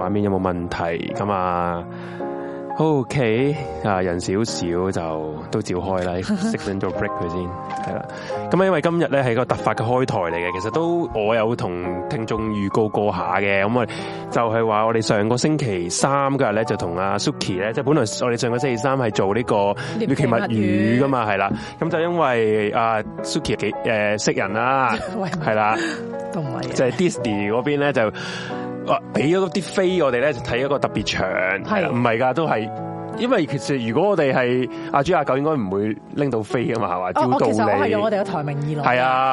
畫面有冇問題？咁啊，OK 啊，人少少就都照開啦，熄轉咗 break 佢先，係啦。咁啊，因為今日咧係個突發嘅開台嚟嘅，其實都我也有同聽眾預告過下嘅。咁啊，就係話我哋上個星期三嘅日咧，就同阿 Suki 咧，即係本來我哋上個星期三係做呢個獵奇物語噶嘛，係啦。咁就因為阿 Suki 幾誒識人啦，係啦，都唔係，即係 Disney 嗰邊咧就。哇！俾咗啲飛我哋咧，就睇一個特別場，係喇，唔係噶？都係，因為其實如果我哋係阿豬阿狗，應該唔會拎到飛啊嘛，係嘛？招到你。我其實我係用我哋嘅台名嚟攞。係啊，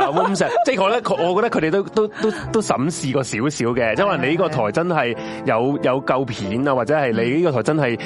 即係我咧，我覺得佢哋都都都都審視過少少嘅，即係可能你呢個台真係有有夠片啊，或者係你呢個台真係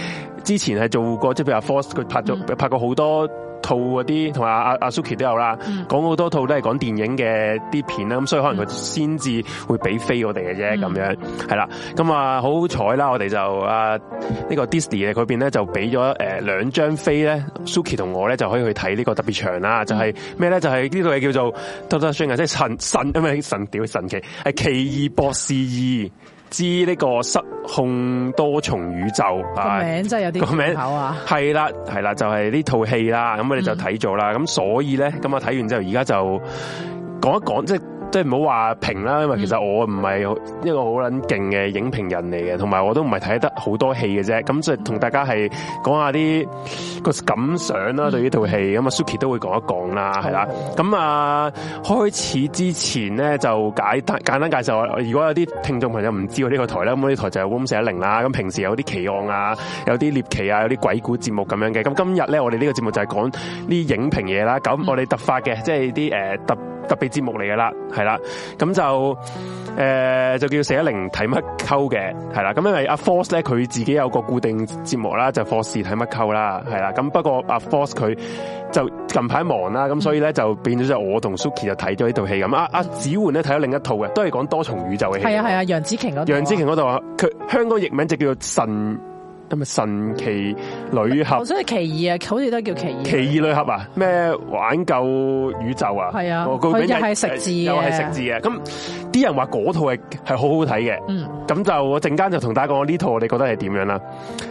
之前係做過，即係譬如話 Force 佢拍咗拍過好多。套嗰啲同埋阿阿 Suki 也有都有啦，講好多套都係講電影嘅啲片啦，咁所以可能佢先至會俾飛我哋嘅啫，咁樣係啦，咁啊好彩啦，我哋就阿呢個 Disney 嘅嗰邊咧就俾咗誒兩張飛咧，Suki 同我咧就可以去睇呢個特別場啦，就係咩咧就係呢套嘢叫做特特訓啊，即、就、係、是、神神因唔神屌神奇係奇異博士二。知呢個失控多重宇宙啊，名真係有啲個名啊，係啦係啦，就係呢套戲啦。咁我哋就睇咗啦。咁所以咧，咁我睇完之後，而家就講一講即係。即係唔好話評啦因為其實我唔係一個好撚勁嘅影評人嚟嘅，同、嗯、埋我都唔係睇得好多戲嘅啫。咁即係同大家係講下啲個感想啦，對呢套戲。咁啊，Suki 都會講一講啦，係啦。咁啊，開始之前咧就解簡單介紹，如果有啲聽眾朋友唔知我呢個台啦，咁呢台就係 Room 410啦。咁平時有啲奇案啊，有啲獵奇啊，有啲鬼故節目咁樣嘅。咁今日咧，我哋呢個節目就係講啲影評嘢啦。咁我哋突發嘅，即係啲誒特。特別節目嚟噶啦，係啦，咁就誒、呃、就叫410睇乜 Cult 嘅，係啦，咁因為阿 Force 咧佢自己有個固定節目啦，就 Force 睇乜 Cult 啦，係啦，咁不過阿 Force 佢就近排忙啦，咁所以咧就變咗就我同 Suki 就睇咗、嗯啊、呢套戲咁，阿阿子煥咧睇咗另一套嘅，都係講多重宇宙嘅戲，係啊係啊，楊紫瓊嗰，楊紫瓊嗰度佢香港譯名就叫做神。今日神奇女俠，我想係奇異啊，好似都係叫奇異。奇異女俠啊，咩玩救宇宙啊？係、那、啊、個，佢又係食字、呃，又係食字啊。咁啲人話嗰套係係好好睇嘅。嗯。咁就我陣間就同大家講呢套，你覺得係點樣啦？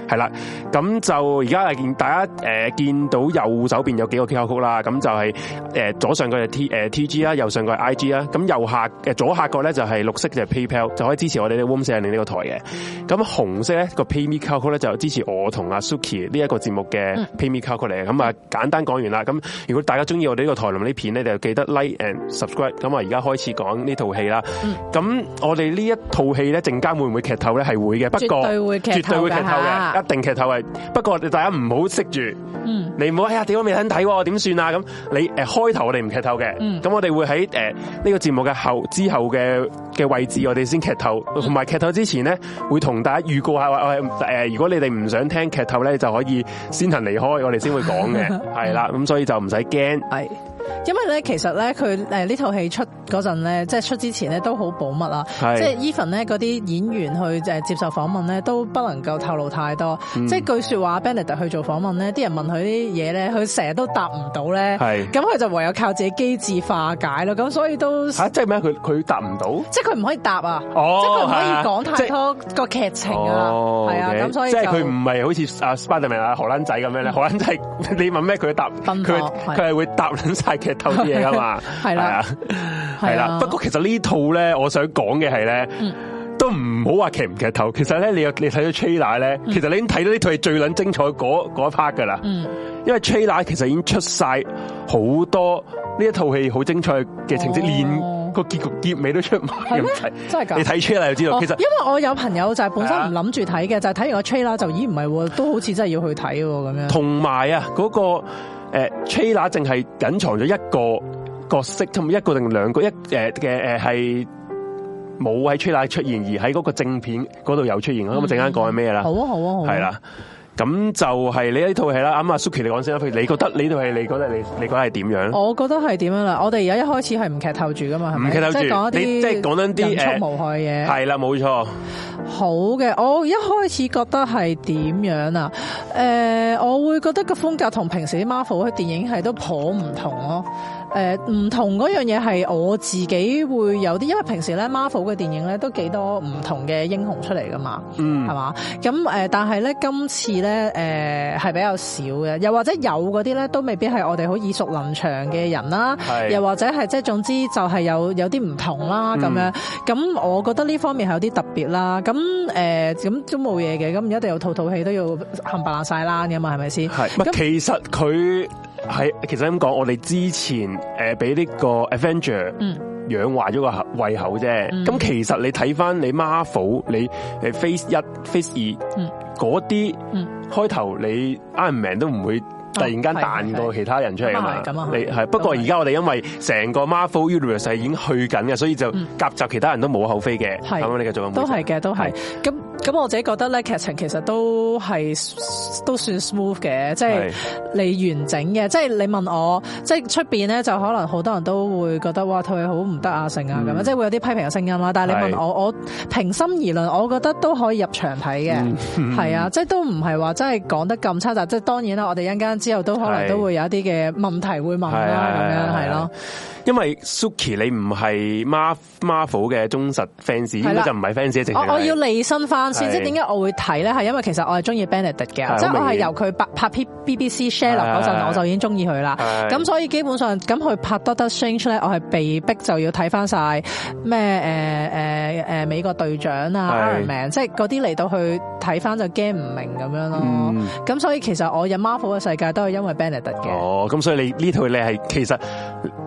係啦。咁就而家係見大家誒見到右手邊有幾個 o c o 啦。咁就係誒左上角係 T 誒 T G 啦，右上角係 I G 啦。咁右下嘅左下角咧就係綠色就就是、PayPal，就可以支持我哋嘅 Room 四一零呢個台嘅。咁紅色咧個 Pay Me o Q 曲咧就是，支持我同阿 Suki 呢一個節目嘅 PayMe 卡過嚟，咁啊簡單講完啦。咁如果大家中意我哋呢個台林呢片咧，就記得 Like and Subscribe。咁啊，而家開始講呢套戲啦。咁、嗯、我哋呢一套戲咧，陣間會唔會劇透咧？係會嘅，不過絕對會劇透嘅，一定劇透係。不過大家唔好識住，嗯你唔好，你唔好哎呀，點解未肯睇？點算啊？咁你誒開頭我哋唔劇透嘅，嗯，咁我哋會喺誒呢個節目嘅後之後嘅嘅位置，我哋先劇透，同埋劇透之前咧，會同大家預告下話我誒，如果你你唔想聽劇透咧，就可以先行離開，我哋先會講嘅，係啦，咁所以就唔使驚，係。因為咧，其實咧，佢誒呢套戲出嗰陣咧，即係出之前咧，都好保密啊。是嗯、即係 Even 咧，嗰啲演員去接受訪問咧，都不能夠透露太多。即、嗯、係據說話 Benedict 去做訪問咧，啲人問佢啲嘢咧，佢成日都答唔到咧。咁佢就唯有靠自己機智化解咯。咁所以都吓、啊，即係咩？佢，佢答唔到？即係佢唔可以答啊！即係佢唔可以講太多個劇情啊。哦，係啊，咁、哦 okay, 所以即係佢唔係好似 Spiderman 啊荷蘭仔咁樣荷蘭仔、嗯、仔，你問咩佢答，佢，佢係會答睇劇透啲嘢噶嘛，係 啦，係啦。 不過其實套呢套咧，我想講嘅係咧，都唔好話劇唔劇透。其實咧，你有你睇到 trail 咧，其實你已經睇到呢套戲最捻精彩嗰一 part 噶啦。因為 trail 其實已經出晒好多呢一套戲好精彩嘅情節，連個結局結，結尾都出埋。係咩？真係噶？ 你睇 trail 就知道。哦、其實因為我有朋友就係本身唔諗住睇嘅，就係、是、睇完個 trail 就咦唔係，都好似真係要去睇咁樣。同埋啊，嗰、嗰個。誒，trailer 淨係隱藏咗一個角色，同埋一個定兩個一誒嘅誒係冇喺 trailer 出現，而喺嗰個正片嗰度又出現，咁我陣間講緊咩啦？好啊，好啊，好，係啦。咁就係你呢套戲啦，啱啱 Suki 你講先啦，譬如你覺得呢套係你覺得你你覺得係點樣？我覺得係點樣啦，我哋而家一開始係唔劇透住噶嘛，唔劇透住，即係講一啲即係講緊啲人畜無害嘢。係、呃、啦，冇錯。好嘅，我一開始覺得係點樣啊？誒、呃，我會覺得個風格同平時啲 Marvel 嘅電影係都頗唔同咯。誒唔同嗰樣嘢係我自己會有啲，因為平時咧 Marvel 嘅電影咧都幾多唔同嘅英雄出嚟噶嘛，係嘛？咁但係咧今次咧誒係比較少嘅，又或者有嗰啲咧都未必係我哋好耳熟能詳嘅人啦，又或者係即係總之就係有有啲唔同啦咁、嗯、樣。咁我覺得呢方面係有啲特別啦。咁誒咁都冇嘢嘅，咁一定有套套戲都要冚唪唥晒啦嘅嘛，係咪先？其實佢係其實咁講，我哋之前。誒，俾呢個 Avenger 養壞咗個胃口啫。咁其實你睇翻你 Marvel，你誒 Phase 一 Phase 二嗰啲開頭，你 Iron Man 都唔會。突然間彈個其他人出嚟㗎嘛你？你係不過而家我哋因為成個 Marvel Universe 已經去緊嘅，所以就夾雜其他人都無可厚非嘅。係咁，你繼續都係嘅，都係。咁咁，是是那那我自己覺得咧，劇情其實都係都算 smooth 嘅，即、就、係、是、你完整嘅。即係、就是、你問我，即係出邊咧，就可能好多人都會覺得哇，佢好唔得啊，成啊咁啊，即係會有啲批評嘅聲音啦。但係你問我，我平心而論，我覺得都可以入場睇嘅。係、嗯、啊，即係都唔係話真係講得咁差雜。即、就、係、是、當然啦，我哋一間。之後都可能都會有一啲嘅問題會問啦，咁樣係咯。因為 Suki 你唔係 Mar Marvel 嘅忠實 fans，就唔係 fans 我要釐身翻先，即係點解我會睇咧？係因為其實我係中意 Benedit c 嘅，即係我係由佢拍 p BBC s h a r l o c k 嗰陣，我就已經中意佢啦。咁所以基本上咁佢拍 Doctor Strange 咧，我係被逼就要睇翻晒咩誒誒誒美國隊長啊 i 即係嗰啲嚟到去睇翻就驚唔明咁樣咯。咁、嗯、所以其實我入 Marvel 嘅世界。都係因為 Benedict 嘅哦，咁所以你呢套你係其實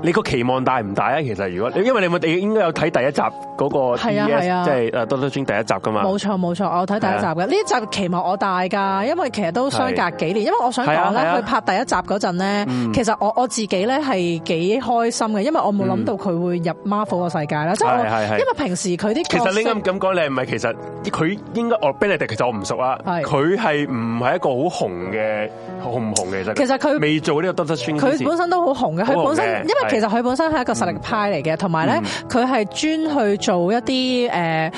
你個期望大唔大啊？其實如果因為你冇，我哋應該有睇第一集個係啊係啊，即係《Doctor Strange》第一集噶嘛。冇錯冇錯，我睇第一集嘅呢集期望我大噶，因為其實都相隔幾年。因為我想講咧，佢拍第一集陣咧，其實我我自己咧係幾開心嘅，因為我冇諗到佢會入 Marvel 個世界啦。即係係。因為平時佢啲其實你啱咁講，你唔係其實佢應該我 Benedict 的，其實，其實我唔熟啦，係。佢係唔係一個好紅嘅紅唔紅？其實佢未做呢、這個 Doctor Strange，佢本身都好紅嘅。佢本身因為其實佢本身係一個實力派嚟嘅，同埋咧佢係專去做一啲誒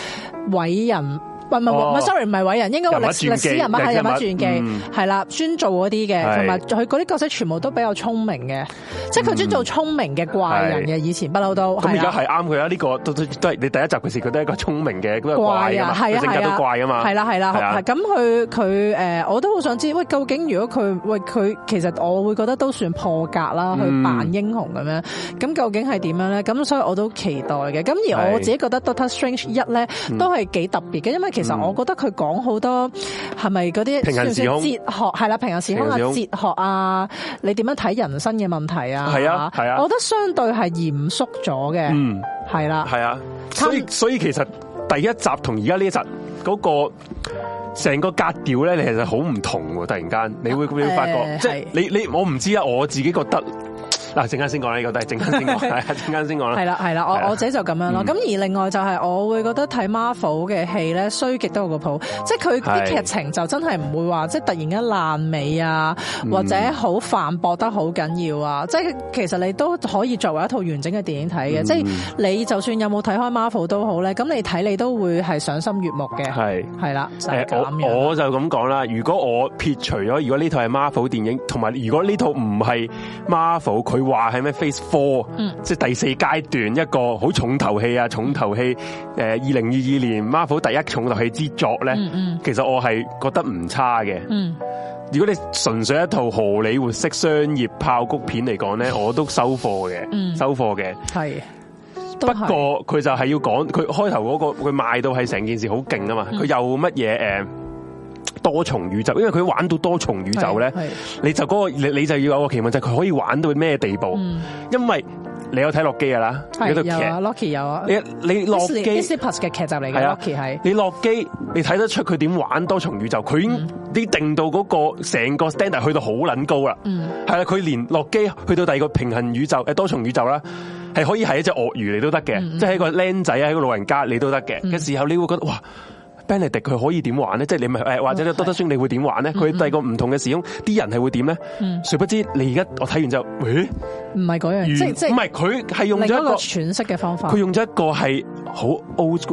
偉人。唔、哦、係，唔係，sorry，唔係偉人，應該話歷史人物係人物傳記，係啦、嗯，專做嗰啲嘅，同埋佢嗰啲角色全部都比較聰明嘅、嗯，即係佢專做聰明嘅怪人嘅。以前不嬲都咁，而家係啱佢啦。呢個都都係你第一集嘅時，佢都係一個聰明嘅咁嘅怪啊，係啊，都怪啊嘛。係啦、啊，係啦、啊，咁、啊，佢佢誒，我都好想知喂，究竟如果佢喂佢，其實我會覺得都算破格啦，嗯、去扮英雄咁樣。咁究竟係點樣咧？咁所以我都期待嘅。咁而我自己覺得 Doctor Strange 一咧、嗯、都係幾特別嘅，因為其實。其、嗯、實我覺得佢講好多係咪嗰啲，算唔算哲學？係啦，平行時空嘅、啊、哲學啊，你點樣睇人生嘅問題啊？係啊，係啊，我覺得相對係嚴肅咗嘅。嗯，係啦，係啊。所以所以，所以其實第一集同而家呢一集嗰、那個成個格調咧，你其實好唔同。突然間你會會發覺，即、呃、係你你我唔知啊，我自己覺得。嗱，陣間先講啦，呢個都係陣間先講，係陣間先講啦。係啦，係啦，我我自己就咁樣咯。咁、嗯、而另外就係，我會覺得睇 Marvel 嘅戲咧，衰極都有個譜，即係佢啲劇情就真係唔會話，是即係突然間爛尾啊，或者好反駁得好緊要啊。嗯、即係其實你都可以作為一套完整嘅電影睇嘅。嗯、即係你就算有冇睇開 Marvel 都好咧，咁你睇你都會係賞心悅目嘅。係，係啦，就係、是、我，我就咁講啦。如果我撇除咗，如果呢套係 Marvel 電影，同埋如果呢套唔係 Marvel，佢話係咩 Phase Four，即係第四階段一個好重頭戲啊！重頭戲，誒，二零二二年 Marvel 第一重頭戲之作咧，其實我係覺得唔差嘅。如果你純粹一套荷里活式商業爆谷片嚟講咧，我都收貨嘅，收貨嘅。係，不過佢就係要講佢開頭嗰個佢賣到係成件事好勁啊嘛！佢又乜嘢誒？多重宇宙，因為佢玩到多重宇宙咧，你就嗰、那個你你就要有個期望，就佢、是、可以玩到咩地步？嗯、因為你有睇洛基噶啦，有套、啊、劇，洛基有啊。你你洛基劇集嚟嘅，係啊，係。你洛基，你睇得出佢點玩多重宇宙？佢已經定到嗰個成個 standard 去到好撚高啦。嗯，係啦、啊，佢連洛基去到第二個平行宇宙誒，多重宇宙啦，係可以係一隻鱷魚嚟都得嘅、嗯嗯，即係一個僆仔啊，一個老人家你都得嘅嘅時候，你會覺得哇！Benedict 佢可以點玩咧？即係你咪誒，或者咧多德兄你會點玩咧？佢第二個唔同嘅時空，啲人係會點咧？嗯、mm.，誰不知你而家我睇完就，喂唔係嗰樣，即即唔係佢係用咗一個詮釋嘅方法，佢用咗一個係好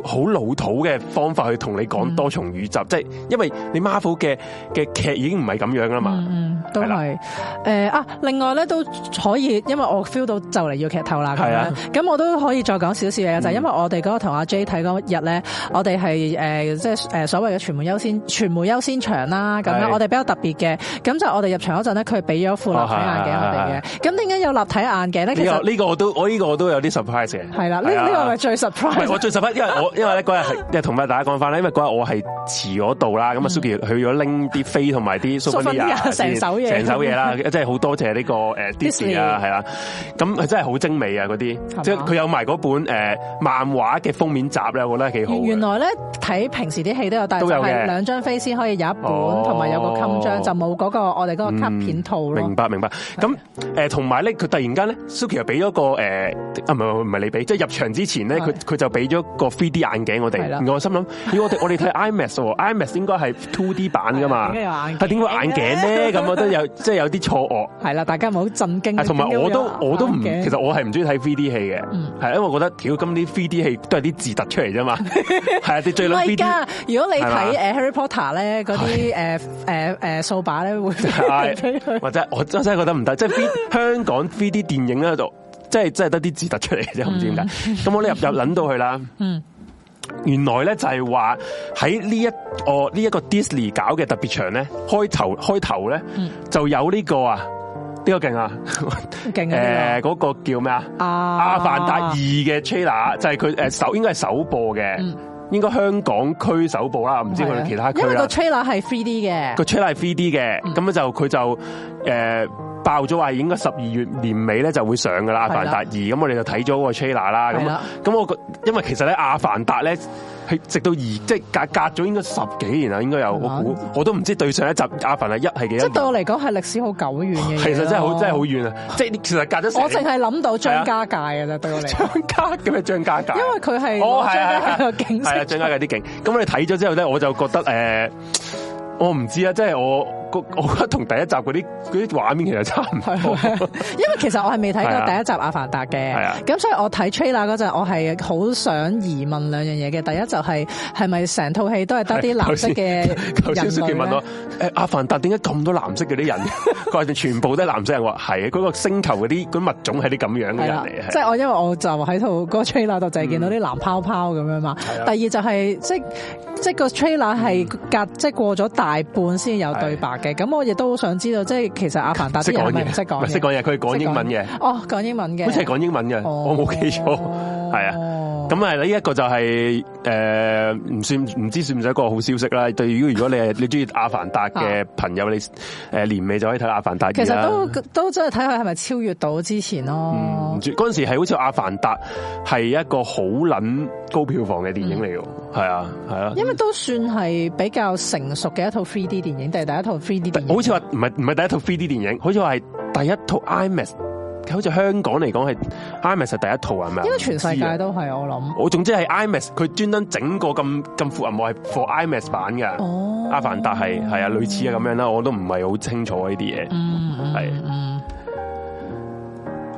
好老土嘅方法去同你講多重宇宙，即、mm. 係因為你 Marvel 嘅嘅劇已經唔係咁樣噶啦嘛，嗯、mm.，都係誒啊，另外咧都可以，因為我 feel 到就嚟要劇透啦，係啊，咁我都可以再講少少嘢，就係、是、因為我哋嗰個同阿 J 睇嗰日咧，mm. 我哋係誒。呃即係誒所謂嘅傳媒優先，傳媒優先場啦，咁樣我哋比較特別嘅，咁就我哋入場嗰陣咧，佢俾咗副立體眼鏡我哋嘅，咁點解有立體眼鏡咧？其實、呢個呢、呢個我都我呢個我都有啲 surprise 嘅。係啦，呢、呢、呢個係咪、呢個、最 surprise？唔係我最 surprise，因為我因為嗰日係即係同埋大家講翻咧，因為嗰日我係遲咗度啦，咁 啊 Suki 去咗拎啲飛同埋啲成手嘢，成手嘢啦，即係好多謝呢個誒 Disney 啊，係啦，咁真係好精美啊嗰啲，即係佢有埋嗰本誒漫畫嘅封面集咧，我覺得幾好。原來咧睇評。時啲戲都有帶，係兩張飛先可以有一本，同埋有個襟章，就冇嗰個我哋嗰個卡片套。明白明白。咁誒同埋咧，佢突然間咧，Suki 又俾咗個誒，啊唔係唔係你俾，即係入場之前咧，佢佢就俾咗個 3D 眼鏡我哋。我心諗，要我哋我哋睇 IMAX 喎，IMAX 應該係 two d 版噶嘛。咩眼鏡？點解眼鏡咧？咁我都有即係有啲錯愕。係啦，大家冇好震驚。同埋我都我都唔，其實我係唔中意睇 3D 戲嘅，係因為我覺得，屌今啲 3D 戲都係啲字突出嚟啫嘛，係啊啲最撚如果你睇《誒 Harry Potter》咧，嗰啲誒誒誒掃把咧會，或者我真係覺得唔得， 即係香港 V D 電影咧度，即係真係得啲字突出嚟嘅啫，唔知點解。咁我咧入入諗到佢啦，嗯，原來咧就係話喺呢一哦呢一個、喔這個、Disney 搞嘅特別場咧，開頭開頭咧就有呢、這個啊，呢、這個勁啊，勁誒嗰個叫咩啊阿范？阿阿凡達二嘅 trailer 就係佢誒首應該係首播嘅。嗯應該香港區首部啦，唔知佢哋其他區啦。因為個 trailer 係 3D 嘅，個 trailer 係 3D 嘅，咁、嗯、咧就佢就誒爆咗話，應該十二月年尾咧就會上噶啦《阿凡達二》。咁我哋就睇咗個 trailer 啦，咁咁我覺，因為其實咧《阿凡達》咧。係直到而，即係隔隔咗應該十幾年啦，應該有，我估，我都唔知對上一集阿凡係一係幾多？即係對我嚟講係歷史好久遠嘅。其實真係好真係好遠啊！即係你其實隔咗，我淨係諗到張家界啊，真對，對我嚟張家嘅張張家界？因為佢係 哦係景。係、啊啊啊、景色，張家界啲景。咁我哋睇咗之後咧，我就覺得誒、呃，我唔知啊，即係我。我覺得同第一集嗰啲啲畫面其實差唔多，因為其實我係未睇過第一集《阿凡達》嘅，咁所以我睇 trailer 嗰陣，我係好想疑問兩樣嘢嘅。第一就係係咪成套戲都係得啲藍色嘅人先？係問我誒，《阿凡達》點解咁多藍色嘅啲人？佢話全部都係藍色人喎。係啊，嗰、嗰個星球嗰啲嗰啲物種係啲咁樣嘅人嚟。即係我因為我就喺套嗰個 trailer 度就係見到啲藍泡泡咁樣嘛。第二就係、係、即即個 trailer 係隔即過咗大半先有對白嘅。嘅咁，我亦都好想知道，即係其實阿凡達識講嘢，識講，識講嘢，佢講英文嘅，哦，講英文嘅，好似係講英文嘅，哦、我冇記錯，係啊，咁啊，呢一個就係、是、誒，唔、呃、算唔知算唔算一個好消息啦。對，如果如果你係你中意阿凡達嘅朋友、啊，你誒年尾就可以睇阿凡達。其實都都真係睇下係咪超越到之前咯。嗯，嗰陣時係好似阿凡達係一個好撚高票房嘅電影嚟㗎，係啊，係啊，因為都算係比較成熟嘅一套 three D 電影，第第一套。好似話唔係唔係第一套 3D 電影，好似話係第一套 IMAX，好似香港嚟講係 IMAX 係第一套係咪啊？應該全世界都係我諗。我總之係 IMAX，佢專登整個咁咁闊銀幕係 for IMAX 版嘅。哦，阿凡達係係啊，類似啊咁樣啦，我都唔係好清楚呢啲嘢。嗯。嗯嗯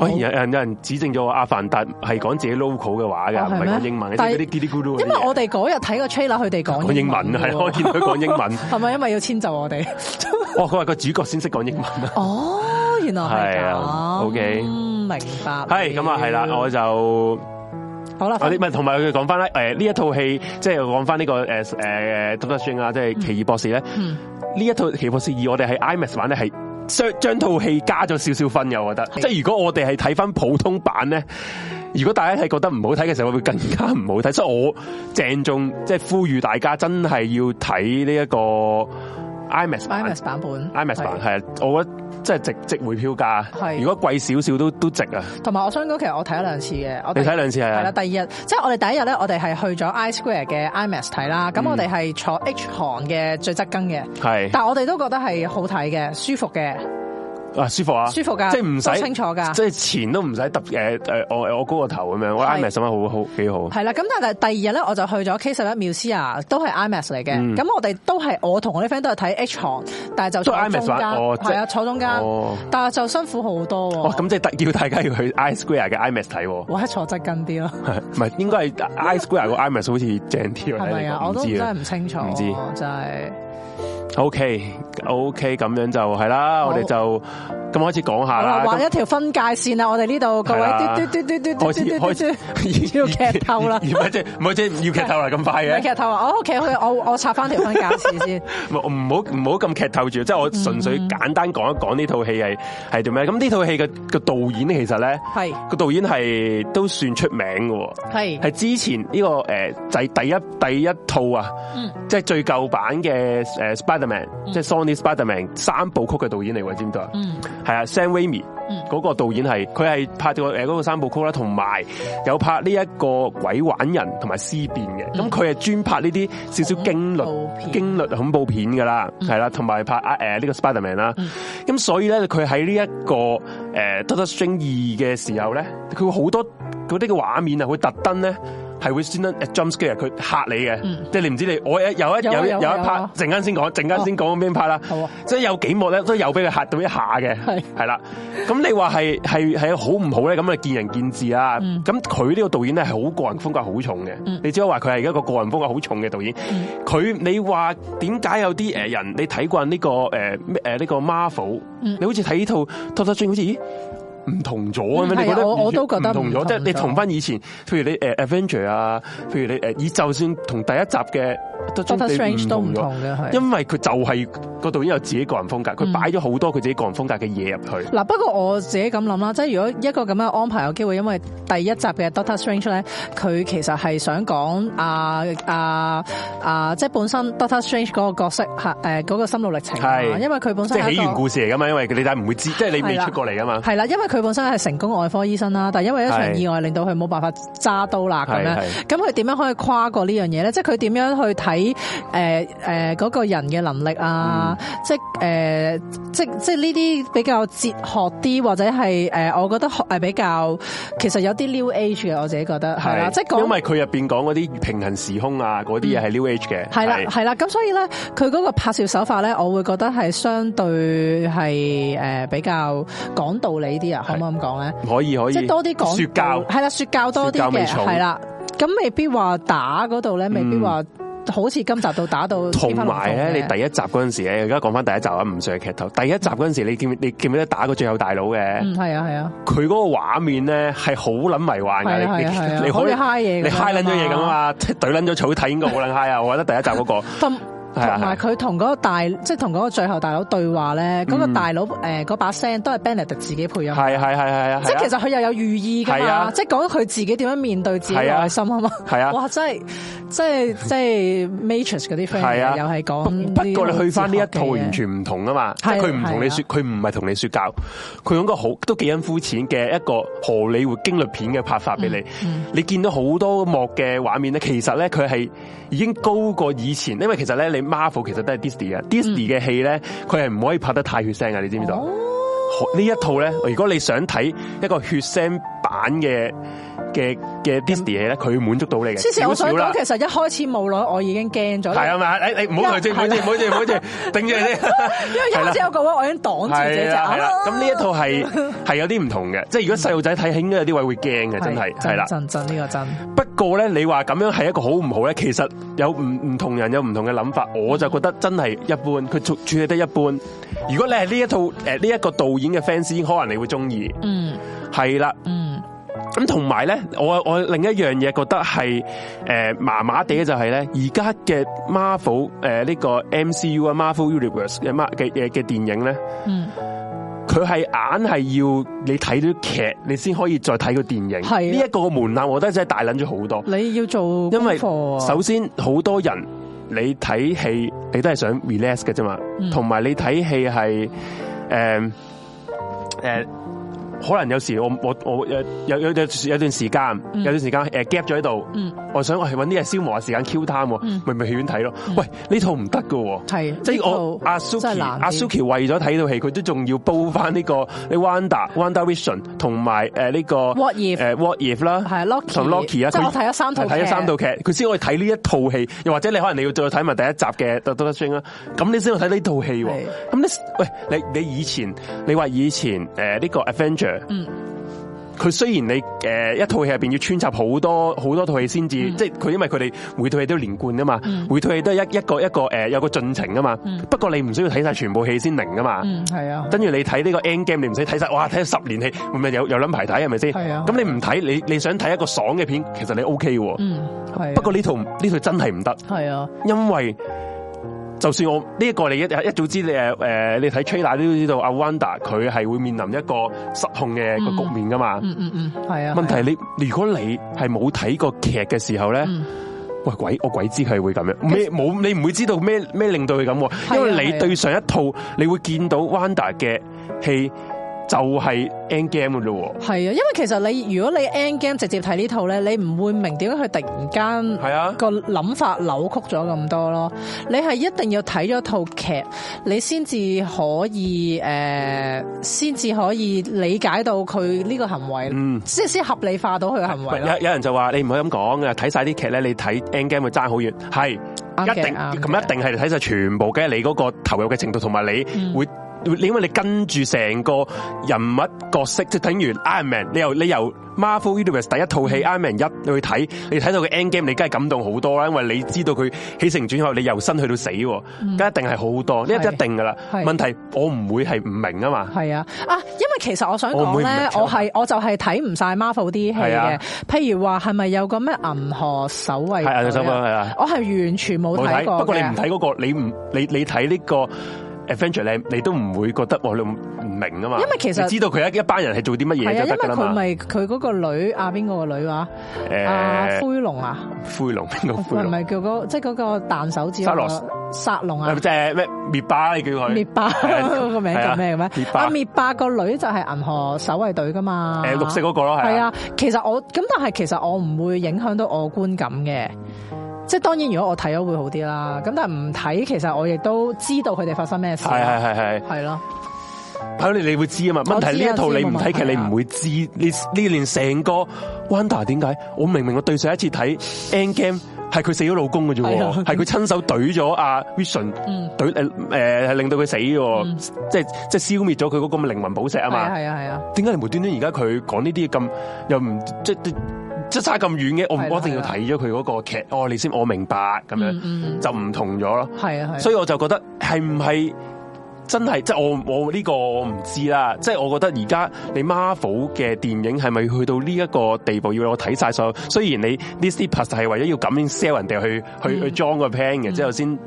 哎呀！有人指正咗阿凡達係講自己 local 嘅話嘅，唔係講英文嗰啲嗰啲嘰哩咕嚕。因為我哋嗰日睇個 trailer，佢哋講講英文，係我見到佢講英文，係咪因為要遷就我哋？哦，佢話個主角先識講英文啊！哦，原來係啊，OK，明白。係咁啊，係啦，我就好啦。同埋佢講翻啦。誒，呢一套戲即係講翻呢個誒誒 Doctor Strange 啊，即係、這個、奇異博士咧。呢、嗯、一套奇異博士二，我哋喺 IMAX 玩咧係。將套戲加咗少少分，我覺得，即係如果我哋係睇翻普通版咧，如果大家係覺得唔好睇嘅時候，我會更加唔好睇，所以我鄭重即係呼籲大家真係要睇呢一個。IMAX i m 版本，IMAX 版係啊。版本對，對我覺得即係值值回票價。係，如果貴少少都都值啊。同埋我想講，其實我睇咗兩次嘅。我你睇兩次係啊。係啦，第二日即係我哋第一日咧，我哋係去咗 I Square 嘅 IMAX 睇啦。咁、嗯、我哋係坐 H 行嘅最側跟嘅，但係我哋都覺得係好睇嘅、舒服嘅。啊舒服啊舒服噶，即係唔使清楚噶，即係前都唔使揼誒誒，我我高個頭咁樣，我 IMAX 咁樣好好幾好。係啦，咁但係第二日咧，我就去咗 K 十一繆斯 a 都係 IMAX 嚟嘅。咁、嗯、我哋都係我同我啲 friend 都係睇 H 行，但係就坐中間，係啊、哦、坐中間，哦、但係就辛苦好多，啊哦。哇！咁即係叫大家要去 I Square 嘅 IMAX 睇，我係坐側近啲咯。唔係應該係 I Square 個 IMAX 好似正啲咯。唔啊，我都真係唔清楚，唔知真係。OK，OK，咁樣就係啦，我哋就。咁開始講下啦，畫一條分界線啦，我哋呢度各位，嘟嘟嘟嘟嘟嘟嘟，開始開始要劇透啦，唔係即係唔係即係要劇透啊咁 快嘅，劇透啊，我拆企去，我我插翻條分界線先， 唔好唔好咁劇透住，即 係我純粹簡單講一講呢套戲係係點咩，咁呢套戲嘅嘅導演其實咧係個導演係都算出名嘅，係係之前呢、這個誒就係第一第一套啊，即、嗯、係最舊版嘅誒 Spiderman，即係 Sony Spiderman 三部曲嘅導演嚟知唔知啊？嗯。係啊，Sam Raimi 嗰個導演係，佢係拍咗誒嗰個三部曲啦，同埋有，有拍呢一個鬼玩人同埋屍變嘅，咁佢係專拍呢啲少少驚悚驚悚恐怖片噶啦，係啦，同埋拍啊誒呢個 Spiderman 啦，咁所以咧佢喺呢一個誒 Doctor Strange 二嘅時候咧，佢好多嗰啲嘅畫面啊，會特登咧。係會先得 jump scare，佢吓你嘅，即係你唔知你我有一有有，有，有，有一 part，陣間先講，陣間先講邊 part 啦。即係有幾幕咧，都有俾佢嚇到一下嘅。係係啦，咁你話係係係好唔好咧？咁啊見仁見智啦。咁佢呢個導演咧係好個人風格好重嘅。你只可話佢係一個個人風格好重嘅導演。佢你話點解有啲誒人你睇慣呢個誒誒呢個 Marvel，你好似睇套《托特追》好似。唔同咗啊嘛，你覺得我，我都覺得唔同咗？即係你同返以前，譬如你誒 Avenger 啊，譬如你誒，以就算同第一集嘅。Doctor Strange 都唔同嘅，因為佢就係嗰導演有自己個人風格，佢擺咗好多佢自己個人風格嘅嘢入去。嗱，不過我自己咁諗啦，即係如果一個咁樣安排有機會，因為第一集嘅 Doctor Strange 咧，佢其實係想講啊啊啊，即係本身 Doctor Strange 嗰個角色吓，誒、啊啊啊嗰個心路歷程係，因為佢本身即係起源故事嚟噶嘛，因為你睇唔會知，即係你未出過嚟噶嘛，係啦，因為佢本身係成功外科醫生啦，但係因為一場意外令到佢冇辦法揸刀啦咁樣，咁佢點樣可以跨過呢樣嘢咧？即係佢點樣去睇？喺誒誒，嗰個人嘅能力啊，即係誒，即即係呢啲比較哲學啲，或者係誒，我覺得係比較其實有啲 new age 嘅。我自己覺得係啦，即係、就是、因為佢入邊講嗰啲平行時空啊，嗰啲嘢係 new age 嘅，係啦係啦。咁所以咧，佢嗰個拍攝手法咧，我會覺得係相對係誒比較講道理啲啊。可唔可以咁講咧？可以可以，即係多啲講說教係啦，說教多啲嘅，係啦。咁未必話打嗰度咧，未必話。好似今集到打到，同埋咧，你第一集嗰陣時咧，而家講翻第一集啊，唔上劇頭。第一集嗰陣時，你見，你記唔記得打過最後大佬嘅？嗯，係啊，係啊。佢嗰個畫面咧，係好捻迷幻噶，你你可以，你嗨嘢你嗨捻咗嘢咁啊嘛，即係懟捻咗草睇，應該好捻嗨啊！我覺得第一集嗰個。 同埋佢同嗰個大，即係同嗰個最後大佬對話咧，嗰、嗯、個大佬誒嗰把聲都係 Benedict 自己配音。係係係係啊！即係其實佢又有寓意噶嘛？啊、即係講佢自己點樣面對自己內心啊嘛！係啊！哇！真係即係即係 Matrix 嗰啲 friend 又係講。不過你去翻呢一套完全唔同啊嘛！佢唔同你說，佢唔係同你說教，佢用個好都幾恩膚淺嘅一個荷里活驚栗片嘅拍法俾你。嗯嗯、你見到好多幕嘅畫面咧，其實咧佢係已經高過以前，因為其實咧你。Marvel 其實都係 Disney 嘅、嗯、Disney 嘅戲咧，佢係唔可以拍得太血腥嘅，你知唔知道？呢、oh~、一套咧，如果你想睇一個血腥版嘅。嘅嘅 Disney 嘢咧，佢滿、嗯、足到你嘅。之前我想講，其實一開始冇耐我已經驚咗。係啊嘛，誒你唔好唔好唔好唔好唔好唔好，頂住先。因為有只有個位我已經擋住隻腳啦。咁呢、啊、一套係係有啲唔同嘅，即係如果細路仔睇，應該有啲位會驚嘅，真係係啦。真真呢個真。不過咧，你話咁樣係一個好唔好咧？其實有唔唔同人有唔同嘅諗法，我就覺得真係一般，佢處處理得一般。如果你係呢一套誒呢一個導演嘅 fans，可能你會中意。嗯，係啦，嗯。咁同埋咧，我我另一樣嘢覺得係誒麻麻地嘅就係咧，而家嘅 Marvel 誒呢個 MCU 啊，Marvel Universe 嘅電嘅嘅電影咧，嗯，佢係硬係要你睇咗劇，你先可以再睇個電影。係呢一個門檻，我覺得真係大捻咗好多。你要做功課，因為首先，好多人你睇戲你都係想 relax 嘅啫嘛，同埋你睇戲係誒誒。呃呃可能有時我我我有有有段時間有段時間誒 gap 咗喺度，我想我係揾啲嘢消磨下時間，Q time，咪咪戲院睇咯。Mm. 喂，呢套唔得㗎喎？即係我阿 Suki 阿 Suki 為咗睇套戲，佢都仲要煲翻呢個你 Wanda Wanda Vision 同埋呢個 What If 誒、啊、What If 啦，係啊，Locky 同 Locky 啊，即我睇咗三套，睇咗三套劇，佢先可以睇呢一套戲。又或者你可能你要再睇埋第一集嘅 Doctor Strange 啦，咁你先可以睇呢套戲。咁你喂你你以前你話以前誒呢個 Adventure 嗯，佢雖然你誒一套戲入邊要穿插好多好多套戲先至，即係佢因為佢哋每套戲都連貫啊嘛，每套戲都係一一個一個誒有個進程啊嘛、嗯。不過你唔需要睇晒全部戲先明噶嘛、嗯。係啊。跟住你睇呢個 Endgame，你唔使睇晒，哇睇咗十年戲，會唔會有諗排睇係咪先？係啊。咁你唔睇，你你想睇一個爽嘅片，其實你 O K 嘅。嗯，係。不過呢套呢套真係唔得。係啊，因為。就算我呢一個你一一早知你誒誒，你睇 trailer 都知道阿 Wanda 佢係會面臨一個失控嘅個局面噶嘛。嗯嗯嗯，係啊。問題，你如果你係冇睇過劇嘅時候咧，喂鬼我鬼知佢會咁樣。咩冇，你唔會知道咩咩令到佢咁，因為你對上一套你會見到 Wanda 嘅戲。就係 Endgame 啫喎，係啊，因為其實你如果你 Endgame 直接睇呢套咧，你唔會明點解佢突然間係啊個諗法扭曲咗咁多咯。你係一定要睇咗套劇，你先至可以誒，先、呃、至可以理解到佢呢個行為，嗯，先先合理化到佢嘅行為，嗯有。有有人就話你唔可以咁講嘅，睇晒啲劇咧，你睇 Endgame 會爭好遠，係一定咁一定係睇晒全部嘅，你嗰個投入嘅程度同埋你會。你因為你跟住成個人物角色，即係等於 Iron Man，你由你由 Marvel Universe 第一套戲、嗯、Iron Man 一去睇，你睇到佢 Endgame 你梗係感動好多啦，因為你知道佢起承轉合，你由生去到死，梗一定係好多，呢、嗯、一定噶啦。問題是我唔會係唔明啊嘛。係啊啊，因為其實我想講咧，我係我，我就係睇唔晒 Marvel 啲戲嘅。係啊、譬如話係咪有個咩銀河守衛？係銀河守衛係啊。啊係啊啊我係完全冇睇過的冇睇。不過你唔睇嗰個，你唔你你睇呢、呢個。Eventually，你都唔會覺得我哋唔明噶嘛？因為其實知道佢一一班人係做啲乜嘢就得嘛。因為佢咪佢嗰個女阿邊個個女話誒，灰龍啊，灰龍邊、個灰龍？咪叫嗰即係嗰個彈手指、嗰個？沙羅、殺龍啊，即係咩滅霸？你叫佢滅霸 個名叫咩咩？阿滅、啊、霸個、啊、女就係銀河守衛隊噶嘛？誒，綠色嗰、嗰個咯係啊，啊。其實我咁，但係其實我唔會影響到我觀感嘅。即係當然，如果我睇咗會好啲啦。咁但係唔睇，其實我亦都知道佢哋發生咩事。係係係係係咯，睇到你你會知啊嘛？問題呢一套你唔睇劇，你唔會知。呢呢年成個 Wanda 點解？我明明我對上一次睇 Endgame 係佢死咗老公嘅啫，係佢親手懟咗阿 Vision 懟誒令到佢死，就是就是，對對，即係即係消滅咗佢嗰個靈魂寶石啊嘛。係啊係啊。點解你無端端而家佢講呢啲咁又唔即即差咁遠嘅，我我一定要睇咗佢嗰個劇，哦，你先我明白咁樣，就唔同咗咯。係啊，所以我就覺得係唔係真係，即係我我呢個我唔知啦。即係我覺得而家你 Marvel 嘅電影係咪去到呢一個地步，要我睇晒所有？雖然你呢啲其實係為咗要咁 sell 人哋去去去裝個 plan 嘅，之後先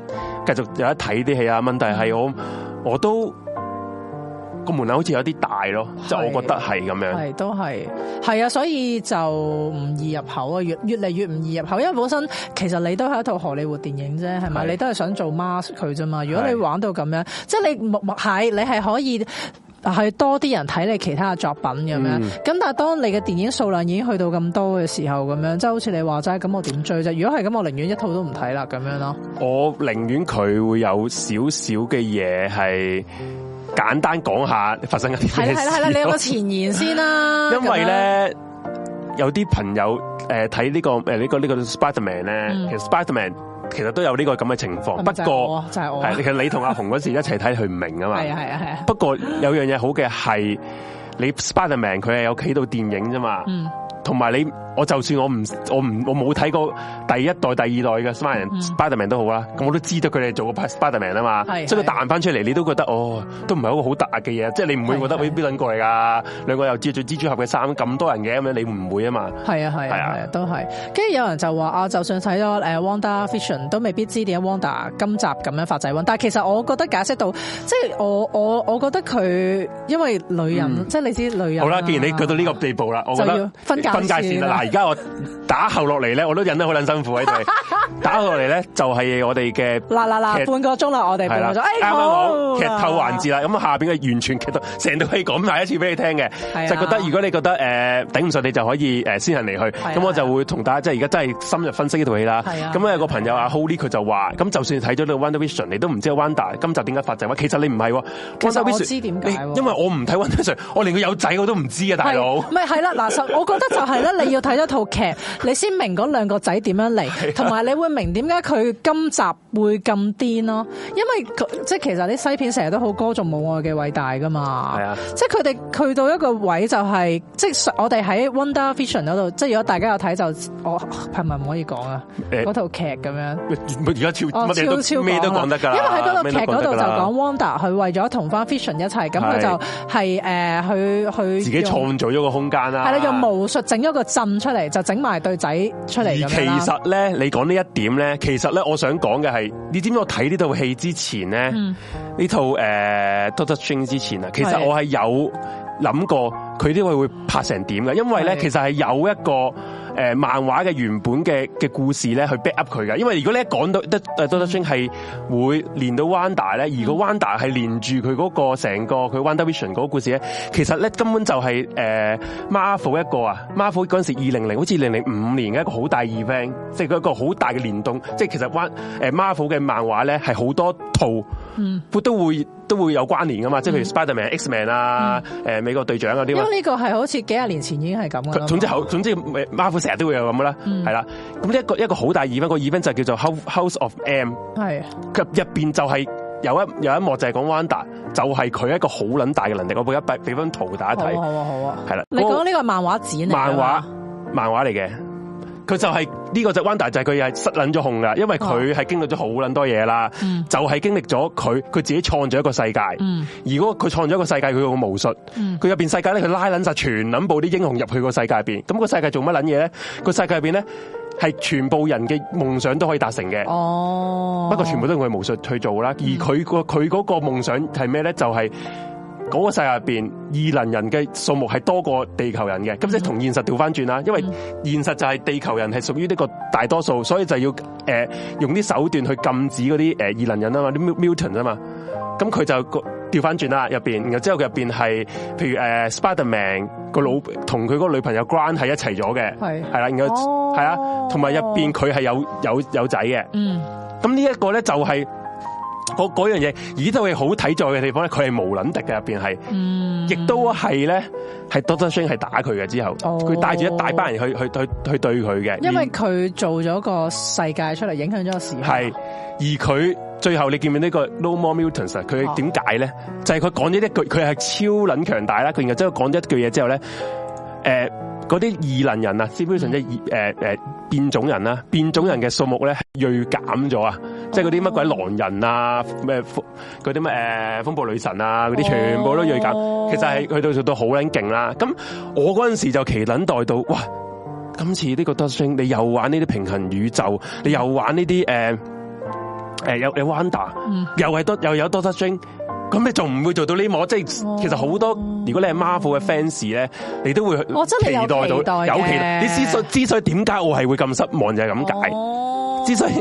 繼續有得睇啲戲啊。問題係我我都。個門口好似有啲大咯，即係我覺得係咁樣是，係都係，係啊，所以就唔易入口啊，越越嚟越唔易入口，因為本身其實你都係一套荷里活電影啫，係咪？你都係想做 mask 佢啫嘛？如果你玩到咁樣，是即係你默默係，你係可以係多啲人睇你其他嘅作品咁樣。咁、嗯、但係當你嘅電影數量已經去到咁多嘅時候，咁樣即係好似你話齋，咁我點追啫？如果係咁，我寧願一套都唔睇啦，咁樣咯。我寧願佢會有少少嘅嘢係。簡單講下發生一啲咩事？係係啦，你有個前言先啦、啊。因為咧有啲朋友誒睇呢個誒呢、這個呢、這個 Spiderman 咧，嗯、其實 Spiderman 其實都有呢個咁嘅情況。嗯、不過就係、是就是、其實你同阿紅嗰時一齊睇，佢 唔明啊嘛。係係啊係啊。啊啊不過有樣嘢好嘅係，你 Spiderman 佢係有企到電影啫嘛。嗯，同埋你。我就算我唔我唔我冇睇過第一代第二代嘅 Spiderman 都好啦，咁我都知道佢哋做過 Spiderman 啊嘛，是是所以佢彈翻出嚟，你都覺得哦，都唔係一個好大嘅嘢，即係你唔會覺得邊邊撚過嚟噶，兩個又著住蜘蛛俠嘅衫咁多人嘅咁樣，你唔會啊嘛。係啊係啊係啊，都係。跟住有人就話啊，就算睇咗 WandaVision 都未必知點解 Wanda 今集咁樣發仔瘟，但係其實我覺得解釋到，即係我我我覺得佢因為女人，嗯、即係你知女人、啊。好啦，既然你到呢個地步啦，我覺得分界線啦。而家我打後落嚟咧，我都忍得好撚辛苦喺度。打落嚟咧，就係我哋嘅嗱嗱嗱，半個鐘啦，我哋半個鐘，啱啱好，劇透環節啦。咁下邊嘅完全劇透，成套戲講埋一次俾你聽嘅，啊、就覺得如果你覺得誒頂唔順，你就可以先行離去。咁、啊、我就會同大家即係而家真係深入分析呢套戲啦。咁有個朋友、啊、阿 Holly 佢就話，咁就算睇咗呢個《Wonder Vision》，你都唔知 Wonder 今集點解發症。其實你唔係 Wonder Vision 我知點解，因為我唔睇《Wonder Vision》，我連佢有仔我都唔知嘅，大佬。咪係啦，嗱，我覺得就係、咧、你要睇。一套劇，你先明兩個仔點樣嚟，同埋、啊、你會明點解佢今集會咁癲咯，因為即係其實啲西片成日都好歌頌母愛嘅偉大噶嘛，係啊即，即係佢哋去到一個位就係、是，即係我哋喺 Wonder Vision 度，即係如果大家有睇就，我係咪唔可以講啊，套劇咁樣。而家超、哦、超哋都咩都講得噶，因為喺套劇度就講 Wonder 佢為咗同翻 Vision 一齊，咁佢就係誒去去自己創造咗個空間啦，係啦，用巫術整一個陣。出嚟就整埋對仔出嚟，咁樣其實咧，你講呢一點咧，其實咧，我想講嘅係，你知唔知我睇呢套戲之前咧，呢套誒《Doctor Strange》之前啊，其實我係有諗過佢呢個會拍成點嘅，因為咧，其實係有一個。誒漫畫嘅原本嘅嘅故事咧，去 back up 佢嘅，因為如果你一講到得誒 Doctor Strange 係會連到 Wanda 咧，而個 Wanda 係連住佢嗰個成個佢 WandaVision 嗰個故事咧，其實咧，根本就係、是、誒、呃、Marvel 一個啊，Marvel 嗰陣時二零零好似二零零五年嘅一個好大 event，即係佢一個好大嘅連動，即、就、係、是、其實 W 誒、呃、Marvel 嘅漫畫咧係好多套。嗯，都都會都會有關聯噶嘛，即係譬如 Spider Man、嗯、X Man 啊、嗯，誒，美國隊長啊啲，因為呢個係好似幾廿年前已經係咁啦。總之，嗯、總之 Marvel 成日都會有咁啦，係、嗯、啦。咁呢一個一個好大 event，個 event 就叫做 House of M，係入入邊就係有一有一幕就係講 w n 旺達，就係佢一個好撚大嘅能力，我俾一俾俾圖大家睇，好啊好啊，係啦。你講呢個漫畫展嚟、那個，漫畫漫畫嚟嘅。佢就係、是、呢、這個 Wanda 就係佢係失捻咗控噶，因為佢係經歷咗好捻多嘢啦，oh. 就係經歷咗佢佢自己創咗一個世界。如果佢創咗一個世界，佢用巫術，佢入邊世界咧，佢拉捻曬全捻部啲英雄入去個世界入邊，咁，那個世界做乜捻嘢咧？那個世界入邊咧係全部人嘅夢想都可以達成嘅。哦，oh.，不過全部都用佢嘅巫術去做啦。而佢個佢個夢想係咩咧？就係、是。嗰、那個世界入邊異能人嘅數目係多過地球人嘅，咁即係同現實調翻轉啦。因為現實就係地球人係屬於呢個大多數，所以就要誒、呃、用啲手段去禁止嗰啲誒異能人啊嘛，啲 mutant 啊嘛。咁佢就調翻轉啦入邊，然後之後入邊係，譬如誒、呃、Spiderman 個老同佢嗰個女朋友關係一齊咗嘅，係係啦，然後係啊，同埋入邊佢係有有有仔嘅。嗯，咁呢一個咧就係、是。嗰樣樣嘢，而都係好睇在嘅地方咧，佢係無捻敵嘅入邊係，亦、嗯、都係咧，係 Doctor Strange 係打佢嘅之後，佢帶住一大班人去去去去對佢嘅。因為佢做咗個世界出嚟，影響咗個時係。而佢最後你見唔見呢個 No More Mutants？佢點解咧？呢啊、就係佢講咗一句，佢係超捻強大啦。佢然後即係講咗一句嘢之後咧，誒、呃，嗰啲異能人、嗯、啊，基本上即係誒誒變種人啦，變種人嘅數目咧銳減咗啊！即係嗰啲乜鬼狼人啊，咩嗰啲咩誒風暴女神啊，嗰啲全部都要搞。其實係去到做到好撚勁啦。咁我嗰陣時就期撚待到，哇！今次呢個 Doctor Strange 你又玩呢啲平衡宇宙，你又玩呢啲誒誒有 Wanda，又係多又有 Doctor Strange，咁你仲唔會做到呢幕？即係其實好多如果你係 Marvel 嘅 fans 咧，你都會期待到我真有期待，有期待。你之所以之所以點解我係會咁失望就係咁解。之所以，因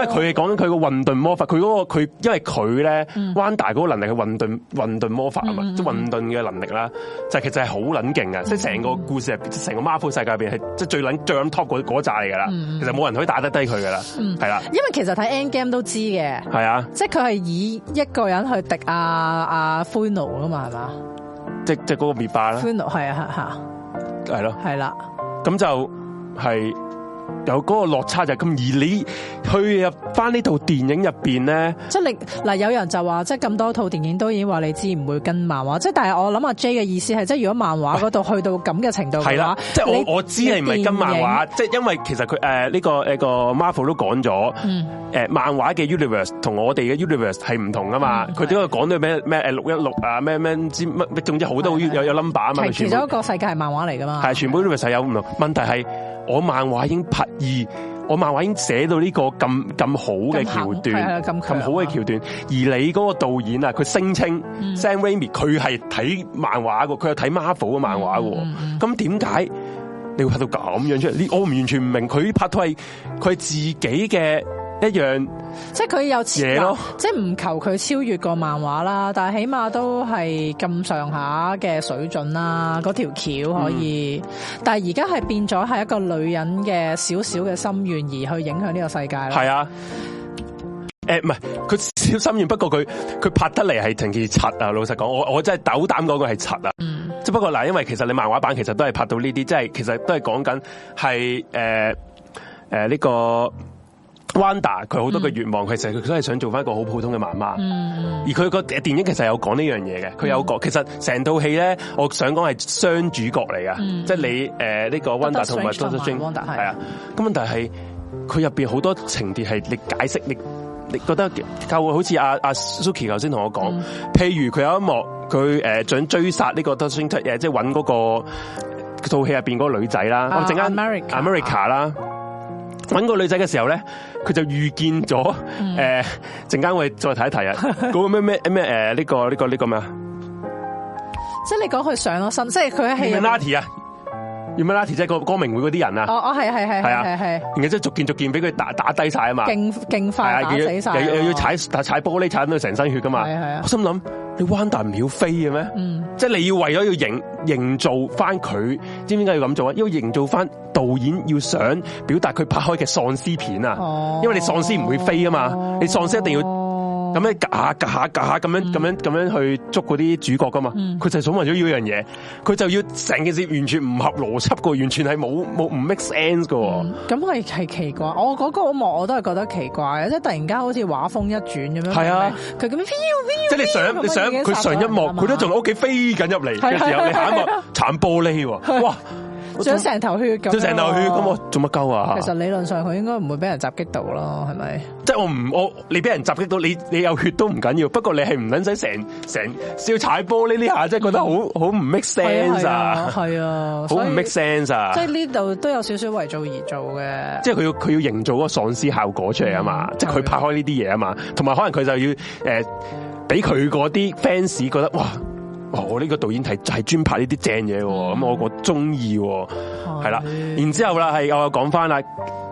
為佢係講緊佢個混沌魔法，佢嗰、嗰個佢，因為佢咧 Wanda 嗰個能力係混沌混沌魔法啊嘛，即係混沌嘅能力啦，就其實係好撚勁噶，即係成個故事係成個 Marvel 世界入邊係即係最撚最撚 top 嗰一集嚟噶啦，其實冇人可以打得低佢噶啦，係、嗯、啦。因為其實睇 Endgame 都知嘅，係啊，即係佢係以一個人去敵阿阿 f i n a l 啊嘛，係、啊、嘛，即即係嗰個滅霸啦 f i n a l 係啊吓，係咯，係啦，咁就係。有個落差就咁，而你去入翻呢套電影入邊咧，即係你嗱有人就話，即係咁多套電影都已經話你知唔會跟漫畫，即係但係我諗阿 J 嘅意思係，即係如果漫畫嗰度去到咁嘅程度嘅話，係啦，即係我我知你唔係跟漫畫，即係因為其實佢誒呢個誒、這個 Marvel 都講咗，誒、嗯、漫畫嘅 Universe, 我 universe 同我哋嘅 Universe 係唔同噶嘛，佢點解講到咩咩誒六一六啊咩咩之乜，總之好多有有 number 啊嘛，係其中一個世界係漫畫嚟噶嘛，係全部 universe 都係有唔同，問題係。我漫畫已經拍二，我漫畫已經寫到呢個咁咁好嘅橋段，係啊，咁好嘅橋段。而你嗰個導演啊，佢聲稱 Sam Raimi 佢係睇漫畫噶，佢係睇 Marvel 嘅漫畫噶。咁點解你會拍到咁樣出嚟？呢我，我完全唔明白，佢拍都係佢自己嘅。一樣即係佢，即係佢有嘢咯，即係唔求佢超越過漫畫啦，但係起碼都係咁上下嘅水準啦，嗰條橋可以。嗯，但係而家係變咗係一個女人嘅少少嘅心願而去影響呢個世界啦。係啊，誒，呃，唔係佢小心願，不過佢佢拍得嚟係成件柒啊。老實講，我我真係鬥膽嗰個係柒啊。嗯，不過嗱，因為其實你漫畫版其實都係拍到呢啲，即係其實都係講緊係誒誒呢個。Wanda 佢好多嘅願望，其實佢都係想做翻一個好普通嘅媽媽。而佢個電影其實有講呢樣嘢嘅，佢有講。其實成套戲咧，我想講係雙主角嚟噶。即、mm-hmm。係你誒呢，這個 Wanda 同埋 Doctor Strange，係啊。咁問題係佢入邊好多情節係你解釋，你你覺得佢好似阿阿 Suki 頭先同我講，譬如佢有一幕佢誒想追殺呢個 Doctor Strange，即係即係搵嗰個套戲入邊嗰個女仔啦 a m a America 啦。揾個女仔嘅時候呢，佢就遇見咗，誒、嗯，陣間我哋再睇一睇啊，嗰個咩咩咩，呢個呢個呢個咩啊？即係你講佢上咗身，即係佢係。要咩啦？即係個光明會嗰啲人啊！哦哦，係係係，係啊係。然後即係逐漸逐漸俾佢打打，打，打低晒啊嘛，勁勁快打死晒，又要，要，要踩踩玻璃踩到成身血噶嘛。係係啊。我心諗你 Wanda 唔要飛嘅咩？嗯，即係你要為咗要營營造返佢，知唔知點解要咁做啊？因為營造返導演要想表達佢拍開嘅喪屍片啊，哦、因為你喪屍唔會飛啊嘛，哦、你喪屍一定要。咁咧，隔下隔下隔下咁樣咁樣咁樣，樣，樣去捉嗰啲主角噶嘛？佢、嗯、就係想為咗要樣嘢，佢就要成件事完全唔合邏輯噶，完全係冇冇唔 make sense 噶。咁係係奇怪，我嗰個幕我都係覺得奇怪嘅，即係突然間好似畫風一轉咁、啊、樣。係啊，佢咁樣飛飛。即係你上你上佢上，上一幕，佢都仲喺屋企飛緊入嚟嘅時候，啊、你下一幕鏟、啊、玻璃，哇！啊想成頭血，咁成頭血咁，我做乜鳩啊？其實理論上佢應該唔會俾人襲擊到咯，係咪？即係我唔我你俾人襲擊到，你你有血都唔緊要。不過你係唔撚使成成笑踩玻璃呢下，即係覺得好好唔 make sense 啊！係啊，好唔 make sense 啊！即係呢度都有少少為做而做嘅。即係佢要佢要營造個喪屍效果出嚟啊嘛！即係佢拍開呢啲嘢啊嘛，同埋可能佢就要誒，俾佢嗰啲 fans 覺得哇！哦、我呢個導演係係專拍呢啲正嘢喎，咁、嗯、我個鍾意喎，係、嗯、啦，然之後啦係我又講返啦，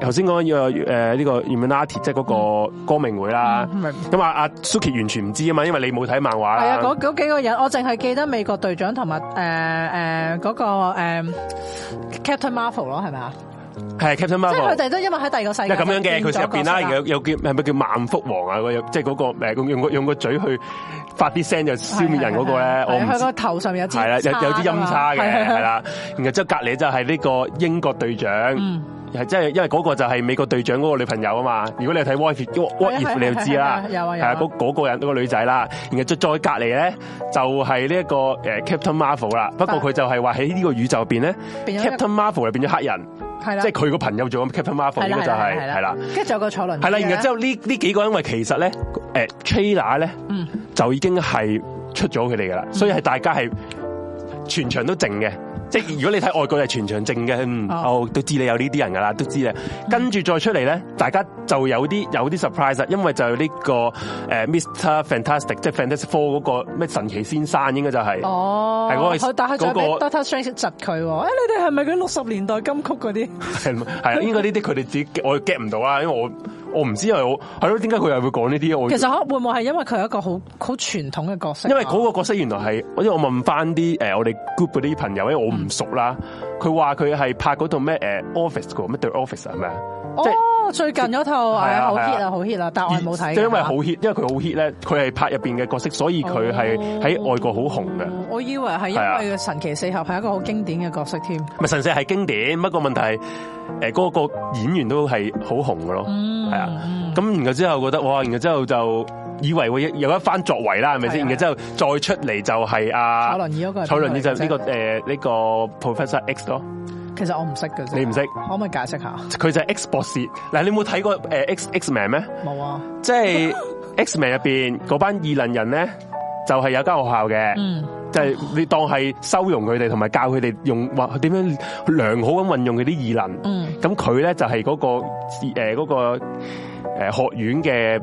頭先講要誒呢個 Iron Man、嗯、即係嗰個歌名會啦，咁啊阿 Suki 完全唔知啊嘛，因為你冇睇漫畫，係啊，嗰幾個人，我淨係記得美國隊長同埋誒嗰個誒、呃、Captain Marvel 囉，係咪？係 Captain Marvel，即係佢哋都因為喺第二個世界咁樣嘅，佢入邊啦，然後有，有，有，有是不是叫係咪叫萬福王啊？即係嗰個用個用個嘴去發啲聲就是、消滅人嗰、那個咧，我佢個頭上面有係啦，有有啲音叉嘅係啦，對對對對，然後即係隔籬就係呢個英國隊長，係，即係因為嗰個就係美國隊長嗰個女朋友啊嘛。如果你睇 What If，你就知啦，係啊，有啊那個人嗰、那個女仔啦。然後再隔籬咧就係呢一個誒 Captain Marvel 啦。不過佢就係話喺呢個宇宙入邊咧，Captain Marvel 就變咗黑人。係啦，即係佢個朋友做咁 Captain Marvel 呢個就係、是，係啦，跟住就有個坐輪係啦，然後之後呢呢幾個因為其實咧，誒 trailer 咧，嗯，就已經係出咗佢哋噶啦，所以係大家係全場都靜嘅。即係如果你睇外國係全場正嘅，哦、嗯 oh. 都知你有呢啲人噶啦，都知啦。跟住再出嚟咧，大家就有啲有啲 surprise，因為就有呢個 Mr Fantastic，、oh. 即係 Fantastic Four 嗰個咩神奇先生應該就係、是。哦、oh. 那個，係嗰但係再俾 Doctor Strange 窒佢，喎。你哋係咪嗰六十年代金曲嗰啲？係係啊， 應該呢啲佢哋自己我 get 唔到啊，因為我。我唔知，我係咯，點解佢又會講呢啲？我其實會唔會係因為佢係一個好好傳統嘅角色？因為嗰個角色原來係，因為我問翻啲誒我哋 group 嗰啲朋友咧，我唔熟啦，佢話佢係拍嗰套咩誒 Office 個咩對 Office 係咩？哦，最近嗰套係好 hit 啊，好 hit 啊，但我係冇睇。因為好 hit，因為佢好 hit 咧，佢係拍入邊嘅角色，所以佢係喺外國好紅㗎。我以為係因為神奇四俠係一個好經典嘅角色添。咪神奇係經典，乜個問題係誒嗰個演員都係好紅嘅咯。係啊，咁然後之後覺得哇，然後之後就以為會有一番作為啦，係咪先？然後之後再出嚟就係阿、啊、彩個彩輪儀呢個誒呢、這個這個 Professor X 咯。其實我唔識㗎，你唔識，可唔可以解釋下？佢就係 X 博士嗱，你有冇睇過誒 X X man 咩？冇啊，即係 X man 入邊嗰班異能人咧，就係有間學校嘅，嗯、就係你當係收容佢哋，同埋教佢哋用或點樣良好咁運用佢啲異能。咁佢咧就係嗰個誒嗰個誒學院嘅。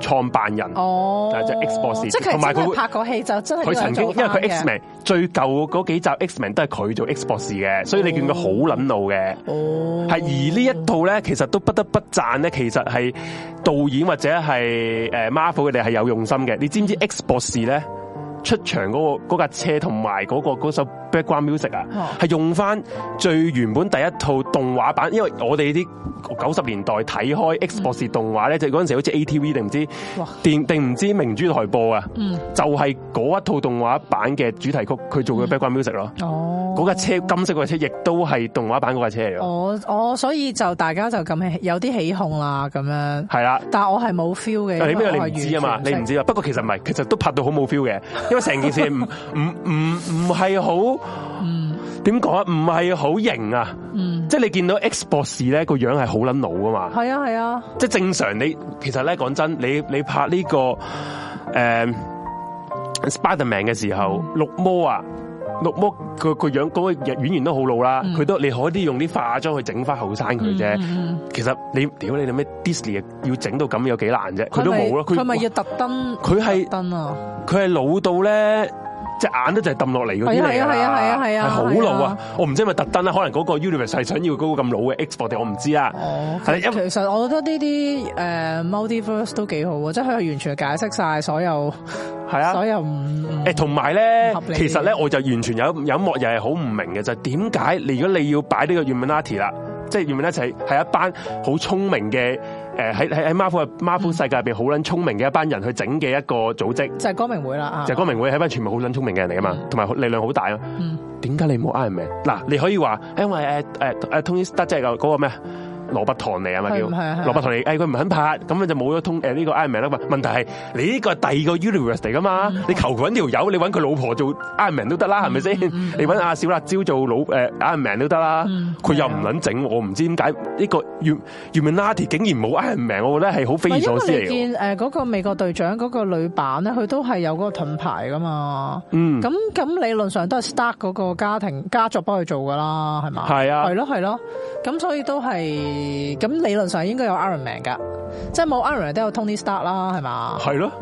創辦人哦，即、oh, 係 X 博士，同埋佢會拍個戲就真係佢曾經，因為佢 Xman 最舊嗰幾集 Xman 都係佢做 X 博士嘅，oh. 所以你見佢好捻老嘅哦。係、oh. 而這一呢一套咧，其實都不得不讚咧，其實係導演或者係誒 Marvel 佢哋係有用心嘅。你知唔知道 X 博士咧？出場嗰個嗰架車同埋嗰個嗰首《Background Music》啊，係用翻最原本第一套動畫版，因為我哋啲九十年代睇開《X 博士》動畫咧，就嗰陣時好似 ATV 定唔知，電定唔知明珠台播啊，就係嗰一套動畫版嘅主題曲，佢做嘅《Background Music》咯。哦，嗰架車金色嗰架車，亦都係動畫版嗰架車嚟咯。我所以就大家就咁有啲起哄啦，咁樣係啦。但我係冇 feel 嘅，你咩你唔知啊嘛，你唔知啊。不過其實唔係，其實都拍到好冇 feel 嘅。因為成件事唔唔唔唔係好，點講啊？唔係好型啊！嗯、即係你見到 X 博士咧個樣係好捻老噶嘛，是？係啊係啊！即係正常你其實咧講真的，你你拍呢、這個誒、嗯、Spiderman 嘅時候，綠魔啊！綠魔佢佢樣嗰個演員都好老啦，佢都你可以用啲化妝去整翻後生佢啫。其實你屌你諗咩 Disney 要整到咁有幾難啫？佢都冇咯，佢咪要特登，佢係，佢係老到咧。隻眼都就係揼落嚟嗰啲嚟，係啊係啊係啊係啊，係好老啊！我唔知係咪特登咧，可能嗰個 Universe 係想要嗰個咁老嘅 X 博士，我唔知啦。哦，係，因為其實我覺得呢啲誒 Multiverse 都幾好啊，即係佢係完全解釋曬所有，係啊，所有唔誒同埋咧，其實咧我就完全有有幕又係好唔明嘅，就點解你如果你要擺呢個 Illuminati 啦，即係 Illuminati 係一班好聰明嘅。誒，喺喺喺 Marvel Marvel 世界入邊，好捻聰明嘅一班人去整嘅一個組織，就係光明會啦。啊，就係光明會，係班全部好捻聰明嘅人嚟噶嘛，同埋力量好大啊。嗯，點解你冇 Iron Man？嗱，你可以話因為誒誒誒 Tony Stark 即係個嗰個咩啊？羅拔唐尼啊嘛叫，羅拔唐尼，哎佢唔肯拍，咁咪就冇咗通誒呢個 Iron Man 啦。問題係你呢個第二個 universe 嚟噶嘛，你求佢揾條友，你揾佢老婆做 Iron Man 都得啦，係咪先？你揾阿小辣椒做老誒 Iron Man 都得啦，佢又唔肯整，我唔知點解呢個原原名 Natty 竟然冇 Iron Man，我覺得係好匪夷所思。因為你見誒嗰個美國隊長嗰個女版咧，佢都係有嗰個盾牌噶嘛，嗯，咁咁理論上都係 Stark 嗰個家庭家族幫佢做噶啦，係嘛，係啊，係咯係咯，咁所以都係。咁理論上應該有 Iron Man 噶，即係冇 Iron Man 都有 Tony Stark 啦，係嘛？係咯，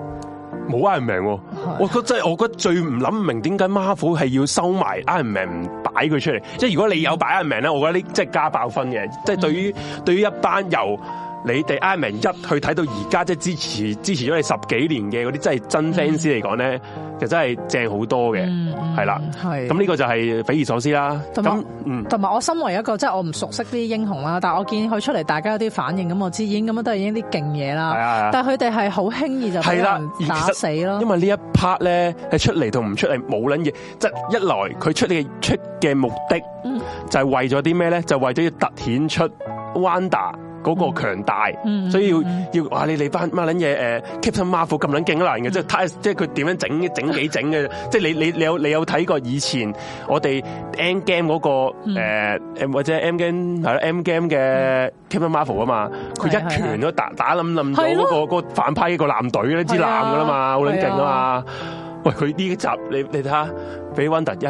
冇 Iron, Iron Man，我覺得真係我覺得最唔諗唔明點解 Marvel 係要收埋 Iron Man 唔擺佢出嚟，即係如果你有擺 Iron Man 咧，我覺得呢即係加爆分嘅，即係對於、嗯、對於一班由。你哋 Ironman 一去睇到而家即係支持支持咗你十幾年嘅嗰啲真係真 fans 嚟講咧，嗯、就真係正好多嘅，係、嗯、啦，咁、嗯、呢個就係匪夷所思啦。同埋，同、嗯、埋我身為一個即係我唔熟悉啲英雄啦，但係我見佢出嚟，大家有啲反應，咁我知已經咁樣都係已經啲勁嘢啦。但係佢哋係好輕易就係啦，打死咯。因為呢一 part 咧係出嚟同唔出嚟冇捻嘢，即係一來佢出嚟嘅出嘅目的就係為咗啲咩咧？就是，為咗要凸顯出 Wanda。嗰、那個強大，所以要要哇、啊！你嚟翻乜撚嘢？Captain Marvel 咁撚勁嘅即係睇，即係佢點樣整？整幾整嘅？即 係你你你有你有睇過以前我哋 Endgame 嗰、那個誒， 或者 Endgame 係啦，Endgame 嘅 Captain Marvel 啊嘛，佢一拳都打對對對對打冧冧到嗰個反派個男隊咧支男噶啦嘛，好撚勁啊嘛！喂，佢呢集你你睇下。俾 Wanda 一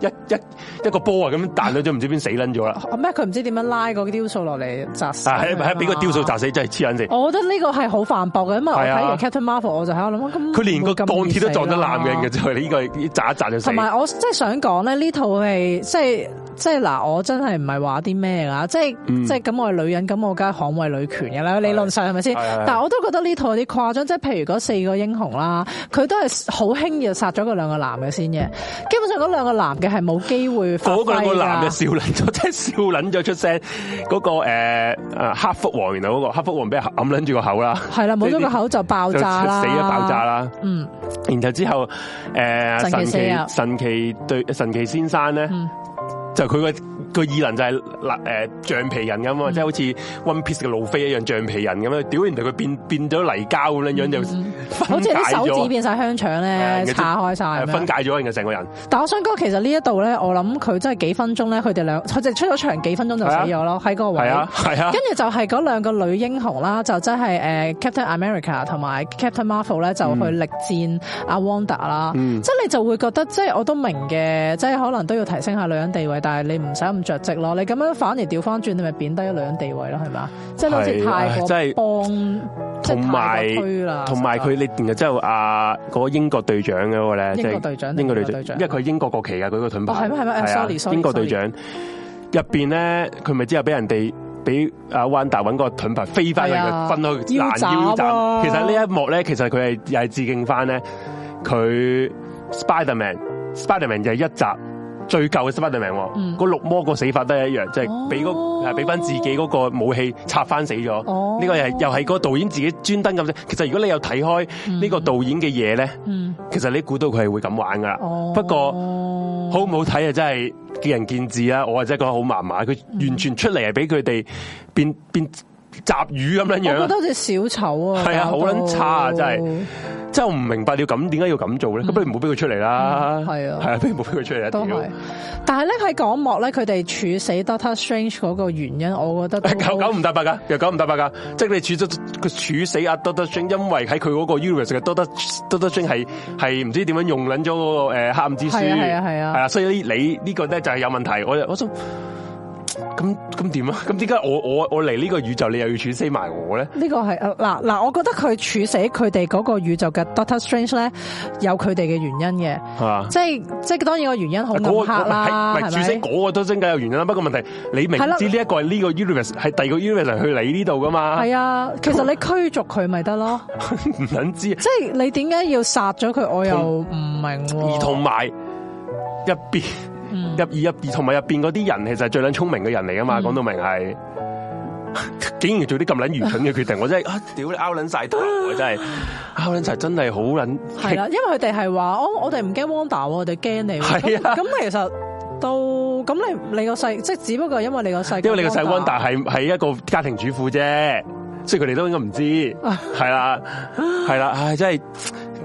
一一一個波啊，咁彈到咗，唔知邊死捻咗啦！咩？佢唔知點樣拉個雕塑落嚟砸死啊！係咪？係咪？俾個雕塑砸死真係黐捻死！我覺得呢個係好犯駁嘅，因為我睇完 Captain Marvel，我就喺度諗，佢連個鋼鐵都撞得爛嘅，就係呢個砸一砸就死。同埋我即係想講咧，呢套係即係即係嗱，我真係唔係話啲咩啊？即係、嗯、即係咁我係女人，咁我梗係捍衛女權嘅啦，理論上係咪先？對對對但係我都覺得呢套有啲誇張，即係譬如嗰四個英雄啦，佢都係好輕易就殺咗兩個男嘅先嘅。基本上嗰兩個男嘅係冇機會發揮啦。嗰兩個男嘅笑撚咗，即係笑撚咗出聲。嗰個誒誒黑福王，原來嗰個黑福王俾揞捻住個口啦。係啦，冇咗個口就爆炸死咗爆炸啦。嗯。然後之後誒神奇神奇對神奇先生咧，就佢個。個異能就係嗱誒橡皮人咁啊，即係好似 One Piece 嘅路飛一樣橡皮人咁樣，屌，原來佢佢變變咗泥膠咁樣樣就，好似啲手指變晒香腸咧，叉開晒，分解咗成個人。但我想講，其實呢一度咧，我諗佢真係幾分鐘咧，佢哋兩佢就出咗場幾分鐘就死咗咯，喺個位置，啊，係啊。跟住就係嗰兩個女英雄啦，就真係誒 Captain America 同埋 Captain Marvel 咧，就去力戰阿 Wanda 啦。即係你就會覺得，即係我都明嘅，即係可能都要提升下女人地位，但係你唔使咁着跡咯，你咁樣反而調翻轉，你咪貶低一女人地位咯，係嘛？即係好似太過幫，即係太過虛啦。同埋佢，你其實即係阿嗰個英國隊長嗰個咧，英國隊長，英國隊長，長，長，因為佢英國國旗啊，佢個盾牌。係、哦、係英國隊長入邊咧，佢咪之後俾人哋俾阿 Wanda 揾個盾牌飛翻去，分去攔腰斬。其實呢一幕咧，其實佢係又係致敬翻咧佢、嗯、Spider-Man，Spider-Man 就係一集。最舊嘅 Spider-Man 㗎，嗰綠魔個死法都係一樣，即係俾嗰俾翻自己嗰個武器拆翻死咗。呢、哦、個係又係個導演自己專登咁啫。其實如果你有睇開呢個導演嘅嘢咧，嗯、其實你估到佢係會咁玩噶啦。哦、不過好唔好睇啊？真係見仁見智啦。我真係覺得好麻麻，佢完全出嚟係俾佢哋變變。變雜魚咁樣樣，我覺得好似小丑啊！係啊，好撚差啊、就是，真係，真係唔明白你咁，點、嗯、解要咁做咧？咁不如唔好俾佢出嚟啦！係啊，係啊，不如唔好俾佢出嚟啊。當然，但係咧喺講幕咧，佢哋處死 Doctor Strange 嗰個原因，我覺得九九唔搭八噶，又九唔搭八噶，即係你處咗佢處死阿 Doctor Strange，因為喺佢嗰個 Universe 嘅 Doctor Doctor Strange 係係唔知點樣用捻咗嗰個誒黑暗之書，係啊係啊，啊，所以呢你呢、這個咧就係有問題，我我想。咁咁點啊？咁點解我我我嚟呢個宇宙，你又要處死埋我咧？呢、這個係嗱嗱，我覺得佢處死佢哋嗰個宇宙嘅 Doctor Strange 咧，有佢哋嘅原因嘅、啊，即係即係當然個原因好深刻啦，係處死嗰個都、那個、真係有原因啦，不過問題你明知呢一、這個係呢個 Universe 係第二個 Universe 嚟去你呢度噶嘛？係啊，其實你驅逐佢咪得咯？唔 想知，即係你點解要殺咗佢？我又唔明。而同埋一邊。入二入二同埋入邊嗰啲人其實最撚聰明嘅人嚟噶嘛？講到明係，竟然做啲咁撚愚蠢嘅決定我，我真係啊！屌你，out 撚晒頭，真係 out 撚晒，真係好撚係啦！因為佢哋係話我我哋唔驚 Wanda，我哋驚你，你。係啊，咁其實都咁你你個細，即係只不過因為你個細，因為你個細 Wanda 係係一個家庭主婦啫，即係佢哋都應該唔知。係啦，係啦，唉，真係。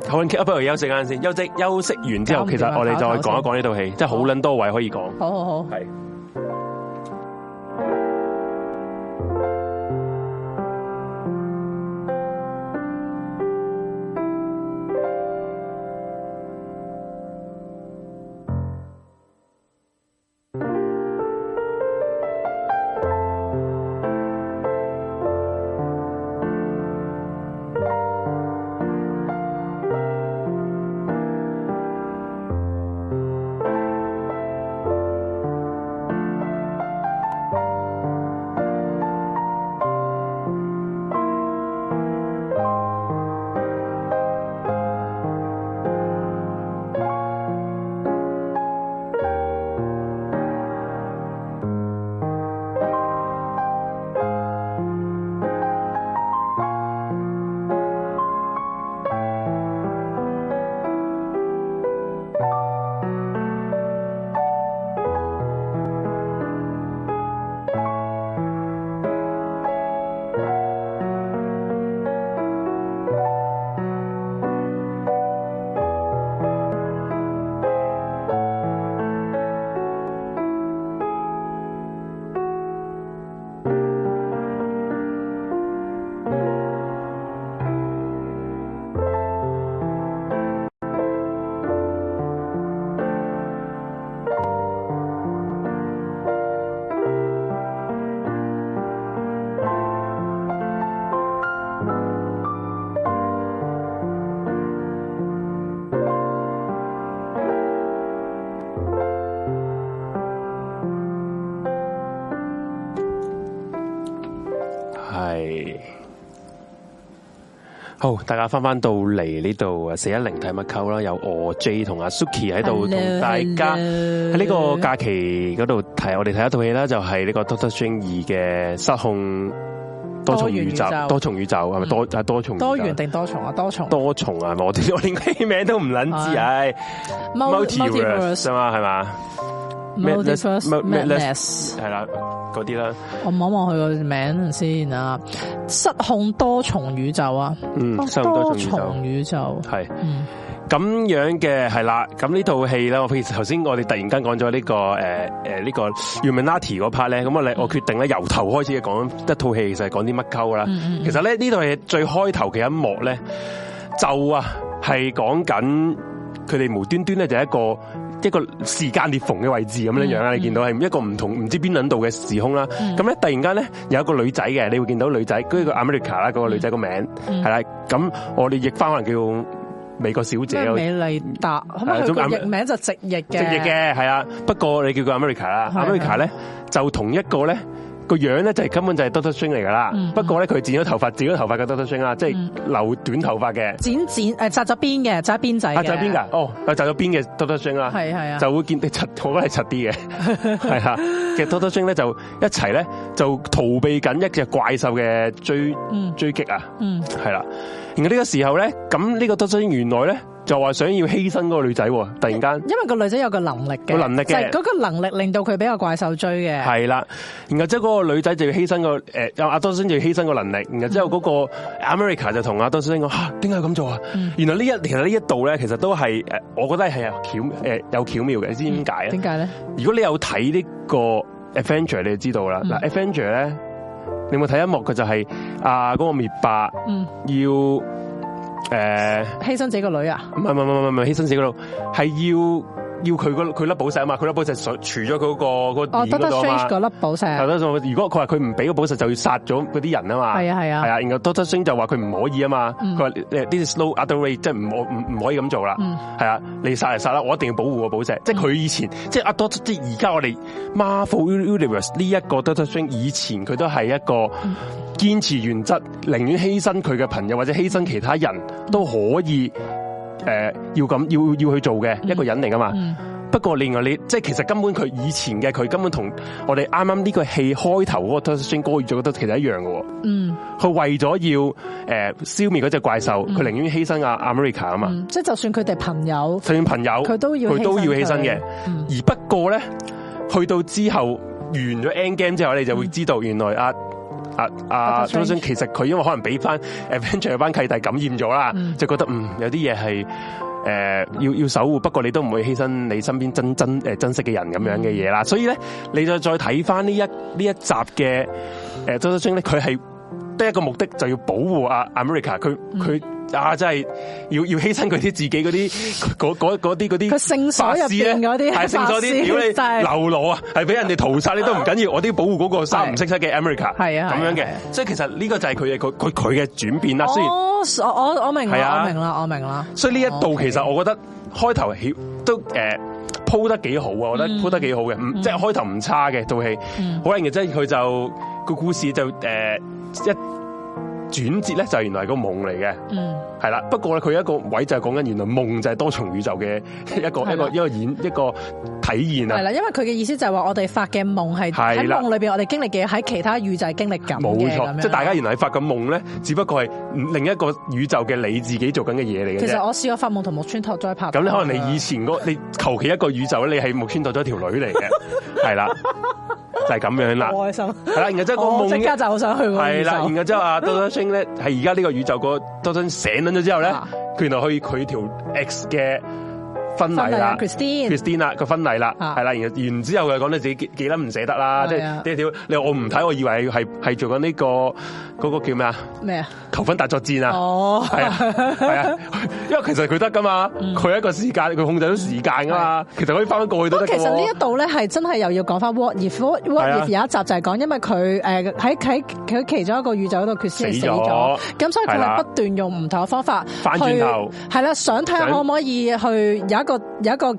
好，我不如休息陣先，休息休息完之後，其實我哋再去講一講呢套戲，真係好捻多位可以講。好好好，係。好，大家翻翻到嚟呢度啊，四一零睇乜 Cult 啦，有我 J 同阿 Suki 喺度同大家喺呢個假期嗰度睇，我哋睇一套戲啦，就係呢個《Doctor Strange 二》嘅失控多重宇宙，多重宇宙係咪多多重多元定多重啊？多重多重啊！我我連名都唔捻知，唉，multiverse 啊，係嘛，multiverse，係啦，嗰啲啦，我望一望佢個名先啊。失控多重宇宙啊！嗯，失控多重宇宙係、嗯，嗯咁、嗯、樣嘅係啦。咁呢套戲咧，我譬如頭先我哋突然間講咗呢個誒誒呢個《完美拉提》嗰 part 咧，咁我決我決定咧、嗯、由頭開始講一套戲，就係講啲乜溝啦。其實咧呢套戲最開頭嘅一幕咧，就是、啊係講緊佢哋無端端咧就一個。一個時間裂縫嘅位置咁樣樣啊，mm-hmm. 你見到係一個唔同唔知邊 u 度嘅時空啦。咁、mm-hmm. 咧突然間咧有一個女仔嘅，你會見到女仔，嗰、嗰個 America 啦，嗰個女仔個名係啦。咁、mm-hmm. 我哋譯翻可能叫美國小姐美麗達，咁啊個譯名就直譯嘅，直譯嘅係啊。不過你叫佢 America 啦，America 咧就同一個咧。個樣咧就係、是、根本就係 Doctor Strange 嚟噶啦，不過咧佢剪咗頭髮，剪咗頭髮嘅 Doctor Strange 啊，即係留短頭髮嘅、嗯，剪剪誒紮咗辮嘅，紮辮仔，紮、啊、辮噶、啊、哦，紮咗辮嘅 Doctor Strange 啊，係係啊，就會見佢紮，我覺得係紮啲嘅，係 啊，其實 Doctor Strange 咧就一齊咧就逃避緊一隻怪獸嘅追、嗯、追擊、嗯、啊，係啦，然後呢個時候咧，咁呢個 Doctor Strange 原來咧。就話想要犧牲嗰個女仔，突然間，因為個女仔有個能力嘅，有能力嘅，嗰個能力令到佢俾個怪獸追嘅。係啦，然後即係嗰個女仔就要犧牲，那個誒，阿、啊、多斯就要犧牲個能力。然後之後嗰個 America 就同阿多斯先講吓，點解咁做啊？做嗯、原來呢一其實一呢一度咧，其實都係，我覺得係有巧誒，有巧妙嘅。你知點解啊？點解咧？如果你有睇呢，這個 Avenger，你就知道啦。嗱，嗯、Avenger 咧，你有冇睇一幕？佢就係、是、啊，嗰，那個滅霸要。嗯要誒，犧牲自己個女啊？唔係唔係唔唔唔係犧牲自己個女，係要。要佢，那個佢粒寶石啊嘛，佢粒寶石除咗佢個個耳朵啊嘛。係如果佢話佢唔俾個寶石，就要殺咗嗰啲人啊嘛。係啊係啊。係啊，然後 Doctor Strange 就話佢唔可以啊嘛。佢話呢啲 no other way 即係唔唔唔可以咁做啦。係，mm. 啊，你殺嚟殺啦，我一定要保護個寶石。Mm. 即係佢以前，即係 Doctor 即係而家我哋 Marvel Universe 呢一個 Doctor Strange 以前佢都係一個堅持原則，寧願犧牲佢嘅朋友或者犧牲其他人都可以。誒、呃，要咁要要去做嘅一個人嚟噶嘛、嗯？不過另外你即係其實根本佢以前嘅，佢根本同我哋啱啱呢個戲開頭嗰個 transition 過完咗都其實一樣嘅，嗯，佢為咗要誒、呃、消滅嗰隻怪獸，佢寧願犧牲啊 America 啊嘛。即係就算佢哋朋友，就算朋友，佢都要佢都要犧牲嘅、嗯。而不過咧，去到之後完咗 Endgame 之後，你就會知道原來啊！啊！周生其實佢因為可能俾翻《Avengers》班契弟感染咗啦，就覺得嗯有啲嘢係誒要要守護，不過你都唔會犧牲你身邊真真誒珍惜嘅人咁樣嘅嘢啦。所以咧，你就再睇翻呢一呢一集嘅誒，周周生咧，佢係。得一個目的就要保護阿 America，佢佢啊真係要要犧牲佢啲自己嗰啲嗰啲嗰啲。佢聖所入邊嗰啲，係聖所啲你流羅啊，係俾人哋屠殺你都唔緊要，我都要保護嗰個三唔識七嘅 America，係啊咁樣嘅。即係其實呢個就係佢嘅佢佢佢嘅轉變啦。哦，我我我明啦，我明啦，啊，我明啦。所以呢一度其實，okay，我覺得開頭都誒鋪得幾好啊，我覺得鋪得幾好嘅，嗯，即係開頭唔差嘅套戲。好靚嘅，即係佢就。個故事就誒一轉折咧，就係原來係個夢嚟嘅，係啦。不過咧，佢一個位就係講緊，原來夢就係多重宇宙嘅一個一個一個演一個體驗啊。係啦，因為佢嘅意思就係話，我哋發嘅夢係喺夢裏邊，我哋經歷嘅喺其他宇宙經歷嘅，冇錯。即係大家原來係發緊夢咧，只不過係另一個宇宙嘅你自己做緊嘅嘢嚟嘅。其實我試過發夢同木村拓哉拍。咁咧，可能你以前你求其一個宇宙，你係木村拓哉條女嚟嘅，係啦。係、就、咁、是、樣啦，好開心，係啦，然後即係個夢，即刻就好想去。係啦，然後之後啊，Doctor Strange 咧，係而家呢個宇宙個 Doctor Strange 醒咗之後咧，佢、嗯嗯、原來可以佢條 X 嘅。婚禮啦，Christine，Christine 啦，個婚禮啦，係、啊、啦，然然之後佢講你自己幾幾粒唔捨得啦，即係點？你我唔睇，我以為係係做緊、這、呢個嗰、那個叫咩啊？咩啊？求婚大作戰啊？哦，係啊，係啊，因為其實佢得噶嘛，佢一個時間，佢控制咗時間噶嘛，其實可以翻翻過去都得。其實呢一度咧係真係又要講翻 What If，What If 有一集就係講，因為佢誒喺喺佢其中一個宇宙度缺失死咗，咁所以佢係不斷用唔同嘅方法翻轉頭，係啦，想睇下可唔可以去有一個有一個，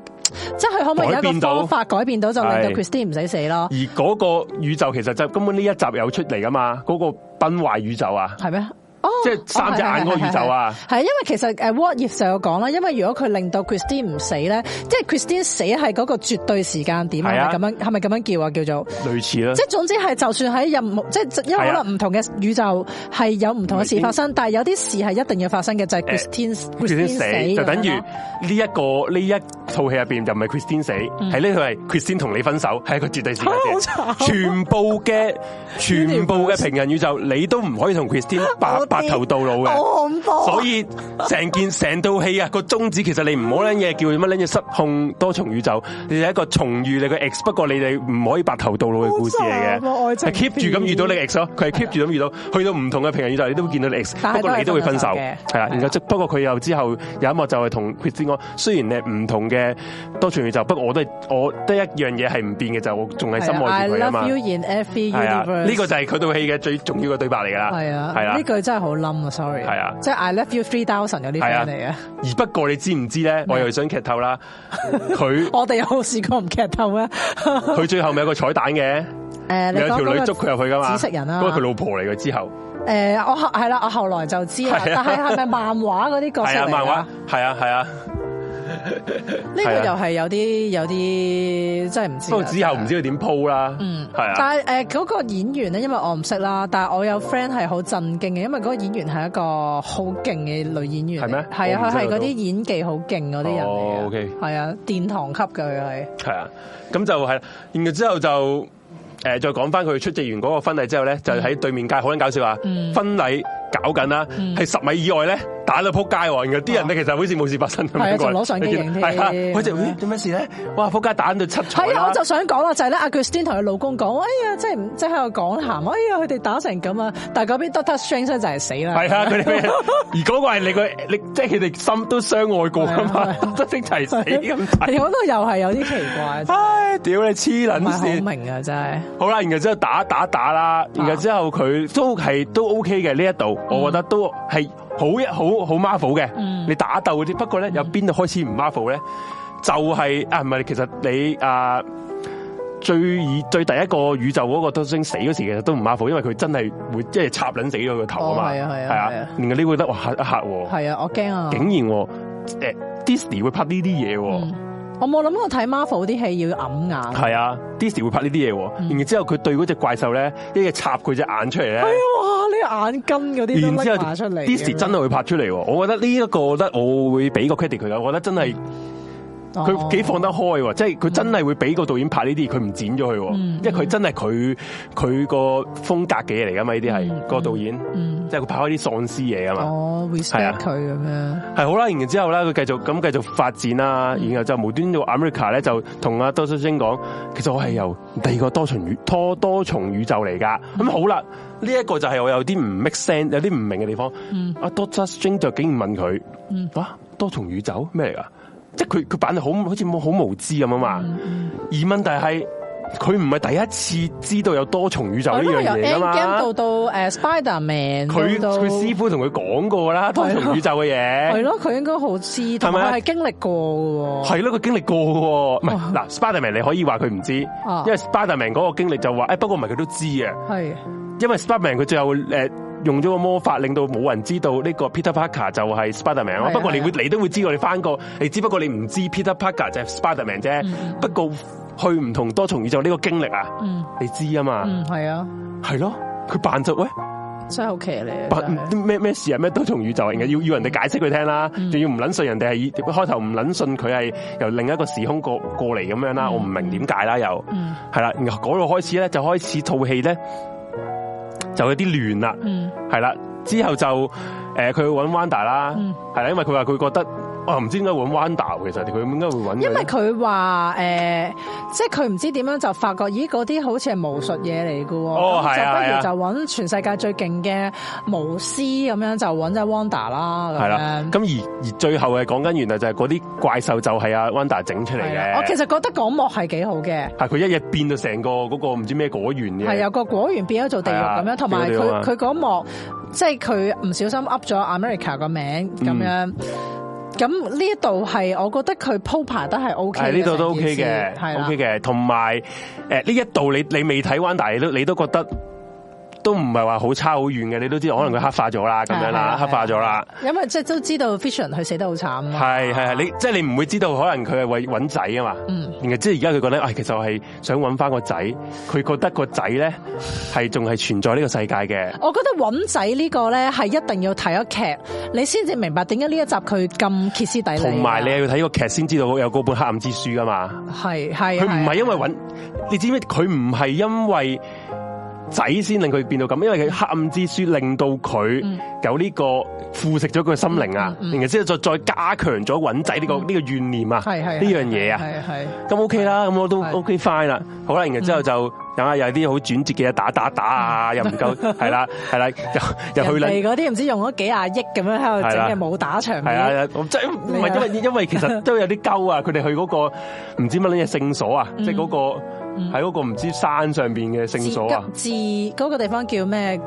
即係佢可唔可以有一個方法改變到就令到 Christine 唔使死咯？而嗰個宇宙其實就根本呢一集有出嚟㗎嘛？嗰、嗰個崩壞宇宙啊，係咩？哦、即係三隻眼嗰個宇宙啊、哦！係，因為其實誒，What If 就有講啦，因為如果佢令到 Christine 唔死咧，即係 Christine 死係嗰個絕對時間點係咪咁樣，係咪咁樣叫啊？叫做類似啦。即係總之係，就算喺任務，即係因為可能唔同嘅宇宙係有唔同嘅事發生，但係有啲事係一定要發生嘅，就係、是、Christine。Christine 死，死就等於呢一個呢一套戲入邊就唔係 Christine 死，係呢佢係 Christine 同你分手，係個絕對時間間、哦。全部嘅全部嘅平行宇宙，你都唔可以同 Christine e 白頭到老嘅，好恐怖。所以成件成套戲啊，個宗旨其實你唔好諗嘢，叫乜諗嘢失控多重宇宙，你係一個重遇你個 x，不過你哋唔可以白頭到老嘅故事嚟嘅。冇愛情，keep 住咁遇到你 ex 咯。佢係 keep 住咁遇到，去到唔同嘅平行宇宙，你都會見到你 ex，不過你都會分手。係啊。然後即不過佢又之後有一幕就係同薛之謙，雖然係唔同嘅多重宇宙，不過我都係我得一樣嘢係唔變嘅，就我仲係深愛住佢啊嘛。I love you in every universe。呢個就係佢套戲嘅最重要嘅對白嚟噶啦。係啊，係啊，呢句真係。好冧啊！Sorry，係啊，即係 I love you three thousand 有啲翻嚟啊。而不過你知唔知咧？我又想劇透啦。佢 我哋有冇試過唔劇透咧？佢最後咪有個彩蛋嘅，有條女捉佢入去㗎嘛？紫色人啊，不過佢老婆嚟嘅之後。誒、那個，我係啦，我後來就知道。但係係咪漫畫嗰啲角色？係啊，漫畫，係啊，係啊。呢 個又係有啲有啲真係唔知，不過之後唔知佢點鋪啦。嗯，係啊。但係誒嗰個演員咧，因為我唔識啦。但係我有 friend 係好震驚嘅，因為嗰個演員係一個好勁嘅女演員是。係咩？係、哦、啊，佢係嗰啲演技好勁嗰啲人嚟嘅。係啊，殿堂級嘅佢係。係啊，咁就係、是，然後之後就誒再講翻佢出席完嗰個婚禮之後咧，就喺對面街好撚搞笑啊！婚禮搞緊啦，係十米以外咧。打到仆街喎，然啲人咧其實好似冇事發生咁樣。係啊，攞相機影先。係啊，佢做咩事咧？哇，仆街打到七彩。係啊，我就想講啦，就係咧，阿 Christine 同佢老公講，哎呀，即係唔，真喺度講鹹，哎呀，佢哋打成咁啊， 啊，啊，啊，啊，但係嗰邊 Doctor Strange 就係死啦。係啊，佢哋咩？而嗰個係你個，你即係佢哋心都相愛過啊嘛，Doctor Strange 死咁睇。嗰個又係有啲奇怪。唉，屌你黐撚線。唔係好明啊，真係。真好啦，然後之後打打打啦，然後之後佢都係都 OK 嘅呢一度，我覺得都係。嗯好一好好 Marvel 嘅，你打鬥嗰啲。不過咧，有邊度開始唔 Marvel 咧？就係、是、啊，唔係，其實你啊最以最第一個宇宙嗰個哆星死嗰時，其實都唔 Marvel，因為佢真係會即係插撚死咗個頭啊嘛。係、哦、啊係啊係啊，啊，啊。然後你會覺得哇吓吓。係啊，我驚啊。竟然，誒 Disney、啊、會拍呢啲嘢。嗯我冇諗過睇 Marvel 啲戲要揞眼。係啊，Disney 會拍呢啲嘢，然之後佢對嗰隻怪獸咧，一嘢插佢隻眼出嚟咧。係、哎、啊，哇！呢眼筋嗰啲都拍出嚟。Disney 真係會拍出嚟，我覺得呢一個，我覺得我會俾個 credit 佢嘅，我覺得真係。嗯佢幾放得開喎，即係佢真係會俾個導演拍呢啲，佢、嗯、唔剪咗佢，因為佢真係佢佢個風格嘅嘢嚟噶嘛，呢啲係個導演，即、嗯、係、佢、拍開啲喪屍嘢啊嘛，係、哦、啊，佢咁樣係好啦，然之之後咧佢繼續咁繼續發展啦、嗯，然後就無端到 America 咧就同阿 Doctor Strange 講，其實我係由第二個多重宇拖多重宇宙嚟噶，咁好啦，呢一個就係我有啲唔 make sense，有啲唔明嘅地方，阿 Doctor Strange 就竟然問佢，啊，多重宇宙咩嚟噶？嗯即係佢佢扮得好好似冇好無知咁啊嘛而題，疑問，但係佢唔係第一次知道有多重宇宙呢樣嘢㗎嘛到。到、Spiderman、到誒 Spider Man，佢佢師傅同佢講過啦，多重宇宙嘅嘢。係咯，佢應該好似同埋佢係經歷過嘅。係咯，佢經歷過嘅，唔係嗱 Spider Man，你可以話佢唔知，因為 Spider Man 嗰個經歷就話，誒不過唔係佢都知嘅，係因為 Spider Man 佢最後誒。呃用咗個魔法，令到冇人知道呢個 Peter Parker 就係 Spiderman 啊！不過你會你都會知道，你翻過，你只不過你唔知 Peter Parker 就係 Spiderman 啫。嗯、不過去唔同多重宇宙呢個經歷啊，嗯、你知啊嘛？係、嗯、啊，係咯，佢扮作喂，真係好奇你，扮咩咩事啊？咩多重宇宙啊？要人、嗯、要人哋解釋佢聽啦，仲要唔捻信人哋係開頭唔捻信佢係由另一個時空過過嚟咁樣啦，嗯、我唔明點解啦，又係啦。嗰、嗯、度開始咧就開始套戲咧。就有啲亂啦，嗯，係啦，之後就誒，佢、呃、去揾 Wanda 啦，嗯，係啦，因為佢話佢覺得。我唔知點解搵 Wanda 其實佢點解會搵？因為佢話誒，即係佢唔知點樣就發覺，咦嗰啲好似係巫術嘢嚟嘅。哦，不如就搵全世界最勁嘅巫師咁樣就搵咗 Wanda 啦。係啦。咁而而最後係講緊，原來就係嗰啲怪獸就係阿 Wanda 整出嚟嘅。我其實覺得嗰幕係幾好嘅。係佢一日變到成個嗰個唔知咩果園嘅，係有個果園變咗做地獄咁樣。同埋佢佢嗰幕即係佢唔小心 up 咗 America 個名咁樣、嗯。咁呢一度係，我覺得佢鋪排得係 O K 嘅，係呢度都 O K 嘅，係 O K 嘅，同埋誒呢一度你你未睇完，但係都你都覺得。都唔係話好差好遠嘅，你都知可能佢黑化咗啦，咁樣啦，黑化咗啦。因為即係都知道 Vision 佢死得好慘。係係係，你即係你唔會知道可能佢係為揾仔啊嘛。嗯。然後即係而家佢覺得，唉、哎，其實我係想揾翻個仔。佢覺得個仔咧係仲係存在呢個世界嘅。我覺得揾仔呢個咧係一定要睇咗劇，你先至明白點解呢一集佢咁歇斯底里。同埋你要睇個劇先知道有嗰本黑暗之書㗎嘛。係係。佢唔係因為揾，你知唔知佢唔係因為。仔先令佢變到咁，因為佢黑暗之書令到佢有呢個腐蝕咗佢心靈啊，然後之後再再加強咗揾仔呢個呢個怨念啊，呢樣嘢啊，咁 OK 啦，咁我都 OK fine 啦，好啦，然後之後就等下有啲好轉折嘅嘢打打打啊，又唔夠係啦係啦，又又去嚟嗰啲唔知用咗幾廿億咁樣喺度整嘅武打場面，係啊，唔係因為因為其實都有啲鳩啊，佢哋去嗰個唔知乜嘢聖所啊，即係嗰個。喺嗰個唔知山上邊嘅聖所啊，字嗰、嗰個地方叫咩？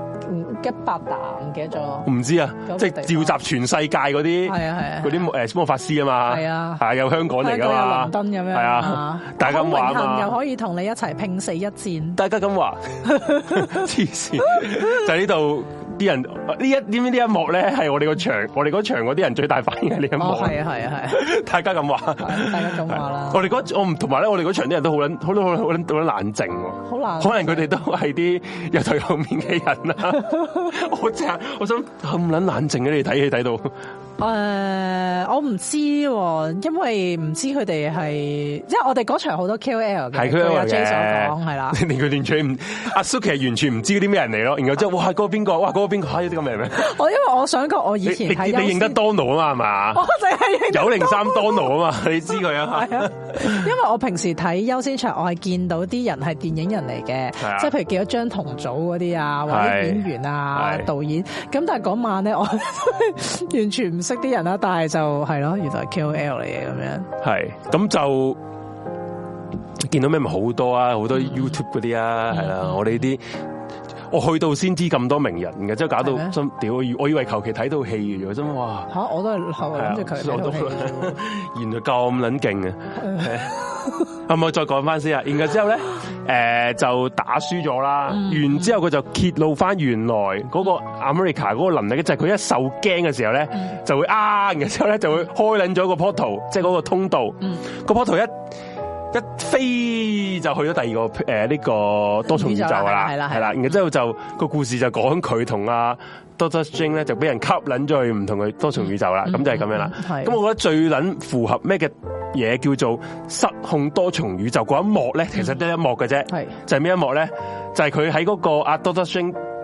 吉百達唔記得咗。唔知啊，即係召集全世界嗰啲，係啊係啊，嗰啲誒魔法師啊嘛。係啊，係有香港嚟噶嘛。有倫敦咁樣。係啊，大家咁話啊嘛。咁榮幸又可以同你一齊拼死一戰。大家咁話，黐線！就呢度。啲人呢一呢呢一幕咧，係我哋個場，我哋嗰場嗰啲人最大反應係呢一幕，哦。係啊係啊係， 大家咁話，大家咁話啦。我哋嗰、那個、我唔同埋咧，我哋嗰場啲人都好撚，好多好撚好撚好撚冷靜好冷，可能佢哋都係啲有頭有面嘅人啦。 我真係，我想咁撚冷靜嘅你睇戲睇到。誒、uh,，我唔知，喎，因為唔知佢哋係，即係我哋嗰場好多 KOL 嘅，對阿 J 所講係啦，你哋佢完全唔，阿 Suki 完全唔知嗰啲咩人嚟囉。然後即係 哇，嗰、那個邊個，哇，嗰、那個邊個，係呢個咩咩？我因為我想個我以前睇到你，你，你認得 Donald 啊 Donald 嘛？係嘛？我淨係認九零三 Donald 啊 嘛，你知佢啊？係啊，因為我平時睇優先場，我係見到啲人係電影人嚟嘅，即 係譬如記得張同組嗰啲啊，或者演員啊、 或者導演，咁 是的笑但係嗰晚咧，我完全唔。識啲人啦，但係就係咯，原來 K O L 嚟嘅咁樣。係，咁就見到咩咪好多啊，好多 YouTube 嗰啲啊，係啦，我哋呢啲，我去到先知咁多名人，而家真係搞到，真屌，我以為求其睇到戲完咗，真哇，吓，我都係後諗住佢，原來咁捻勁啊。係咪再講翻先啊？然之後咧，誒就打輸咗啦。然之後佢就揭露翻原來嗰個 America 嗰個能力，就係佢一受驚嘅時候咧，就會啊。然之後咧就會開領咗個 portal，即係嗰個通道那個。個 portal 一一飛就去咗第二個誒呢個多重宇宙噶啦，係啦。然之後就個故事就講佢同啊多 Doctor Strange 咧，就俾人吸捻咗去唔同嘅多重宇宙啦，咁就係、係、咁樣啦。咁我覺得最捻符合咩嘅嘢，叫做失控多重宇宙嗰一幕咧，其實得一幕嘅啫。就係咩一幕咧？就係佢喺嗰個阿多 Doctor Strange。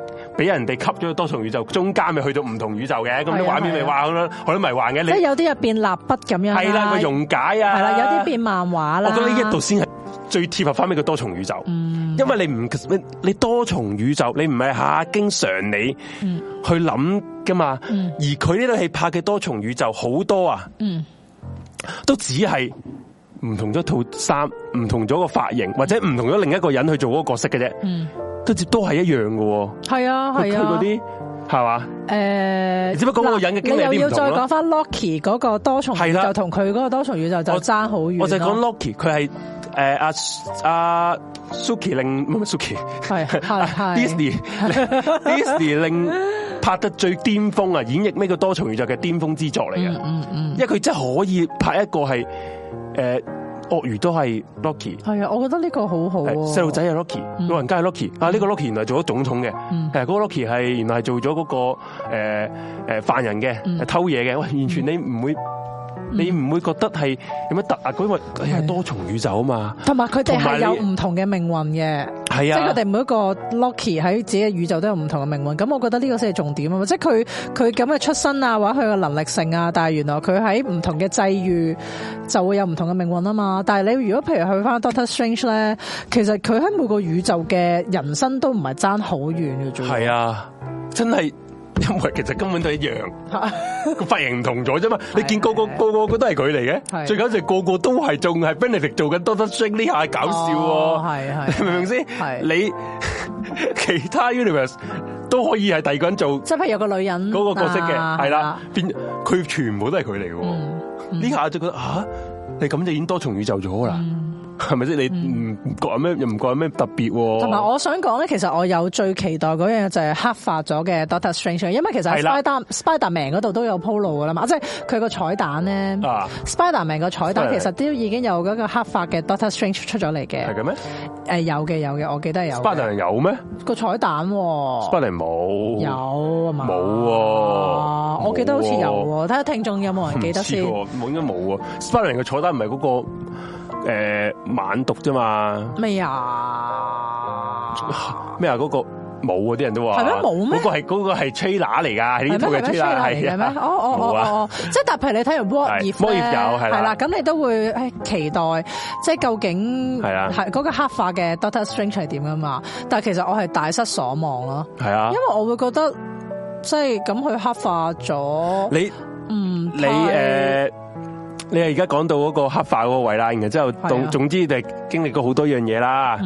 俾人哋吸咗多重宇宙，中間咪去到唔同宇宙嘅，咁啲畫面咪話咁樣，好多迷幻嘅。即係有啲入邊蠟筆咁樣。係啦，咪溶解啊。係啦，有啲變，變，變漫畫啦。我覺得呢一度先係最貼合翻俾個多重宇宙，嗯、因為你唔你多重宇宙，你唔係下經常你去諗噶嘛，而佢呢套戲拍嘅多重宇宙好多啊、嗯，都只係唔同咗套衫，唔、嗯、同咗個髮型，或者唔同咗另一個人去做嗰個角色嘅啫。嗯都接都係一樣嘅喎，係啊，佢嗰啲係嘛？誒、就是啊呃，你知唔知嗰個人嘅經歷唔同啦？你又要再講翻 Loki 嗰個多重宇宙同佢嗰個多重宇宙就爭好遠我。我就講 Loki，佢係誒阿阿 Suki 令，唔係 Suki，係係係，啊、Disney，Disney 令拍得最巔峰啊！演繹咩個多重宇宙嘅巔峰之作嚟嘅，嗯嗯嗯，因為佢真係可以拍一個係誒。呃鱷魚都係 Loki 係啊，我覺得呢個好好。細路仔係 Loki。老人家係 Loki 啊，呢個 Loki 原來做咗總統嘅，其實嗰個 Loki 係原來係做咗嗰、嗰個誒誒、呃、犯人嘅，偷嘢嘅。喂，完全你唔會。你唔會覺得係有咩特啊？因為係多重宇宙啊嘛，同埋佢哋係有唔同嘅命運嘅，即係佢哋每一個 Loki 喺自己嘅宇宙都有唔同嘅命運。咁我覺得呢個先係重點啊！即係佢佢咁嘅出身啊，或者佢嘅能力性啊，但係原來佢喺唔同嘅際遇就會有唔同嘅命運啊嘛。但係你如果譬如去翻 Doctor Strange 咧，其實佢喺每個宇宙嘅人生都唔係爭好遠嘅啫。係啊，真係。因為其實根本都一樣，髮不 個髮型唔同咗啫嘛。你見個個個個都係佢嚟嘅，對對對對最緊要個個都係做係 Benedict 做緊 Doctor Strange 呢下搞笑喎。哦、對對對對你明唔明先？對對對對你其他 universe 都可以係第二個人做那個，即、就、係、是、有個女人嗰個角色嘅，係、啊、啦，對對對對變佢全部都係佢嚟嘅。呢、嗯、下、嗯、就覺得吓、啊，你咁就已經多重宇宙咗啦。嗯係咪即係？你唔覺有咩？又唔覺有咩特別？同埋我想講咧，其實我有最期待嗰樣嘢就係黑化咗嘅 Doctor Strange，因為其實 Spider Spider Man 嗰度都有鋪路噶啦嘛，即係佢個彩蛋咧。啊、Spider Man 個彩蛋其實都已經有嗰個黑化嘅 Doctor Strange 出咗嚟嘅。係嘅咩？誒有嘅，有嘅，我記得有，有。Spider Man 有咩？個彩蛋。Spider Man 冇，有，有，有啊嘛？冇喎，我記得好似有。睇下聽眾有冇人記得先。冇應該冇、啊啊、Spider Man 嘅彩蛋唔係嗰個。誒、呃，晚讀啫嘛？咩啊？咩、那、啊、個？嗰、那個冇啊！啲人都話係咩冇咩？嗰個係嗰、那個係 Chyna 嚟噶，呢、這個叫 Chyna 係咩？哦哦哦即係特別你睇完《沃葉沃葉有係啦，咁你都會誒期待，即係究竟係啊？係嗰個黑化嘅 Doctor Strange 係點噶嘛？但係其實我係大失所望咯，係啊，因為我會覺得即係咁去黑化咗你，唔你誒、呃。你係而家講到嗰個黑化嗰個位啦，然後之後總之就經歷過好多樣嘢啦，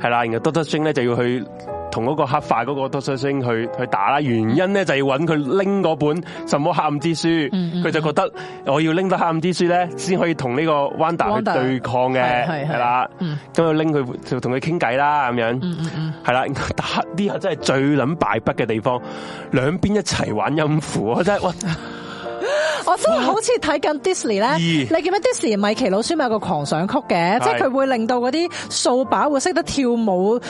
係啦，然後 Doctor Strange 咧就要去同嗰個黑化嗰個 Doctor Strange 去打啦。原因呢就要揾佢拎嗰本什麼黑暗之書。佢就覺得我要拎得黑暗之書呢先可以同呢個 Wanda 去對抗嘅，係啦，咁就拎佢就同佢傾偈啦，咁樣，係啦，打呢個真係最撚敗筆嘅地方，兩邊一齊玩音符，真係哇！我真係好似睇緊 Disney 咧，你記唔記得 Disney，米奇老鼠咪有個狂想曲嘅，即係佢會令到嗰啲掃把會識得跳舞誒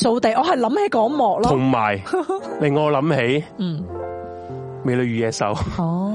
掃地，我係諗起嗰幕咯，同埋令我諗起，嗯，美女與野獸哦。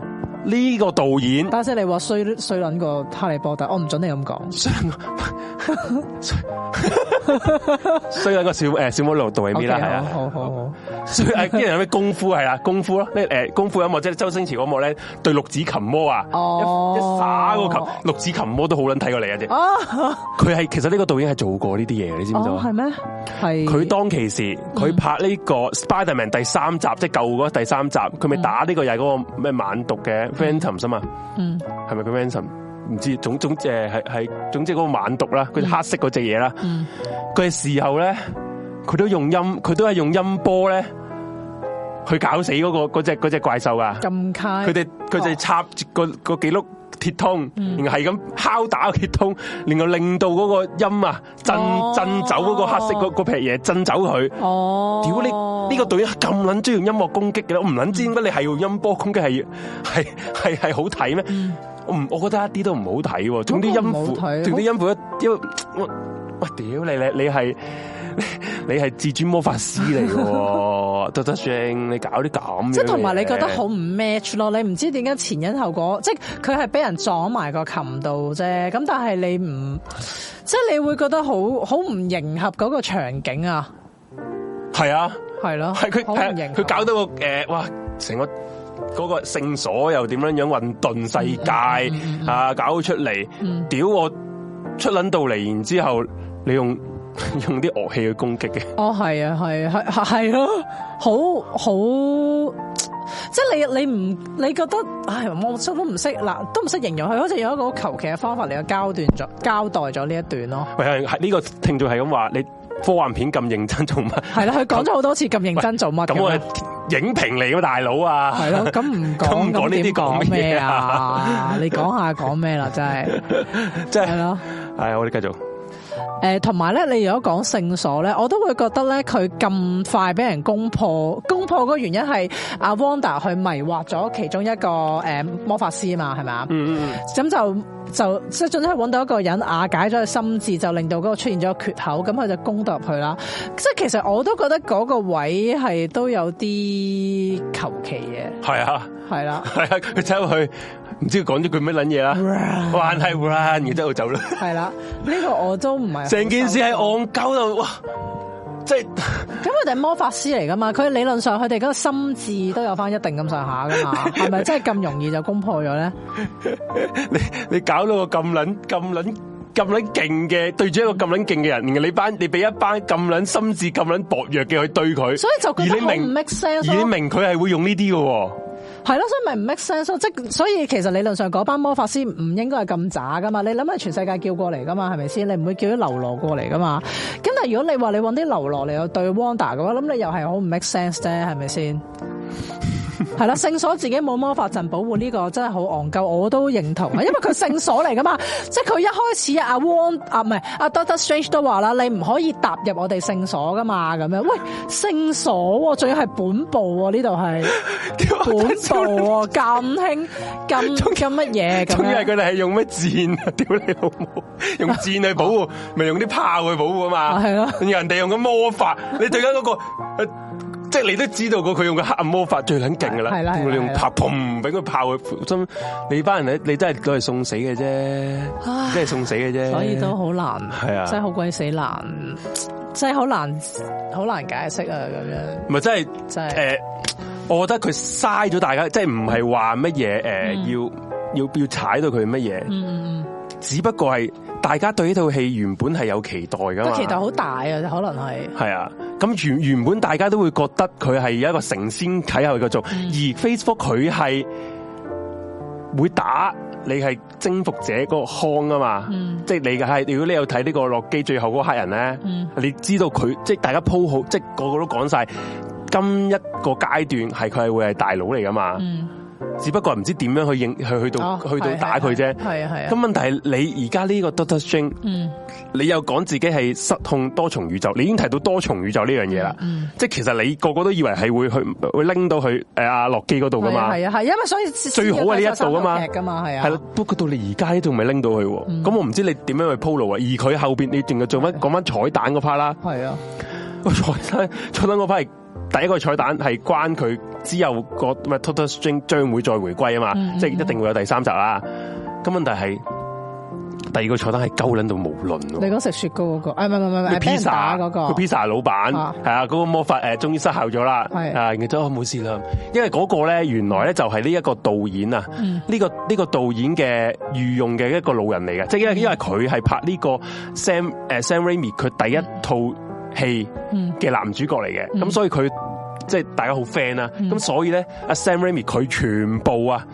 呢、這個導演，但係你話衰衰卵個哈利波特，我唔准你咁講、那個。衰衰卵個小誒小魔女導演啦，係啊，好好好。衰係啲有咩功夫係啦，功夫咯，誒功夫一幕即係周星馳嗰幕咧，對六指琴魔啊、哦，一耍個琴，六指琴魔都好卵睇過嚟啊！啫、哦，佢係其實呢個導演係做過呢啲嘢你知唔知啊？係、哦、咩？係佢當其時，佢拍呢、這個 Spiderman 第三集，即係舊嗰第三集，佢咪打呢、這個又係嗰個咩猛毒嘅。phantom 先、嗯、嘛，係咪叫 phantom？唔知道總總誒係係總之嗰個猛毒啦，佢、嗯、黑色嗰隻嘢啦，佢、嗯、係時候咧，佢都用音，佢都係用音波咧去搞死嗰、那個隻隻怪獸啊。咁開，佢哋佢哋插、那個個記錄。鐵通，然後係咁敲打鐵通，然後令到嗰個音啊，震震走嗰個黑色嗰嗰撇嘢，震走佢。哦，屌你！呢個隊員咁撚鍾意用音樂攻擊嘅，我唔捻知點解你係用音波攻擊係系系係好睇咩？我唔，我覺得一啲都唔好睇。總啲音符，總啲音符一，因為，我屌你你你係。你係至尊魔法師嚟、啊，特得上你搞啲咁，即係同埋你覺得好唔 match 咯？你唔知點解前因後果，即係佢係俾人撞埋個琴度啫。咁但係你唔，即係你會覺得好好唔迎合嗰個場景啊？係啊，係咯、啊，係佢佢搞到個誒、呃，哇，成個嗰、那個聖所又點樣樣混沌世界啊、嗯嗯嗯，搞出嚟，屌、嗯、我出捻到嚟，然之後你用。 用啲樂器去攻擊嘅、oh,，哦係啊係係係咯，好好，即係你你唔你覺得，唉我都都唔識，嗱都唔識形容，佢好似有一個求其嘅方法嚟，交代咗交代咗呢一段咯。係係呢個聽眾係咁話，你科幻片咁認真做乜？係啦，佢講咗好多次咁認真做乜？咁我影評你個大佬啊，係咯，咁唔講講呢啲講咩啊？你講下講咩啦？真係、就係，即係咯，係我哋繼續。誒，同埋咧，你如果講聖所咧，我都會覺得咧，佢咁快俾人攻破，攻破個原因係阿 Wanda 去迷惑咗其中一個誒魔法師嘛，係咪？嗯嗯。咁就就即係最終係搵到一個人瓦解咗佢心智，就令到嗰個出現咗缺口，咁佢就攻到入去啦。即係其實我都覺得嗰個位係都有啲求其嘅。係啊，啊，係啦，係啊，佢走去。唔知佢講咗句乜捻嘢啦，run 係 run，然之後我走啦。係啦，呢個我都唔係。成件事係戇鳩到，哇！即係咁，佢哋係魔法師嚟噶嘛？佢理論上佢哋嗰個心智都有翻一定咁上下噶嘛？係咪真係咁容易就攻破咗咧？你你搞到個咁捻咁捻咁捻勁嘅對住一個咁捻勁嘅人，你班你俾一班咁捻心智咁捻薄弱嘅去對佢，所以就而你明唔 make sense 而你明佢係會用呢啲嘅。係咯， 所以咪唔 make sense 咯，即係所以其實理論上嗰班魔法師唔應該係咁渣噶嘛，你諗下全世界叫過嚟噶嘛，係咪先？你唔會叫啲流羅過嚟噶嘛？咁但係如果你話你搵啲流羅嚟對 Wanda 嘅話，咁你又係好唔 make sense 啫，係咪先？係啦，聖所自己冇魔法陣保護呢，這個真係好戇鳩，我都認同。因為佢聖所嚟噶嘛，即係佢一開始阿王阿，唔係阿 Doctor Strange 都話啦，你唔可以踏入我哋聖所噶嘛咁樣。喂，聖所仲要係本部呢度係，本部咁興咁咁乜嘢？因為佢哋係用咩箭啊？屌你好冇，用箭去保護咪，啊，用啲炮去保護嘛？係，啊，咯，人哋用嘅魔法，你對緊嗰，那個。啊即係你都知道過佢用個黑暗魔法最狠勁噶啦，你用炮砰俾佢炮去，你班人你真係都係送死嘅啫，即係送死嘅啫，所以都好難，係啊，真係好鬼死難，真係好難好難解釋啊咁樣。唔係真係真誒，我覺得佢嘥咗大家，即係唔係話乜嘢誒，要要要踩到佢乜嘢，只不過係。大家對呢套戲原本係有期待噶嘛？個期待好大啊！可能係係啊，咁原原本大家都會覺得佢係有一個成仙啟後嘅種，而 Facebook 佢係會打你係征服者嗰個康啊嘛，即係你嘅係。如果你有睇呢個洛基最後嗰黑人咧，你知道佢即係大家鋪好，即係個個都講曬今一個階段係佢係會係大佬嚟噶嘛，嗯。只不過唔知點樣去應去去到去到打佢啫。係啊係啊。咁問題係你而家呢個 Doctor Strange 你又講自己係失控多重宇宙，你已經提到多重宇宙呢樣嘢啦。即係其實你個個都以為係會去會拎到去誒阿洛基嗰度噶嘛？係啊係，因為所以最好喺呢一度噶嘛。係啊，係啦。不過到你而家都仲未拎到去，咁我唔知你點樣去鋪路啊。而佢後邊你仲要做乜講翻彩蛋嗰 part 啦？係啊，彩彩蛋嗰 part。第一個彩蛋係關佢之後個 Total String 將會再回歸啊嘛，mm-hmm. 即係一定會有第三集啦。咁問題係第二個彩蛋係鳩捻到無倫。你講食雪糕嗰、那個，誒唔係唔係唔係，Pizza 嗰、那個，Pizza 老闆係啊，嗰、ah. 那個魔法誒終於失效咗啦，係啊應該都冇事啦。因為嗰個咧原來咧就係呢一個導演啊，呢、這個呢、這個導演嘅御用嘅一個老人嚟嘅，即、就、係、是、因為因為佢係拍呢個 Sam 誒、mm-hmm. Sam Raimi 佢第一套。戲嘅男主角嚟嘅，咁、mm. 所以佢即係大家好 friend 啦，咁、mm. 所以咧阿 Sam Raimi 佢全部啊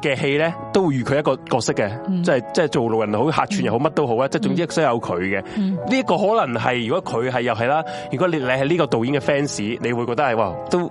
嘅戲咧，都會如佢一個角色嘅，即係即係做路人好客串又好乜都好啊，即係總之都有佢嘅。呢、mm. 一個可能係如果佢係又係啦，如果你你係呢個導演嘅 fans，你會覺得係哇都。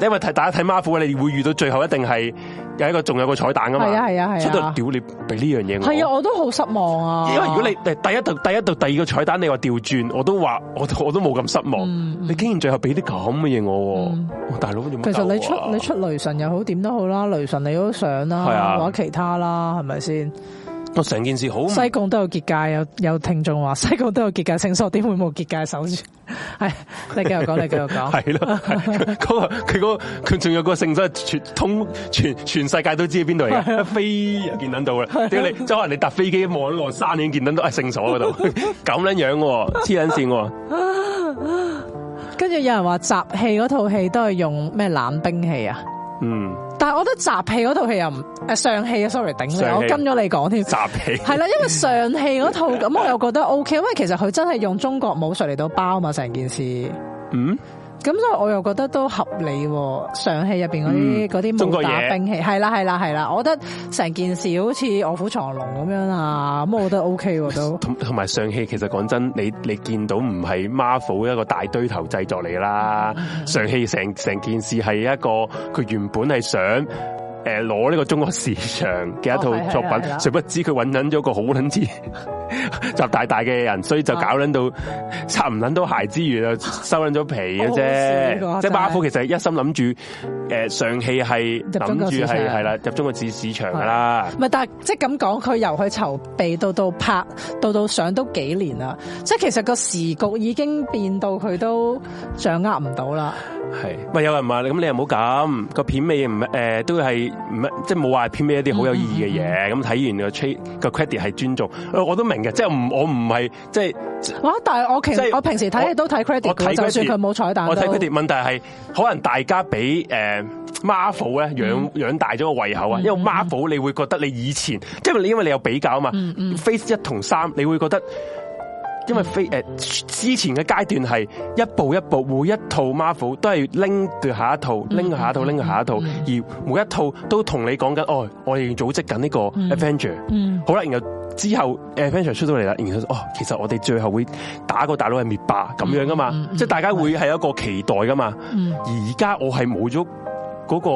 因為睇大家睇馬虎，你會遇到最後一定係有一個，仲有個彩蛋噶嘛，出到屌你，俾呢樣嘢，係啊，我都好失望啊。因為如果你第一第一度第一度第二個彩蛋你話調轉，我都話我我都冇咁失望。你竟然最後俾啲咁嘅嘢我，大佬，其實你出你出雷神又好，點都好啦，雷神你都想啦，係啊，或者其他啦，係咪先？我成件事好西貢都有結界，有有聽眾話西貢都有結界聖所，點會冇結界守住？係你繼續講，你繼續講。係咯， 佢佢仲有個聖所，全通全全世界都知邊度嚟，飛又見得到嘅。屌你，即可能你搭飛機望一路山，影見得到係聖所嗰度，咁樣樣㖏，黐緊線㖏。跟住有人話集氣嗰套戲都係用咩冷兵器啊？嗯。但係，我覺得雜戲嗰套戲又唔，誒上戲啊，sorry，頂我跟咗你講添，雜戲係啦，因為上戲嗰套咁，我又覺得 O K，因為其實佢真係用中國武術嚟到包嘛，成件事。嗯。咁所以我又覺得都合理喎，上氣入面嗰啲嗰啲武打兵器，係啦係啦係啦，我覺得成件事好似卧虎藏龍咁樣啊，咁我覺得 O K 喎都，同同埋上氣，其實講真，你你見到唔係 Marvel 一個大堆頭製作嚟啦，上氣成成件事係一個，佢原本係想。誒，攞呢個中國市場嘅一套作品，誰、哦、不知佢搵緊咗個好撚字，習大大嘅人，的所以就搞撚到擦唔捻到鞋之餘，就收捻咗皮嘅啫。即係巴庫其實一心諗住，誒，上戲係諗住係係啦，入中國市市場啦。唔係，但係即係咁講，佢由佢籌備到到拍，到到上都幾年啦。即係其實個時局已經變到佢都掌握唔到啦。係，唔係有人話咁你又唔好咁個片尾唔係誒、呃、都係。唔係即係冇話偏咩一啲好有意義嘅嘢，咁、嗯、睇完個 trade 個 credit 係尊重，我我都明嘅，即係唔我唔係即係，我、就是、哇但係我其實、就是、我，我平時睇戲都睇 credit，就算佢冇彩蛋。我睇 credit 問題係可能大家俾誒 Marvel 咧養養大咗個胃口啊、嗯，因為 Marvel、嗯、你會覺得你以前，即你因為你有比較啊嘛，Phase 一同三你會覺得。因為誒，之前嘅階段係一步一步，每一套 Marvel 都係拎，下一套，拎，下一套，拎，下一套，而每一套都同你講緊，哦，我哋組織緊呢個 Avenger。嗯，好啦，然後之後 Avenger 出到嚟啦，然後哦，其實我哋最後會打個大佬係滅霸咁樣噶嘛，即係大家會係一個期待噶嘛。而而家我係冇咗嗰個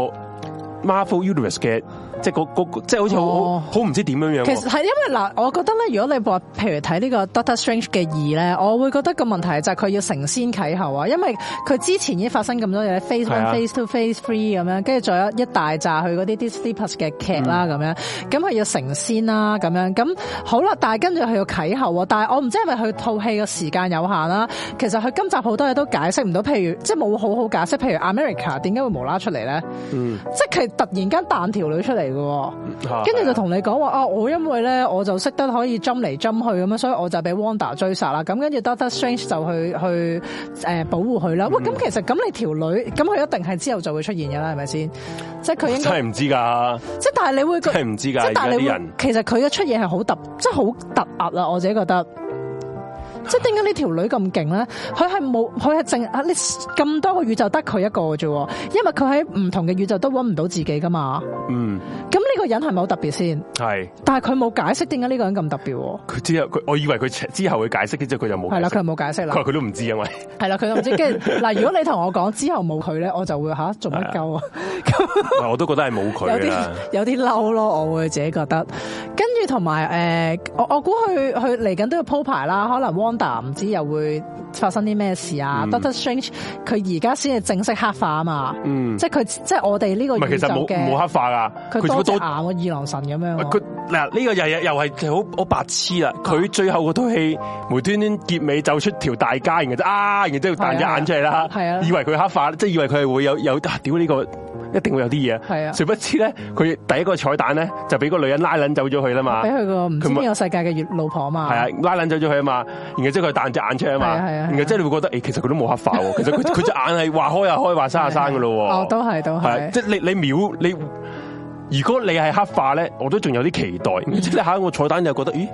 Marvel Universe 嘅。即係嗰嗰即係好似好好唔知點樣樣。其實係因為嗱，我覺得咧，如果你話譬如睇呢、這個 Doctor Strange 嘅二咧，2, 我會覺得個問題就係佢要承先啟後啊。因為佢之前已經發生咁多嘢，face one face two face three 咁樣，跟住再有一大紮佢啲啲 Disney+ 嘅劇啦咁樣，咁佢要承先啦咁樣。咁好啦，但係跟住佢要啟後啊。但係我唔知係咪佢套戲嘅時間有限啦。其實佢今集好多嘢都解釋唔到，譬如即係冇好好解釋，譬如 America 點解會無啦出嚟咧？嗯，即係佢突然間彈條女出嚟。嚟嘅，跟住就同你講話啊！我因為咧，我就識得可以掹嚟掹去咁樣，所以我就俾 Wanda 追殺啦。咁跟住 Doctor Strange 就去去誒保護佢啦。喂！咁其實咁你條女，咁佢一定係之後就會出現嘅啦，係咪先？即係佢應該真係唔知噶。即係但係你會真係唔知噶。即係但係你會，你會其實佢嘅出嘢係好突，即係好突兀啦。我自己覺得。即係點解呢條女咁勁咧？佢係冇，佢係淨啊！你咁多個宇宙得佢一個啫，因為佢喺唔同嘅宇宙都搵唔到自己噶嘛。嗯。咁呢個人係咪好特別先？係。但係佢冇解釋點解呢個人咁特別。佢之後佢，我以為佢之後會解釋，之後佢就冇。係啦，佢冇解釋啦。佢話佢都唔知，因為係啦，佢都唔知。跟住嗱，如果你同我講之後冇佢咧，我就會吓做乜鳩啊？ 我都覺得係冇佢。有啲有啲嬲咯，我會自己覺得。跟住同埋誒，我我估佢佢嚟緊都要鋪排啦，可能唔知又會發生啲咩事啊、嗯、。Doctor Strange 佢而家先係正式黑化啊嘛，嗯即，即係佢即係我哋呢個其實冇冇黑化啊。佢當牙個二郎神咁樣。佢嗱呢個又又又係好好白痴啦！佢、啊、最後嗰套戲無端端結尾走出條大街，然後就啊，然後都要彈隻眼出嚟啦。係啊，以為佢黑化，即係以為佢係會有有啊，屌、這、呢個。一定會有啲嘢，係啊！誰不知咧，佢第一個彩蛋咧就俾個女人拉捻走咗佢啦嘛，俾佢個唔知邊個世界嘅老婆嘛，係啊，拉捻走咗佢啊嘛，然後即係佢彈隻眼出啊嘛，啊啊然後即係你會覺得，誒、欸，其實佢都冇黑化， 其實佢佢隻眼係話開又、啊、開，話生又、啊、生噶咯、啊，哦，都係都係，即係、啊就是、你你秒你，如果你係黑化咧，我都仲有啲期待，嗯、即係你睇下個彩蛋就覺得，咦、欸？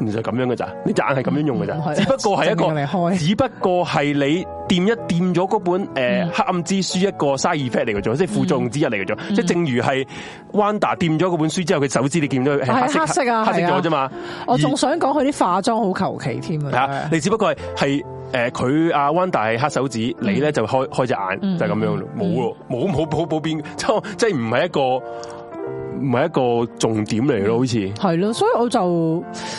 其實咁樣噶咋？呢隻眼係咁樣用噶咋？只不過係一個，開只不過係你掂一掂咗嗰本誒黑暗之書一個 side effect 嚟嘅啫，即、嗯、係、就是、副作用之一嚟嘅啫。即、嗯、係、就是、正如係 Wanda 掂咗嗰本書之後，佢手指你見到係黑，黑色啊，黑色咗啫嘛。我仲想講佢啲化妝好求其添啊。你只不過係誒，佢阿 Wanda 係黑手指，嗯、你咧就開開隻眼就係咁樣冇咯，冇冇冇冇變，即係唔係一個。唔係一個重點嚟咯，好似係咯，所以我就，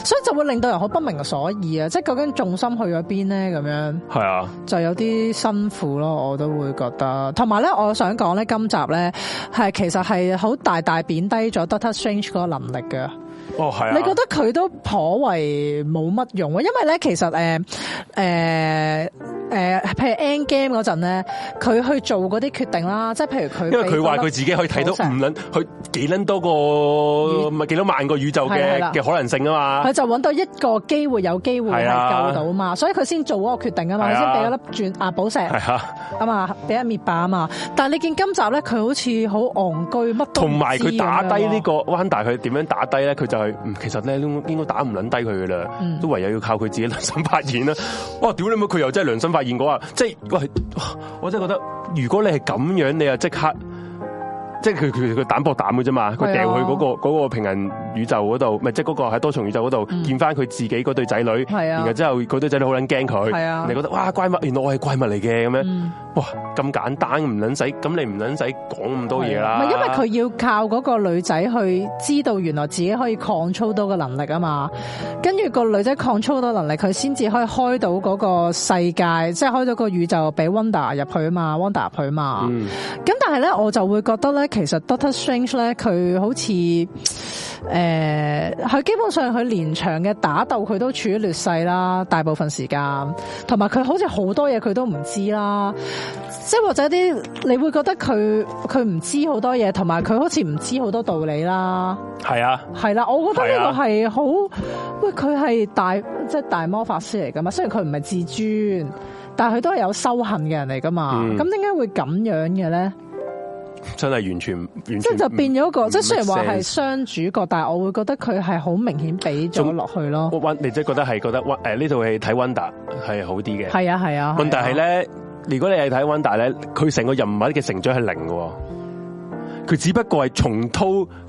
所以就會令到人好不明所以啊，即係究竟重心去咗邊咧，咁樣係啊，就有啲辛苦咯，我都會覺得。同埋咧，我想講咧，今集咧係其實係好大大貶低咗 Doctor Strange 個能力嘅。哦，係啊！你覺得佢都頗為冇乜用啊，因為咧，其實誒誒誒譬如 end game 嗰陣咧，佢去做嗰啲決定啦，即係譬如佢因為佢話佢自己可以睇到唔撚佢幾撚多個咪幾多多萬個宇宙嘅嘅可能性啊嘛，佢就揾到一個機會有機會係救到嘛，所以佢先做嗰個決定啊嘛，佢先俾粒鑽啊寶石啊嘛，俾人滅霸啊嘛，但係你見今集咧，佢好似好戇居乜都知，同埋佢打低呢個 Wanda 佢點樣打低咧？佢就係其實咧，應該打唔撚低佢噶啦，都唯有要靠佢自己良心發現啦。哇，屌你媽！佢又真係良心發現過啊！即係喂，我真係覺得，如果你係咁樣，你就即刻。即係佢佢佢膽薄膽嘅啫嘛，佢掉去嗰個個平行宇宙嗰度，咪即係嗰個喺多重宇宙嗰度，嗯、見翻佢自己嗰對仔女，然後之後嗰對仔女好撚驚佢，你覺得哇，怪物，原來我係怪物嚟嘅咁樣，嗯、哇，咁簡單唔撚使，咁你唔撚使講咁多嘢啦。係因為佢要靠嗰個女仔去知道原來自己可以抗操到嘅能力啊嘛，跟住個女仔抗操到能力，佢先至可以開到嗰個世界，即係開到個宇宙俾 Wanda 入去啊嘛，Wanda 入去啊嘛，咁、嗯、但係咧我就會覺得咧。其實 Doctor Strange 咧，佢好似誒，佢基本上佢連場嘅打鬥佢都處於劣勢啦，大部分時間，同埋佢好似好多嘢佢都唔知啦，即係或者啲你會覺得佢佢唔知好多嘢，同埋佢好似唔知好多道理啦。係啊，係啦，我覺得呢個係好，是啊、喂，佢係大即係大魔法師嚟噶嘛，雖然佢唔係至尊，但係佢都係有修行嘅人嚟噶嘛，咁點解會咁樣嘅咧？真係完全唔，即係就變咗個，即係雖然話係雙主角，但係我會覺得佢係好明顯俾咗落去咯。你即係覺得係覺得溫，誒，呢套戲睇溫達係好啲嘅。係啊係啊。啊啊，問題係咧，如果你係睇溫達咧，佢成個人物嘅成長係零喎，佢只不過係重蹈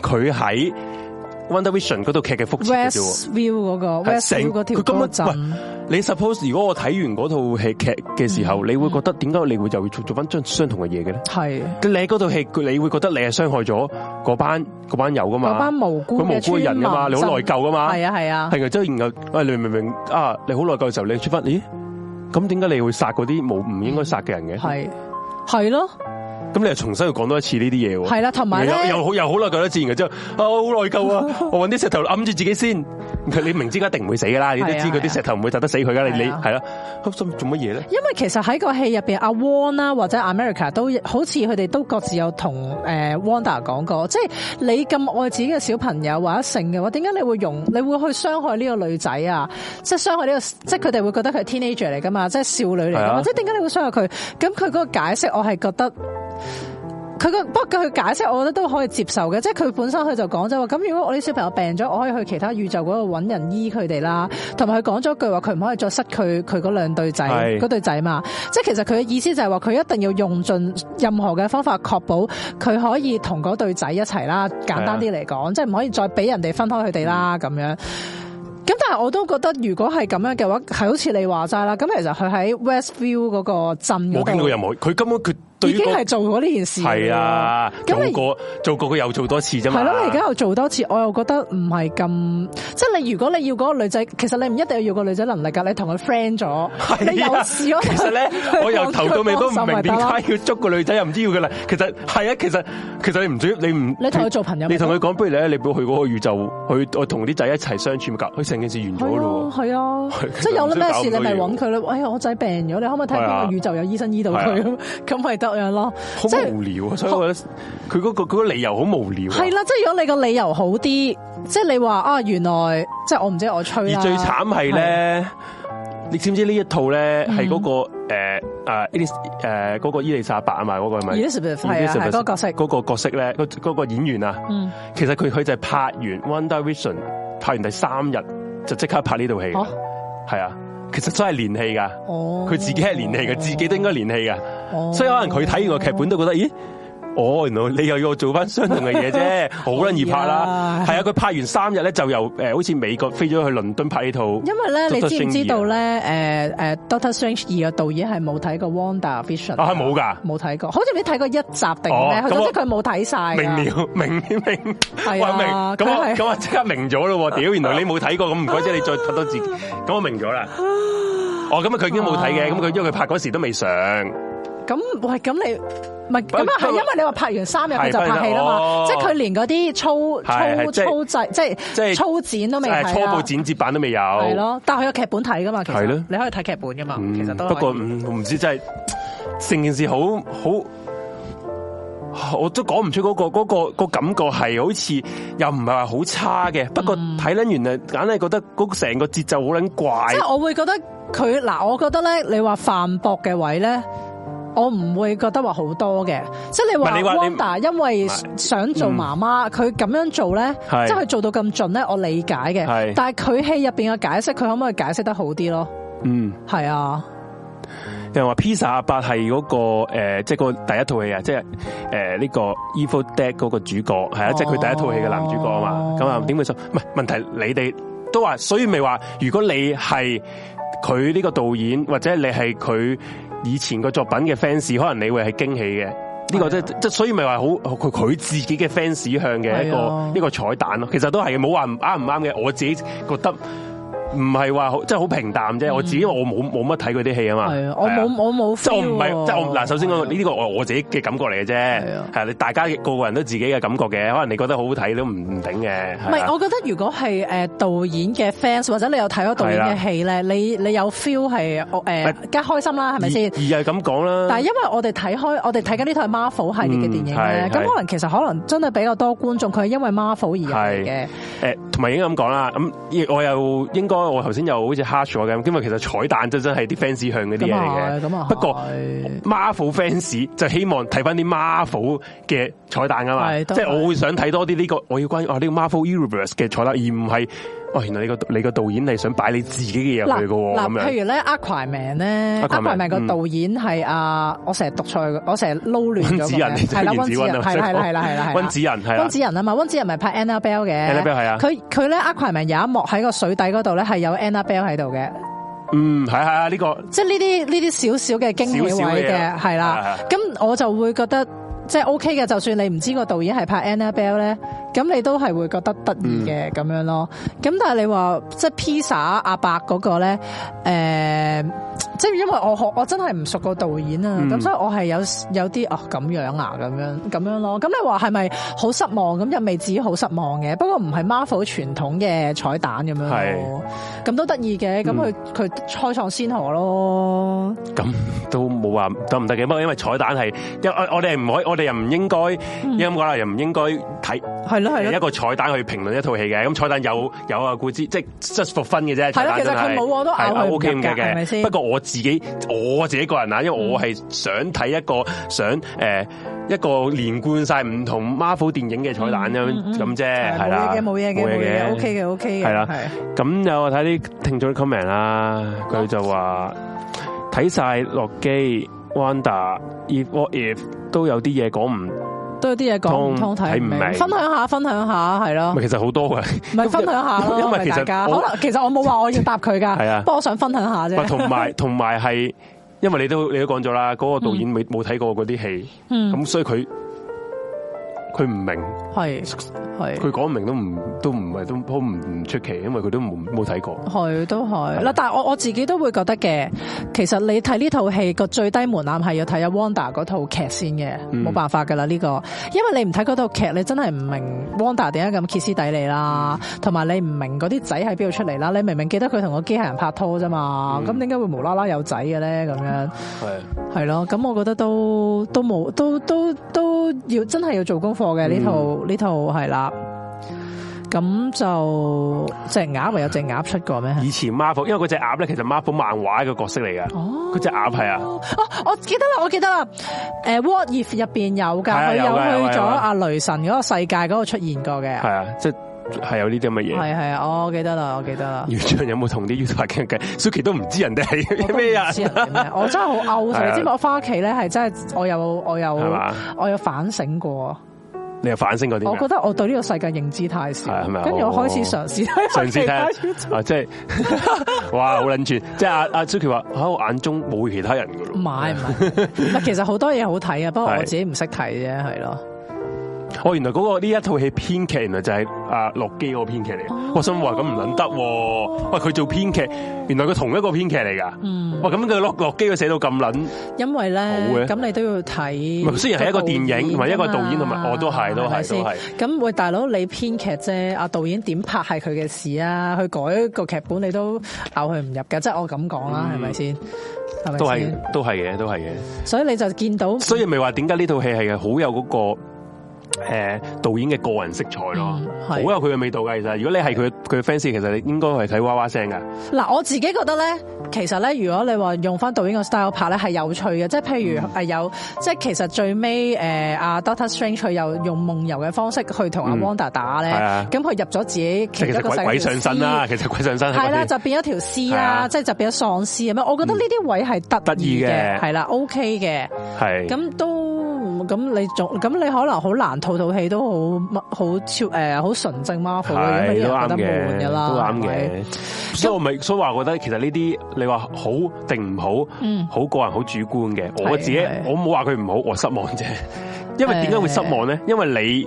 佢喺。WandaVision 嗰套劇嘅複製嘅啫喎。係成佢條個樣走。你、那、suppose、個、如果我睇完嗰套戲劇嘅時候，嗯、你會覺得點解你會就會做翻張相同嘅嘢嘅咧？係，你嗰套戲，你會覺得你係傷害咗嗰班嗰班友噶嘛？嗰班無辜嘅無辜人啊嘛，你好內疚噶嘛？係啊係啊，係啊，周係然後，喂，你明唔明啊？你好內疚嘅時候，你出翻，咦，咁點解你會殺嗰啲無唔應該殺嘅人嘅？係，係咯。咁你又重新去講多一次呢啲嘢喎？係啦，同埋又好又好內疚得自然嘅，即係我好內疚啊！我揾啲石頭揞住自己先。你明知一定唔會死噶啦，你都知佢啲石頭唔會殺得死佢噶。你你係啦，好心做乜嘢咧？因為其實喺個戲入邊，阿汪啦或者 America 都好似佢哋都各自有同誒 Wanda 講過，即係你咁愛自己嘅小朋友或者性嘅話，點解你會用你會去傷害呢個女仔啊？即係傷害呢個，即係佢哋會覺得佢係 teenager 嚟噶嘛，即係少女嚟，或者點解你會傷害佢？咁佢嗰個解釋，我係覺得。佢個不過佢解釋，我覺得都可以接受嘅。即係佢本身佢就講咗話，咁如果我啲小朋友病咗，我可以去其他宇宙嗰度揾人醫佢哋啦。同埋佢講咗句話，佢唔可以再失去佢嗰兩對仔，嗰對仔嘛。即係其實佢嘅意思就係話，佢一定要用盡任何嘅方法，確保佢可以同嗰對仔一齊啦。簡單啲嚟講，即係唔可以再俾人哋分開佢哋啦。咁樣。咁但係我都覺得，如果係咁樣嘅話，係好似你話齋啦。咁其實佢喺 Westview 嗰個鎮，我聽到有冇佢根本佢。已經係做咗呢件事啦、啊。係啊，做過做過佢又做多次啫嘛。係咯，你而家又做多次，我又覺得唔係咁，即係你如果你要嗰個女仔，其實你唔一定要要個女仔能力噶，你同佢 friend 咗，有事啦、啊。其實咧，他他我由頭到尾都唔明白，點解要捉個女仔 又唔知要佢啦？其實係啊，其實其實你唔需要你唔，你同佢做朋友你，你同佢講，不如你，你去嗰個宇宙，去同啲仔一齊相處咪得。佢成件事完咗咯，係啊，即係、啊、有咗咩事你咪搵佢咯。我仔病咗，你可唔可以睇邊、啊嗰個宇宙有醫生醫到佢咁咪得。 咁樣咯，好無聊啊、就是！所以我覺得佢嗰個嗰個理由好無聊。係啦，即係如果你個理由好啲，即係你話啊，原來即係我唔知我吹啦。而最慘係咧，你知唔知呢一套咧係嗰個誒啊伊麗誒個伊麗莎白啊嘛，嗰個係咪？伊麗莎白係啊，係、那、嗰個角色，嗰個角色咧，嗰、那、嗰個演員啊，嗯、其實佢佢就係拍完《WandaVision》拍完第三日就即刻拍呢套戲，係啊。其實真係連戲噶，佢自己係連戲噶，oh. 自己都應該連戲噶，oh. 所以可能佢睇完個劇本都覺得，咦？哦，原來你又要做翻相同嘅嘢啫，好啦，易拍啦。係、yeah. 啊，佢拍完三日咧，就由好似美國飛咗去倫敦拍呢套。因為咧，你知唔知道咧？Doctor Strange 二嘅導演係冇睇過 WandaVision。係冇噶，冇睇過。好似你睇過一集定咩？咁即係佢冇睇曬。明瞭，明了明係明了，咁啊咁啊，即刻明咗咯喎！屌， 原來你冇睇過，咁唔怪之，即你再拍多次，咁我明咗啦。 哦，咁啊，佢已經冇睇嘅，咁 佢因為佢拍嗰時都未上。咁喂，咁你？唔係咁啊，係因為你話拍完三日佢就拍戲啦嘛，哦、即係佢連嗰啲粗粗、就是、粗製即係即係粗剪都未係，初步剪接版都未有。係咯，但係佢有劇本睇噶嘛，其實你可以睇劇本噶嘛、嗯，其實都不過唔唔知真係成件事好好，我都講唔出嗰、那個嗰、那個、那個感覺係好似又唔係話好差嘅，不過睇捻完啊，硬係覺得成個節奏好捻怪、嗯。即係我會覺得佢嗱，我覺得咧，你話范博嘅位咧。我唔會覺得話好多嘅，即、就、係、是、你話 Wanda 因為想做媽媽，佢咁、嗯、樣做咧，即係做到咁盡咧，我理解嘅。但係佢戲入邊嘅解釋，佢可唔可以解釋得好啲咯？嗯、啊伯伯那個，係啊。又話披薩阿伯係嗰個誒，即係個第一套戲啊，即係誒呢個 Evil Dead 嗰個主角係啊，即係佢第一套戲嘅男主角啊嘛。咁、哦、啊，點會錯？唔係問題，你哋都話，所以咪話，如果你係佢呢個導演，或者你係佢。以前個作品嘅 fans 可能你會係驚喜嘅、就是，呢個即係即係所以咪話好佢佢自己嘅 fans 向嘅一個一個彩蛋咯。其實都係冇話啱唔啱嘅，我自己覺得。唔係話好，即係好平淡啫。我自己我冇冇乜睇佢啲戲啊嘛。係啊，我冇我冇。即唔係，即係我嗱。首先講呢個我我自己嘅感覺嚟嘅啫。係啊，係你大家個個人都自己嘅感覺嘅，可能你覺得好好睇都唔唔頂嘅。唔係，我覺得如果係誒導演嘅 fans 或者你有睇咗導演嘅戲咧，你你有 feel 係誒加開心啦，係咪先？而係咁講啦。但係因為我哋睇開我哋睇緊呢套 Marvel 系列嘅電影咧，咁、嗯、可能其實可能真係比較多觀眾佢係因為 Marvel 而入嚟嘅。誒，同埋已經咁講啦。咁，我又應該。我頭先又好似蝦咗嘅，因為其實彩蛋真真係啲 fans 向嗰啲嘢嚟嘅。咁啊，不過 Marvel fans 就希望睇翻啲 Marvel 嘅彩蛋啊嘛，即係、就是、我會想睇多啲呢、這個我要關於啊呢、這個 Marvel Universe 嘅彩蛋，而唔係。原來你個你個導演係想擺你自己嘅嘢落去㗎喎嗱，譬如咧 Aquaman 咧，Aquaman 個導演係啊，Aquaman, Aquaman, 嗯、我成日讀錯，我成日撈亂咗。溫子仁，温子温，係啦係啦係係係温子仁，温子仁啊嘛，温子仁咪拍 Annabelle 嘅，Annabelle 係啊。佢佢咧 Aquaman 有一幕喺個水底嗰度咧，係有 Annabelle 喺度嘅。嗯，係係啊，呢、呢個即係呢啲呢啲少少嘅經典位嘅，係啦。咁我就會覺得即係 OK 嘅，就算你唔知個導演係拍 Annabelle 咧。咁你都係會覺得得意嘅咁樣咯，咁但係你話即係披薩阿伯嗰個咧，誒、欸，即係因為我學我真係唔熟個導演啊，咁、嗯、所以我係有有啲啊咁樣啊，咁樣咁樣咯。咁你話係咪好失望？咁又未至於好失望嘅，不過唔係 Marvel 傳統嘅彩蛋咁樣咯，咁都得意嘅。咁佢佢開創先河咯、嗯，咁都冇話得唔得嘅。道不過因為彩蛋係，因我我哋係唔可，我哋又唔應該，因為講又唔應該睇一個彩蛋去評論一套戲嘅，咁彩蛋有有阿古之即係 just 復分嘅啫，係啦，其實佢冇我都咬佢，O K 咁嘅，係不，不，不過我自己我自己個人啊，因為我係想睇一個想誒一個連貫晒唔同 Marvel 電影嘅彩蛋咁咁啫，係、嗯、啦，冇嘢嘅，冇嘢嘅，O K 嘅，O K 嘅，係啦，係。咁有我睇啲聽眾啲 comment 啦，佢就話睇晒洛基、Wanda、Wonder, If What If 都有啲嘢講唔。都有啲嘢講睇唔明分，分享下分享下係咯。其實好多嘅，唔係分享下咯，因為其實可能其實我冇話我要答佢噶，係啊，不過我想分享下啫。同埋同埋係，因為你都你都講咗啦，嗰個導演未冇睇過嗰啲戲，咁所以佢佢唔明係。佢講明都唔都唔係都好唔唔出奇，因為佢都冇冇睇過。係都係啦，但我我自己都會覺得嘅。其實你睇呢套戲個最低門檻係要睇阿 Wanda 嗰套劇先嘅，冇、嗯、辦法㗎啦呢個。因為你唔睇嗰套劇，你真係唔明 Wanda 點解咁歇斯底、嗯、里啦，同埋你唔明嗰啲仔喺邊度出嚟啦。你明明記得佢同個機械人拍拖啫嘛，咁點解會無啦啦有仔嘅咧？咁樣係係咯。咁我覺得都都冇都都都，都要真係要做功課嘅呢、嗯、套呢套係啦。咁就隻鴨咪有隻鴨出過咩？以前 Marvel 因為嗰隻鴨咧，其實 Marvel 漫畫一個角色嚟㗎。哦，嗰隻鴨係啊。哦，我記得啦，我記得啦。誒，What If 入邊有噶，佢有去咗阿雷神嗰個世界嗰度出現過嘅。係啊，即係有呢啲咁嘅嘢。係係啊，我記得啦，我記得啦。元暢有冇同啲 U 打傾偈？Suki 都唔知人哋係咩啊！我真係好 out 咁我翻屋企咧，係真係我有我有我有反省過。你又反省過啲？我覺得我對呢個世界認知太少係咪，跟住我開始嘗試睇，嘗試睇，啊，即係，哇好捻住。即係阿阿 Suki 話，話喺我眼中冇其他人噶咯，唔係唔係，其實好多嘢好睇啊，不過我自己唔識睇啫，係咯。哦，原來嗰個呢一套戲編劇原來就係阿洛基嗰個編劇嚟嘅，我心話咁唔捻得，喂佢做編劇，原來佢同一個編劇嚟噶，嗯，喂咁佢洛洛基佢寫到咁捻，因為咧咁你都要睇，雖然係一個電影同埋一個導演同埋，我都係都係都係，咁喂大佬你編劇啫，阿導演點拍係佢嘅事啊，佢改一個劇本你都拗佢唔入嘅，即係我咁講啦，係咪先？係咪？都係都係嘅，都係嘅。所以你就見到，所以咪話點解呢套戲係好有嗰個。誒，導演嘅個人色彩咯，好有佢嘅味道噶。其實如果你係佢佢 fans，其實你應該係睇嘩嘩聲噶。嗱，我自己覺得咧，其實咧，如果你話用翻導演個 style 拍咧，係有趣嘅。即係譬如係有，即、嗯、係其實最尾誒，阿 Doctor Strange 又用夢遊嘅方式去同阿 Wanda 打咧，咁、嗯、佢入咗自己其 C, 其。其實鬼上身啦，其實鬼上身係啦，就變咗條屍啦，即係就變咗喪屍咁樣。嗯、我覺得呢啲位係得意嘅，係啦，OK 嘅，係咁都咁你仲咁你可能好難。套套戲都好乜好超誒好純正 Marvel，覺得悶噶啦，都啱嘅。所以我咪所以話覺得其實呢啲你話好定唔好，嗯，好個人好主觀嘅。我自己對對我冇話佢唔好，我失望啫。因為點解會失望咧？因為你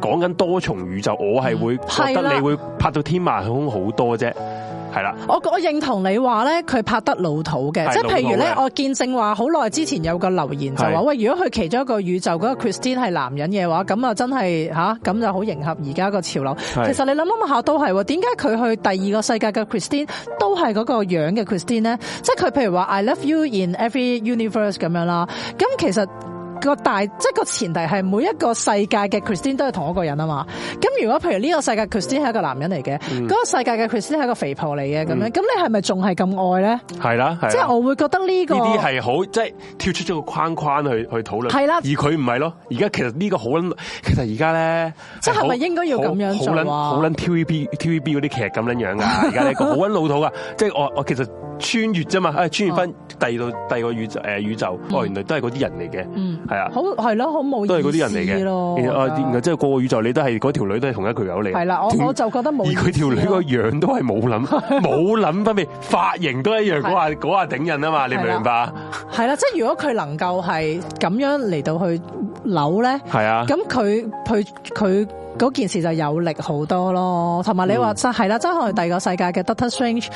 講緊多重宇宙，我係會覺得你會拍到天馬行空好多啫。係啦，我我認同你話咧，佢拍得老土嘅。即係譬如咧，呢我見正話好耐之前有個留言就話，喂，如果佢其中一個宇宙嗰個 Christine 係男人嘅話，咁啊真係吓，咁就好迎合而家個潮流。其實你諗諗下都係，點解佢去第二個世界嘅 Christine 都係嗰個樣嘅 Christine 咧？即係佢譬如話 I love you in every universe 咁樣啦，咁其實。個大即係個前提係每一個世界嘅 Christine 都係同一個人啊嘛，咁如果譬如呢個世界 Christine 係一個男人嚟嘅，嗰個世界嘅 Christine 係一個肥婆嚟嘅咁樣，咁你係咪仲係咁愛咧？係啦，即係我會覺得呢個呢啲係好即係跳出咗個框框去去討論，係啦，而佢唔係咯，而家其實呢個好其實而家咧，即係咪應該要咁樣做？好捻 TVB TVB 嗰啲劇咁樣樣噶，而家呢個好捻老土㗎，即係我我其實。穿越啫嘛，哎，穿越翻第二度第二個宇宙，誒，宇宙，哦，原來都係嗰啲人嚟嘅，嗯係啊，好係咯，好冇，都係嗰啲人嚟嘅，而啊，即係個個宇宙，你都係嗰條女都係同一條友嚟，係啦，我我就覺得冇。而佢條女個樣都係冇諗，冇諗分別，髮型都一樣，嗰下嗰下頂印啊嘛，你明唔明白係啊係啊？係啦，即係如果佢能夠係咁樣嚟到去扭咧，係啊，咁佢佢佢嗰件事就有力好多咯，同埋你話真係啦，真、嗯、係、真係真係、第二個世界嘅 Doctor Strange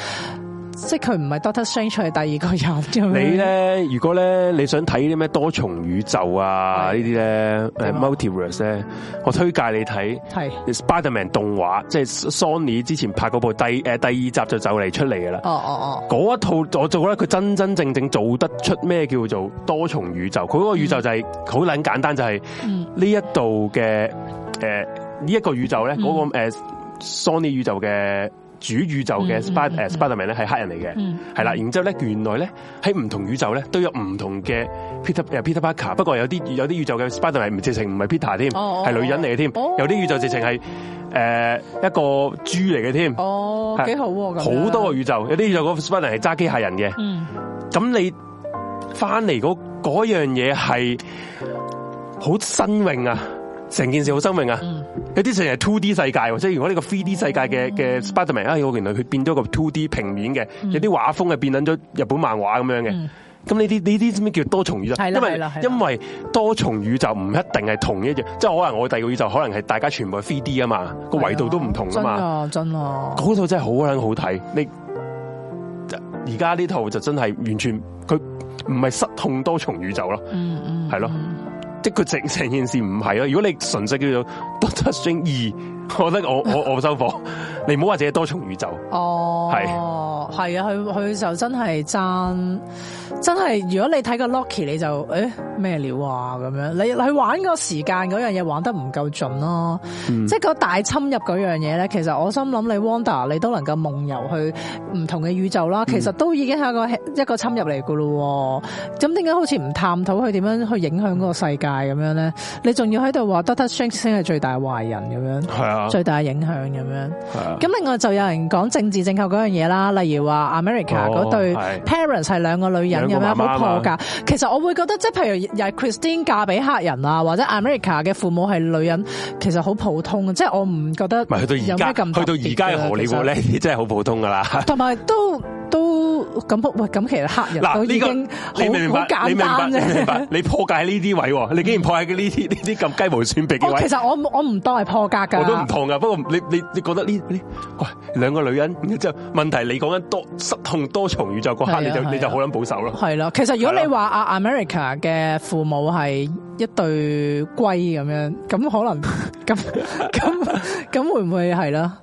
即係佢唔係 Doctor Strange 係第二個人啫。你咧，如果咧，你想睇啲咩多重宇宙啊？呢啲咧，誒，multiverse 咧，我推介你睇，係 Spiderman 動畫，即係 Sony 之前拍嗰部第誒第二集就走嚟出嚟噶啦。哦哦哦。嗰一套我做咧，佢真真正正做得出咩叫做多重宇宙？佢嗰個宇宙就係好捻簡單，就係呢一度嘅誒呢一個宇宙咧，嗰個誒 Sony 宇宙嘅。主宇宙嘅 Spider Spiderman 咧係黑人嚟嘅，係、嗯、啦，然之後咧原來咧喺唔同宇宙咧都有唔同嘅 Peter 誒 Peter Parker，不過有啲有啲宇宙嘅 Spiderman 唔直情唔係 Peter 添，哦，係女人嚟嘅添，有啲宇宙直情係誒一個豬嚟嘅添，哦幾好咁，好多個宇宙，有啲宇宙個 Spiderman 係揸機械人嘅，咁、嗯、你翻嚟嗰嗰樣嘢係好新穎啊，成件事好新穎啊。嗯有啲成日 two D 世界，即係如果呢個 three D 世界嘅嘅 Spiderman，哎，我原來佢變咗個 two D 平面嘅，有啲畫風係變緊咗日本漫畫咁樣嘅。咁呢啲呢啲咩叫多重宇宙？因為因為多重宇宙唔一定係同一樣，即係可能我第二個宇宙可能係大家全部係 three D 啊嘛，個維度都唔同啊嘛。真啊真嗰套真係好捻好睇。你而家呢套就真係完全佢唔係失控多重宇宙咯。嗯嗯，係咯。即係佢件事唔係咯，如果你純粹叫做 Doctor Strange 二。我覺得我我我收貨， 你唔好話自己多重宇宙。哦，係，係啊，佢佢就真係爭，真係如果你睇個 Loki，你就誒咩料啊咁樣。你去玩個時間嗰樣嘢玩得唔夠盡咯，嗯、即係個大侵入嗰樣嘢咧。其實我心諗你 Wanda 你都能夠夢遊去唔同嘅宇宙啦。其實都已經係個、嗯、一個侵入嚟噶咯。咁點解好似唔探討佢點樣去影響嗰個世界咁樣咧？你仲要喺度話 Dr. Strange 先係最大壞人咁樣？係。最大嘅影響咁樣，咁另外就有人講政治正確嗰樣嘢啦，例如話 America 嗰對 parents 係兩個女人咁樣好破格。其實我會覺得即係譬如 Christine 嫁俾黑人啊，或者 America 嘅父母係女人，其實好普通，即係我唔覺得。咪去到而家，去到而家何利奧 l 真係好普通噶啦。同埋都。咁好喂，咁其實黑人嗱呢個好簡單啫，你破解喺呢啲位，你竟然破喺嘅呢啲呢啲咁雞毛蒜皮嘅位。哦，其實我我唔當係破格噶。我都唔同噶，不過你你你覺得呢呢？喂，兩個女人之後問題，你講緊多失控多重宇宙嗰刻，你就你就好撚保守咯。係啦，其實如果你話阿 America 嘅父母係一對龜咁樣，咁可能咁咁咁會唔會係啦？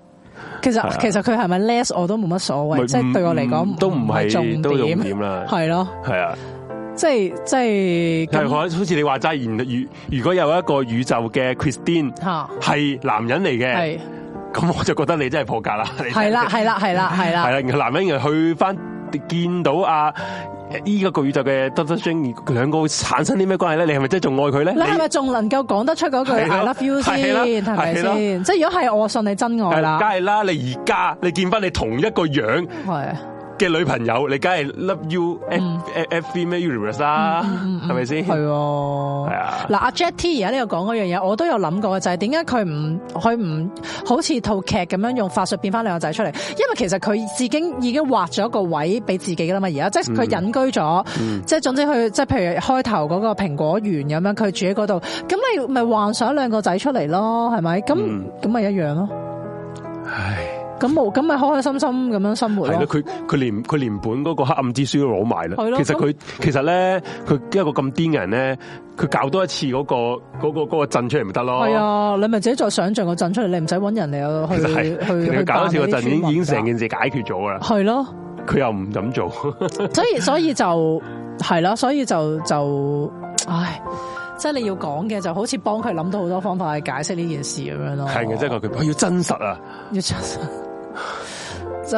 其實其實佢係咪 less 我都冇乜所謂，即係對我嚟講都唔係重點，係咯，係啊，即係即係，但係好似你話齋，如如如果有一個宇宙嘅 Christine 吓係男人嚟嘅，咁我就覺得你真係破格啦，係啦係啦係啦係啦，係啦男人，而家去翻見到啊。呢個句子嘅 double meaning，兩個會產生啲咩關係咧？你係咪真係仲愛佢咧？你係咪仲能夠講得出嗰句 I love you 先？係咪先？即係如果係我信你真愛啦，梗係啦！你而家你見翻你同一個樣。嘅女朋友，你梗係 love you f f f 咩 universe 啦，係咪先？係哦，係啊。嗱，阿、啊啊啊、Jack T 而家呢度講嗰樣嘢，我都有諗過嘅，就係點解佢唔佢唔好似套劇咁樣用法術變翻兩個仔出嚟。因為其實佢自己已經畫咗一個位俾自己噶啦嘛。而家即係佢隱居咗，即係總之佢即係譬如開頭嗰個蘋果園咁樣，佢住喺嗰度，咁你咪幻想兩個仔出嚟咯，係咪？咁咁咪一樣咯。嗯、唉。咁冇，咁咪開開心心咁樣生活。係咯，佢佢連佢連本嗰個黑暗之書都攞埋啦。係咯，其實佢其實咧，佢一個咁癲嘅人咧，佢搞多一次嗰個嗰個嗰個陣出嚟唔得咯。係啊，你咪自己再想象個陣出嚟，你唔使搵人嚟去去去搞一次個陣，已經已經成件事解決咗㗎啦。係咯，佢又唔咁做。所以所以就係啦，所以就所以就，就唉，即係你要講嘅就好似幫佢諗到好多方法去解釋呢件事咁樣咯。係嘅，即係佢佢要真實啊，要真實。就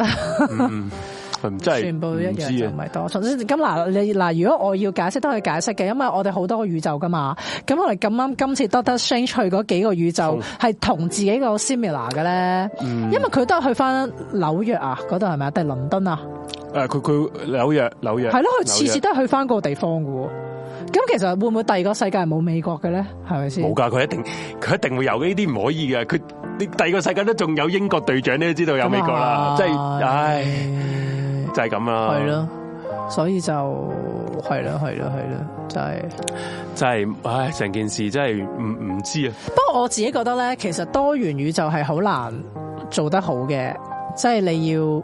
係、嗯，全部一樣就唔係多。首先，咁嗱，你嗱，如果我要解釋都可以解釋嘅，因為我哋好多個宇宙噶嘛。咁我哋咁啱今次多得 Strange 去嗰幾個宇宙係同自己個 similar 嘅咧。因為佢都係去翻紐約啊，嗰度係咪啊？定倫敦啊？誒、啊，佢佢紐約紐約係咯，佢次、啊、次都係去翻個地方噶。咁其實會唔會第二個世界冇美國嘅咧？係咪先？冇噶，佢一定佢一定會有呢啲唔可以嘅，佢呢第二個世界都仲有英國隊長，你都知道有美國啦。即 係，唉，就係咁啦。係咯，所以就係啦，係啦，係啦，就係、就係，唉，成件事真係唔唔知啊。不過我自己覺得咧，其實多元宇宙係好難做得好嘅，即係你要。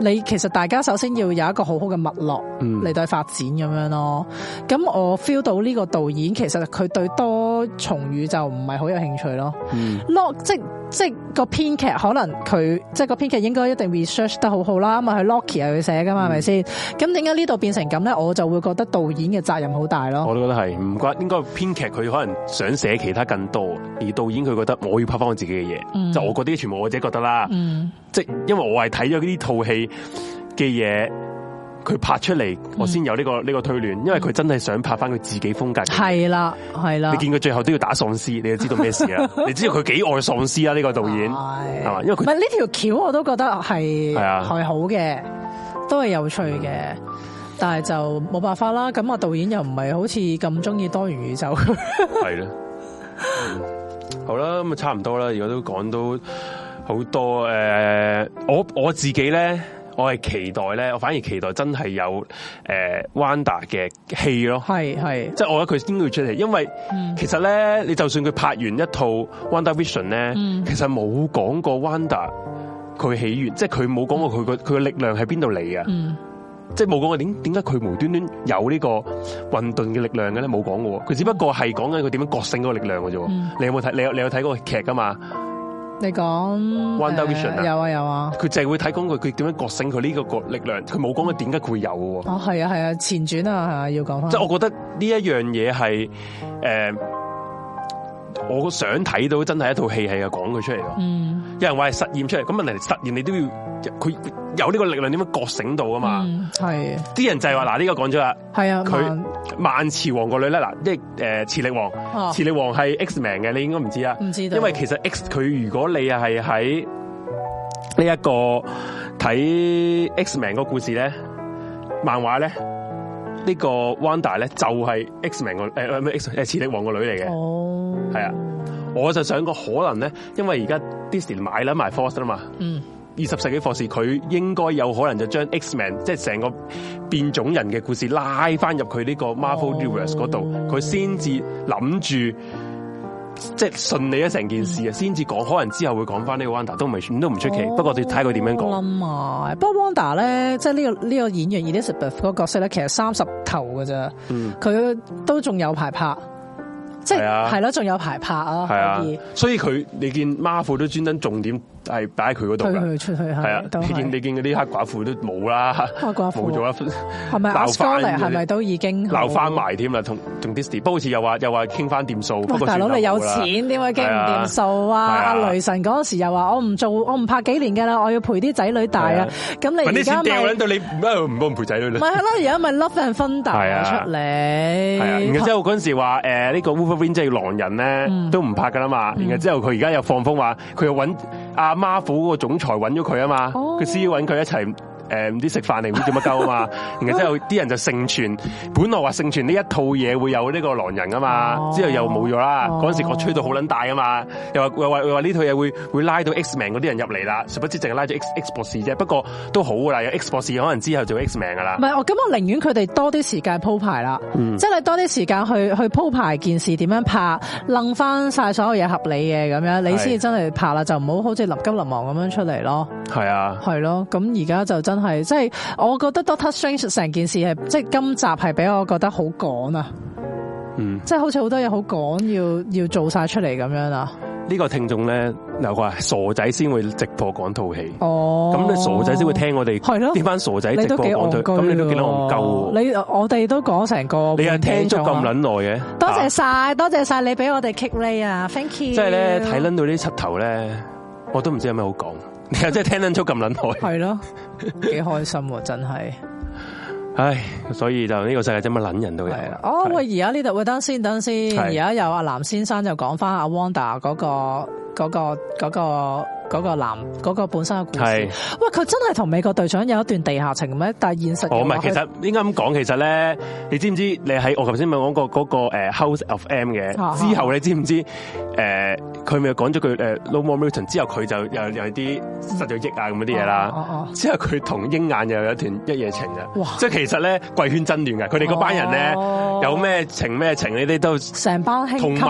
你其實大家首先要有一個好好嘅脈絡嚟對發展咁樣咯。咁我 feel 到呢個導演其實佢對多重宇就唔係好有興趣咯、嗯。Lock 即即個編劇可能佢即個編劇應該一定 research 得好好啦。咁啊佢 Lockie 係佢寫㗎嘛係咪先？咁點解呢度變成咁咧？我就會覺得導演嘅責任好大咯。我都覺得係唔怪應該編劇佢可能想寫其他更多，而導演佢覺得我要拍翻我自己嘅嘢，嗯、就我嗰啲全部我自己覺得啦。嗯、即因為我係睇咗呢套戲。嘅嘢佢拍出嚟，我先有呢個呢個推斷，因為佢真係想拍翻佢自己風格。係啦，係啦，你見佢最後都要打喪屍，你就知道咩事啊。你知道佢幾愛喪屍啊？呢 個導演係咪？因為佢唔係呢條橋，條我都覺得係，係啊，係好嘅，都係有趣嘅，但係就冇辦法啦。咁啊，導演又唔係好似咁中意多元宇宙。 係、嗯、啦好啦，咁啊，差唔多啦。而家都講到好多誒、呃，我我自己咧。我係期待咧，我反而期待真係有誒 Wanda 嘅戲咯。係係，即係我覺得佢先會出嚟，因為其實咧，你就算佢拍完一套 Wanda Vision 咧，其實冇講過 Wanda 佢起源，即係佢冇講過佢個佢力量喺邊度嚟啊！即係冇講過點解佢無端端有呢個混沌嘅力量嘅咧，冇講過喎。佢只不過係講緊佢點樣覺醒嗰個力量咋啫。你有冇睇？你有你有睇嗰個劇噶嘛？你講 One Direction 有啊，有啊，佢淨係會睇講佢佢點樣覺醒佢呢個個力量，佢冇講佢點解佢有喎、啊啊。哦，係啊係啊，前傳啊，係啊，要講翻。即係我覺得呢一樣嘢係誒。呃我想睇到真係一套戲係啊，講佢出嚟咯。嗯，有人話係實驗出嚟，咁問題實驗你都要佢有呢個力量點樣覺醒到啊嘛、嗯。係，啲人就係話嗱，呢個講咗啦。係啊，佢萬磁王個女咧嗱，即係誒磁力王，磁、哦、力王係 Xman 嘅，你應該唔知啊。唔知道，因為其實 X 佢如果你係喺呢一個睇 Xman 個故事咧，漫畫咧。呢、這個 Wanda 咧就係 X-Men 個，誒咩 X 誒磁力王個女嚟嘅，係、oh. 啊，我就想個可能咧，因為而家 Disney 買啦埋 Fox 啦嘛，嗯，二十世紀 Fox 佢應該有可能就將 X-Men 即係成個變種人嘅故事拉翻入佢呢個 Marvel Universe 嗰度，佢先至諗住。即係信你一成件事啊，先至講，可能之後會講翻呢個 Wanda 都唔係都唔出奇，不過要睇佢點樣講、哦。啊！不過 Wanda 咧，即係、這、呢個呢、這個演員 Elizabeth 嗰個角色咧，其實三十頭噶咋，佢、嗯、都仲有排拍，即係係咯，仲有排拍啊！所以所以佢，你見 Marvel 都專登重點。係擺喺佢嗰度嘅，係啊！你見你見啲黑寡婦都冇啦，黑寡婦冇咗一份，係咪？鬧翻嚟，尼係咪都已經鬧翻埋添啦？同同 Disney，不過好似又話又話傾翻掂數。大佬你有錢點會傾唔掂數啊？阿、啊、雷神嗰時又話我唔做，我唔拍幾年嘅啦，我要陪啲仔女大啊！咁你而家掉緊到你唔唔幫陪仔女啦？唔係係咯，而家咪 love and thunder 出嚟、啊啊。然後之後嗰陣時話誒呢個 Wolverine 即係狼人咧、嗯、都唔拍噶啦嘛。然後之後佢而家又放風話佢又搵。阿媽府嗰個總裁揾咗佢啊嘛，佢 CEO 揾佢一齊。誒、嗯，唔知食飯定唔知做乜鳩啊嘛， 然後之後啲人就盛傳，本來話盛傳呢一套嘢會有呢個狼人啊嘛，哦、之後又冇咗啦。嗰、哦、時我吹到好撚大啊嘛，又話又話又話呢套嘢會會拉到 Xman 嗰啲人入嚟啦，殊不知淨係拉咗 X 博士啫。不過都好噶啦，有 X 博士可能之後做 Xman 噶啦。唔係，我咁我寧願佢哋多啲時間鋪排啦，即係你多啲時間去去鋪排件事點樣拍，楞翻晒，所有嘢合理嘅咁樣，你先至真係拍啦，就唔好好似臨急臨忙咁樣出嚟咯。係啊，係咯，咁而家就真係，即係我覺得 Doctor Strange 成件事係，即係今集係俾我覺得好趕啊，嗯，即係好似好多嘢好趕要要做晒出嚟咁樣啦。呢個聽眾咧，有個傻仔先會直播講套戲，哦，咁你傻仔先會聽我哋，係咯，啲番傻仔直播講，咁你都見到我唔夠，你我哋都講成個，你係聽咗咁捻耐嘅，多謝晒、啊，多謝晒你俾我哋 kick 你啊，thank you。即係咧睇捻到呢七頭咧，我都唔知有咩好講。你又真係聽得出咁卵台係咯，幾開心喎！真係，唉，所以就呢個世界，真係乜撚人都有。哦，喂，而家呢度會等先，等先。而家有阿藍先生就講翻阿 Wanda 嗰個，嗰個，嗰個。嗰、那個男嗰、那個本身嘅故事，喂，佢真係同美國隊長有一段地下情咩？但係現實，我唔係，其實應該咁講，其實咧，你知唔知？你喺我頭先咪講過嗰個 House of M 嘅之後，你知唔知？誒，佢咪講咗句誒 No more m u t a n t 之後佢就又又啲失去益啊咁啲嘢啦。之後佢同鷹眼又有一段一夜情嘅，即係其實咧貴圈真亂嘅，佢哋嗰班人咧、哦、有咩情咩情，你哋都成班兄弟，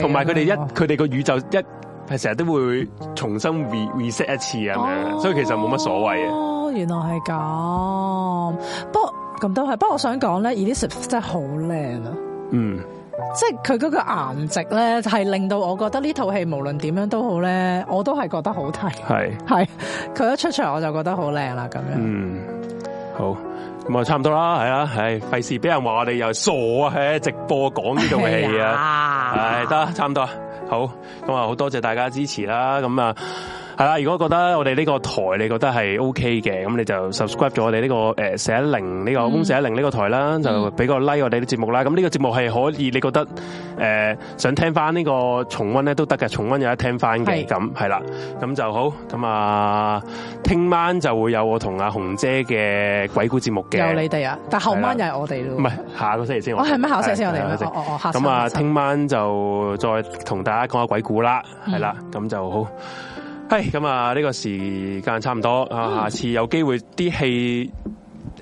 同埋佢哋一佢哋個宇宙一。係成日都會重新 reset 一次啊，咁所以其實冇乜所謂啊。哦，原來係咁。不過咁都係。不過我想講咧，伊麗莎白真係好靚啊。嗯，即係佢嗰個顏值咧，係令到我覺得呢套戲無論點樣都好咧，我都係覺得好睇。係係，佢一出場我就覺得好靚啦，咁樣。嗯，好，咁啊，差唔多啦。係啊，唉，費事俾人話我哋又傻啊！喺直播講呢套戲啊，係得，差唔多。好，咁啊，好多謝大家支持啦，咁啊。係啦，如果覺得我哋呢個台你覺得係 OK 嘅，咁你就 subscribe 咗我哋呢個誒四一零呢，這個公四一零呢個台啦，嗯，就俾個 like 我哋啲節目啦。咁呢個節目係可以你覺得誒，呃、想聽翻呢個重温咧都得嘅，重温有得聽翻嘅，咁係啦。咁就好，咁啊，聽晚就會有我同阿紅姐嘅鬼故節目嘅。有你哋啊，但後晚又係我哋咯。唔係下個星期先，哦，我係咪考試先我哋咯。咁啊，聽晚就再同大家講下鬼故啦，係、嗯、啦，咁就好。係咁啊！呢個時間差唔多啊，嗯、下次有機會啲戲。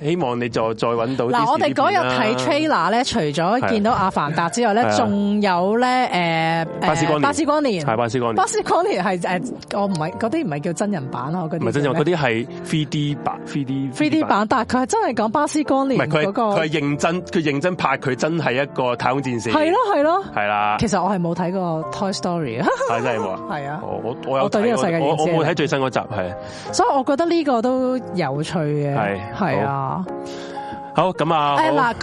希望你再再揾到。嗱，我哋嗰日睇 trailer 咧，除咗見到阿凡達之外咧，仲有咧，誒、呃，巴斯光年，巴斯光年，巴斯光年係誒，我唔係嗰啲唔係叫真人版咯，我覺得唔係真人，嗰啲係 3D 版，3D，3D 版，但係佢係真係講巴斯光年，嗰個，佢嗰佢係認真，佢認真拍佢，佢真係一個太空戰士，係咯，係咯，係啦。其實我係冇睇過 Toy Story 啊，係真係冇，係啊，我我我，有我對呢個世界意思，我我睇最新嗰集係，所以我覺得呢個都有趣嘅，係係啊。好咁啊！誒嗱，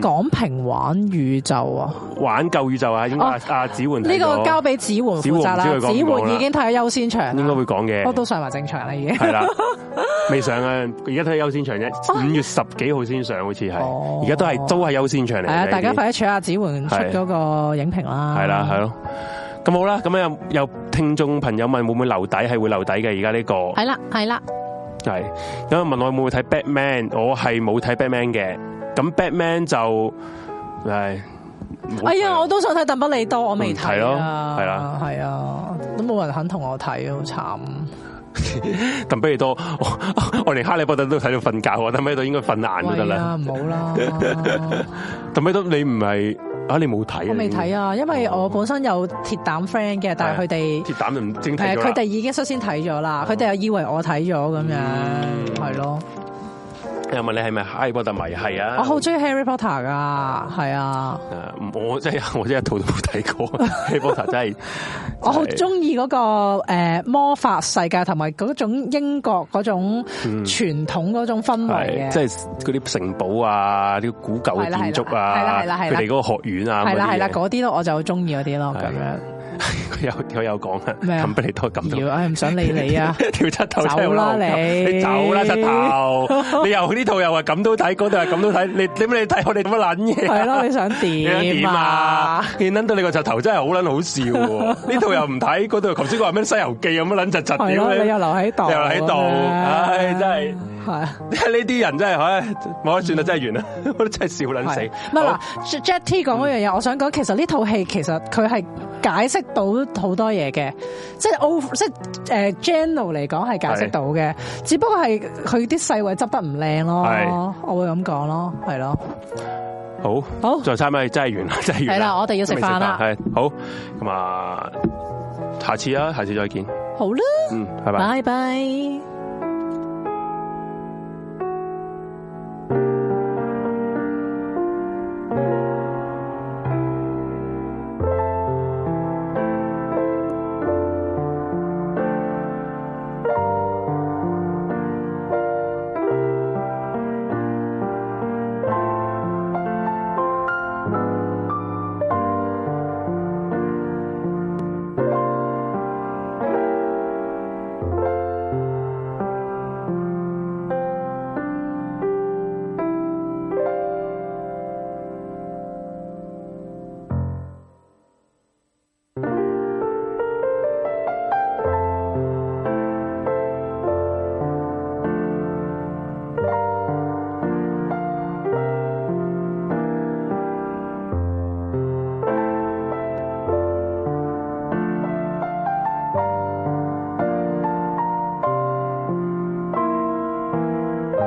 講評、嗯、玩宇宙啊，玩舊宇宙該、哦、啊，應該阿子煥呢個交俾子煥負責啦。說說子煥已經睇下優先場，應該會講嘅。我都上埋正場啦，已經係啦， 未上啊。而家睇下優先場，啫五月十幾號先上，好似係。而、哦、家都係都係優先場嚟。係大家快啲取下子煥出嗰個影評啦。係啦，係咯。咁好啦，咁樣有有聽眾朋友問會唔會留底，係會留底嘅。而家呢個係啦，係啦。就係，有人問我有冇睇 Batman，我係冇睇 Batman 嘅。咁 Batman 就係，唉哎呀，我都想睇鄧不利多，我未睇咯，係啦，係啊，都冇人肯同我睇，好慘。鄧不利多，我我連哈利波特都睇到瞓覺我不，鄧不利多應該瞓晏都得啦，唔好啦。鄧不利多，你唔係。啊！你冇睇？我未睇啊，因為我本身有鐵膽 friend 嘅，但係佢哋鐵膽唔正睇，佢哋已經率先睇咗啦，佢哋又以為我睇咗咁樣，係咯。又問你係咪 Harry Potter 迷？係啊，我好中意 Harry Potter 噶，係啊，啊。我真係我真係一套都冇睇過 Harry Potter，真係、 即係。我好中意嗰個誒魔法世界，同埋嗰種英國嗰種傳統嗰種氛圍嘅、嗯。即係嗰啲城堡啊，啲、嗯、古舊建築啊，係啦係啦係佢哋嗰個學院啊，係啦係啦嗰啲咯，啊嗰啲啊啊、嗰啲我就好中意嗰啲咯咁樣。佢有佢又講啦，咁不嚟都咁多，唉唔想理你啊！ 條柒頭真係你，你走啦柒頭，你又呢套又話咁都睇，嗰套又咁都睇，你點解你睇我哋咁嘅卵嘢？係咯，你想點啊？見到你個柒頭真係好捻好笑，呢套又唔睇，嗰套頭先話咩西遊記咁嘅捻窒窒點你又留喺度，又留喺度，唉真係。係，呢啲人真係，唉，冇得算啦，真係完啦，我都真係笑卵死係、啊。乜嗱 Jetty 講嗰樣嘢，我想講，其實呢套戲其實佢係解釋到好多嘢嘅，即係即係誒 general 嚟講係解釋到嘅，啊、只不過係佢啲細位執得唔靚咯，我會咁講咯，係咯。好，好，再差咪，真係完啦，真係完啦。係啦，我哋要食飯啦。係，好，咁啊，下次啊，下次再見。好啦、嗯，拜拜，拜拜。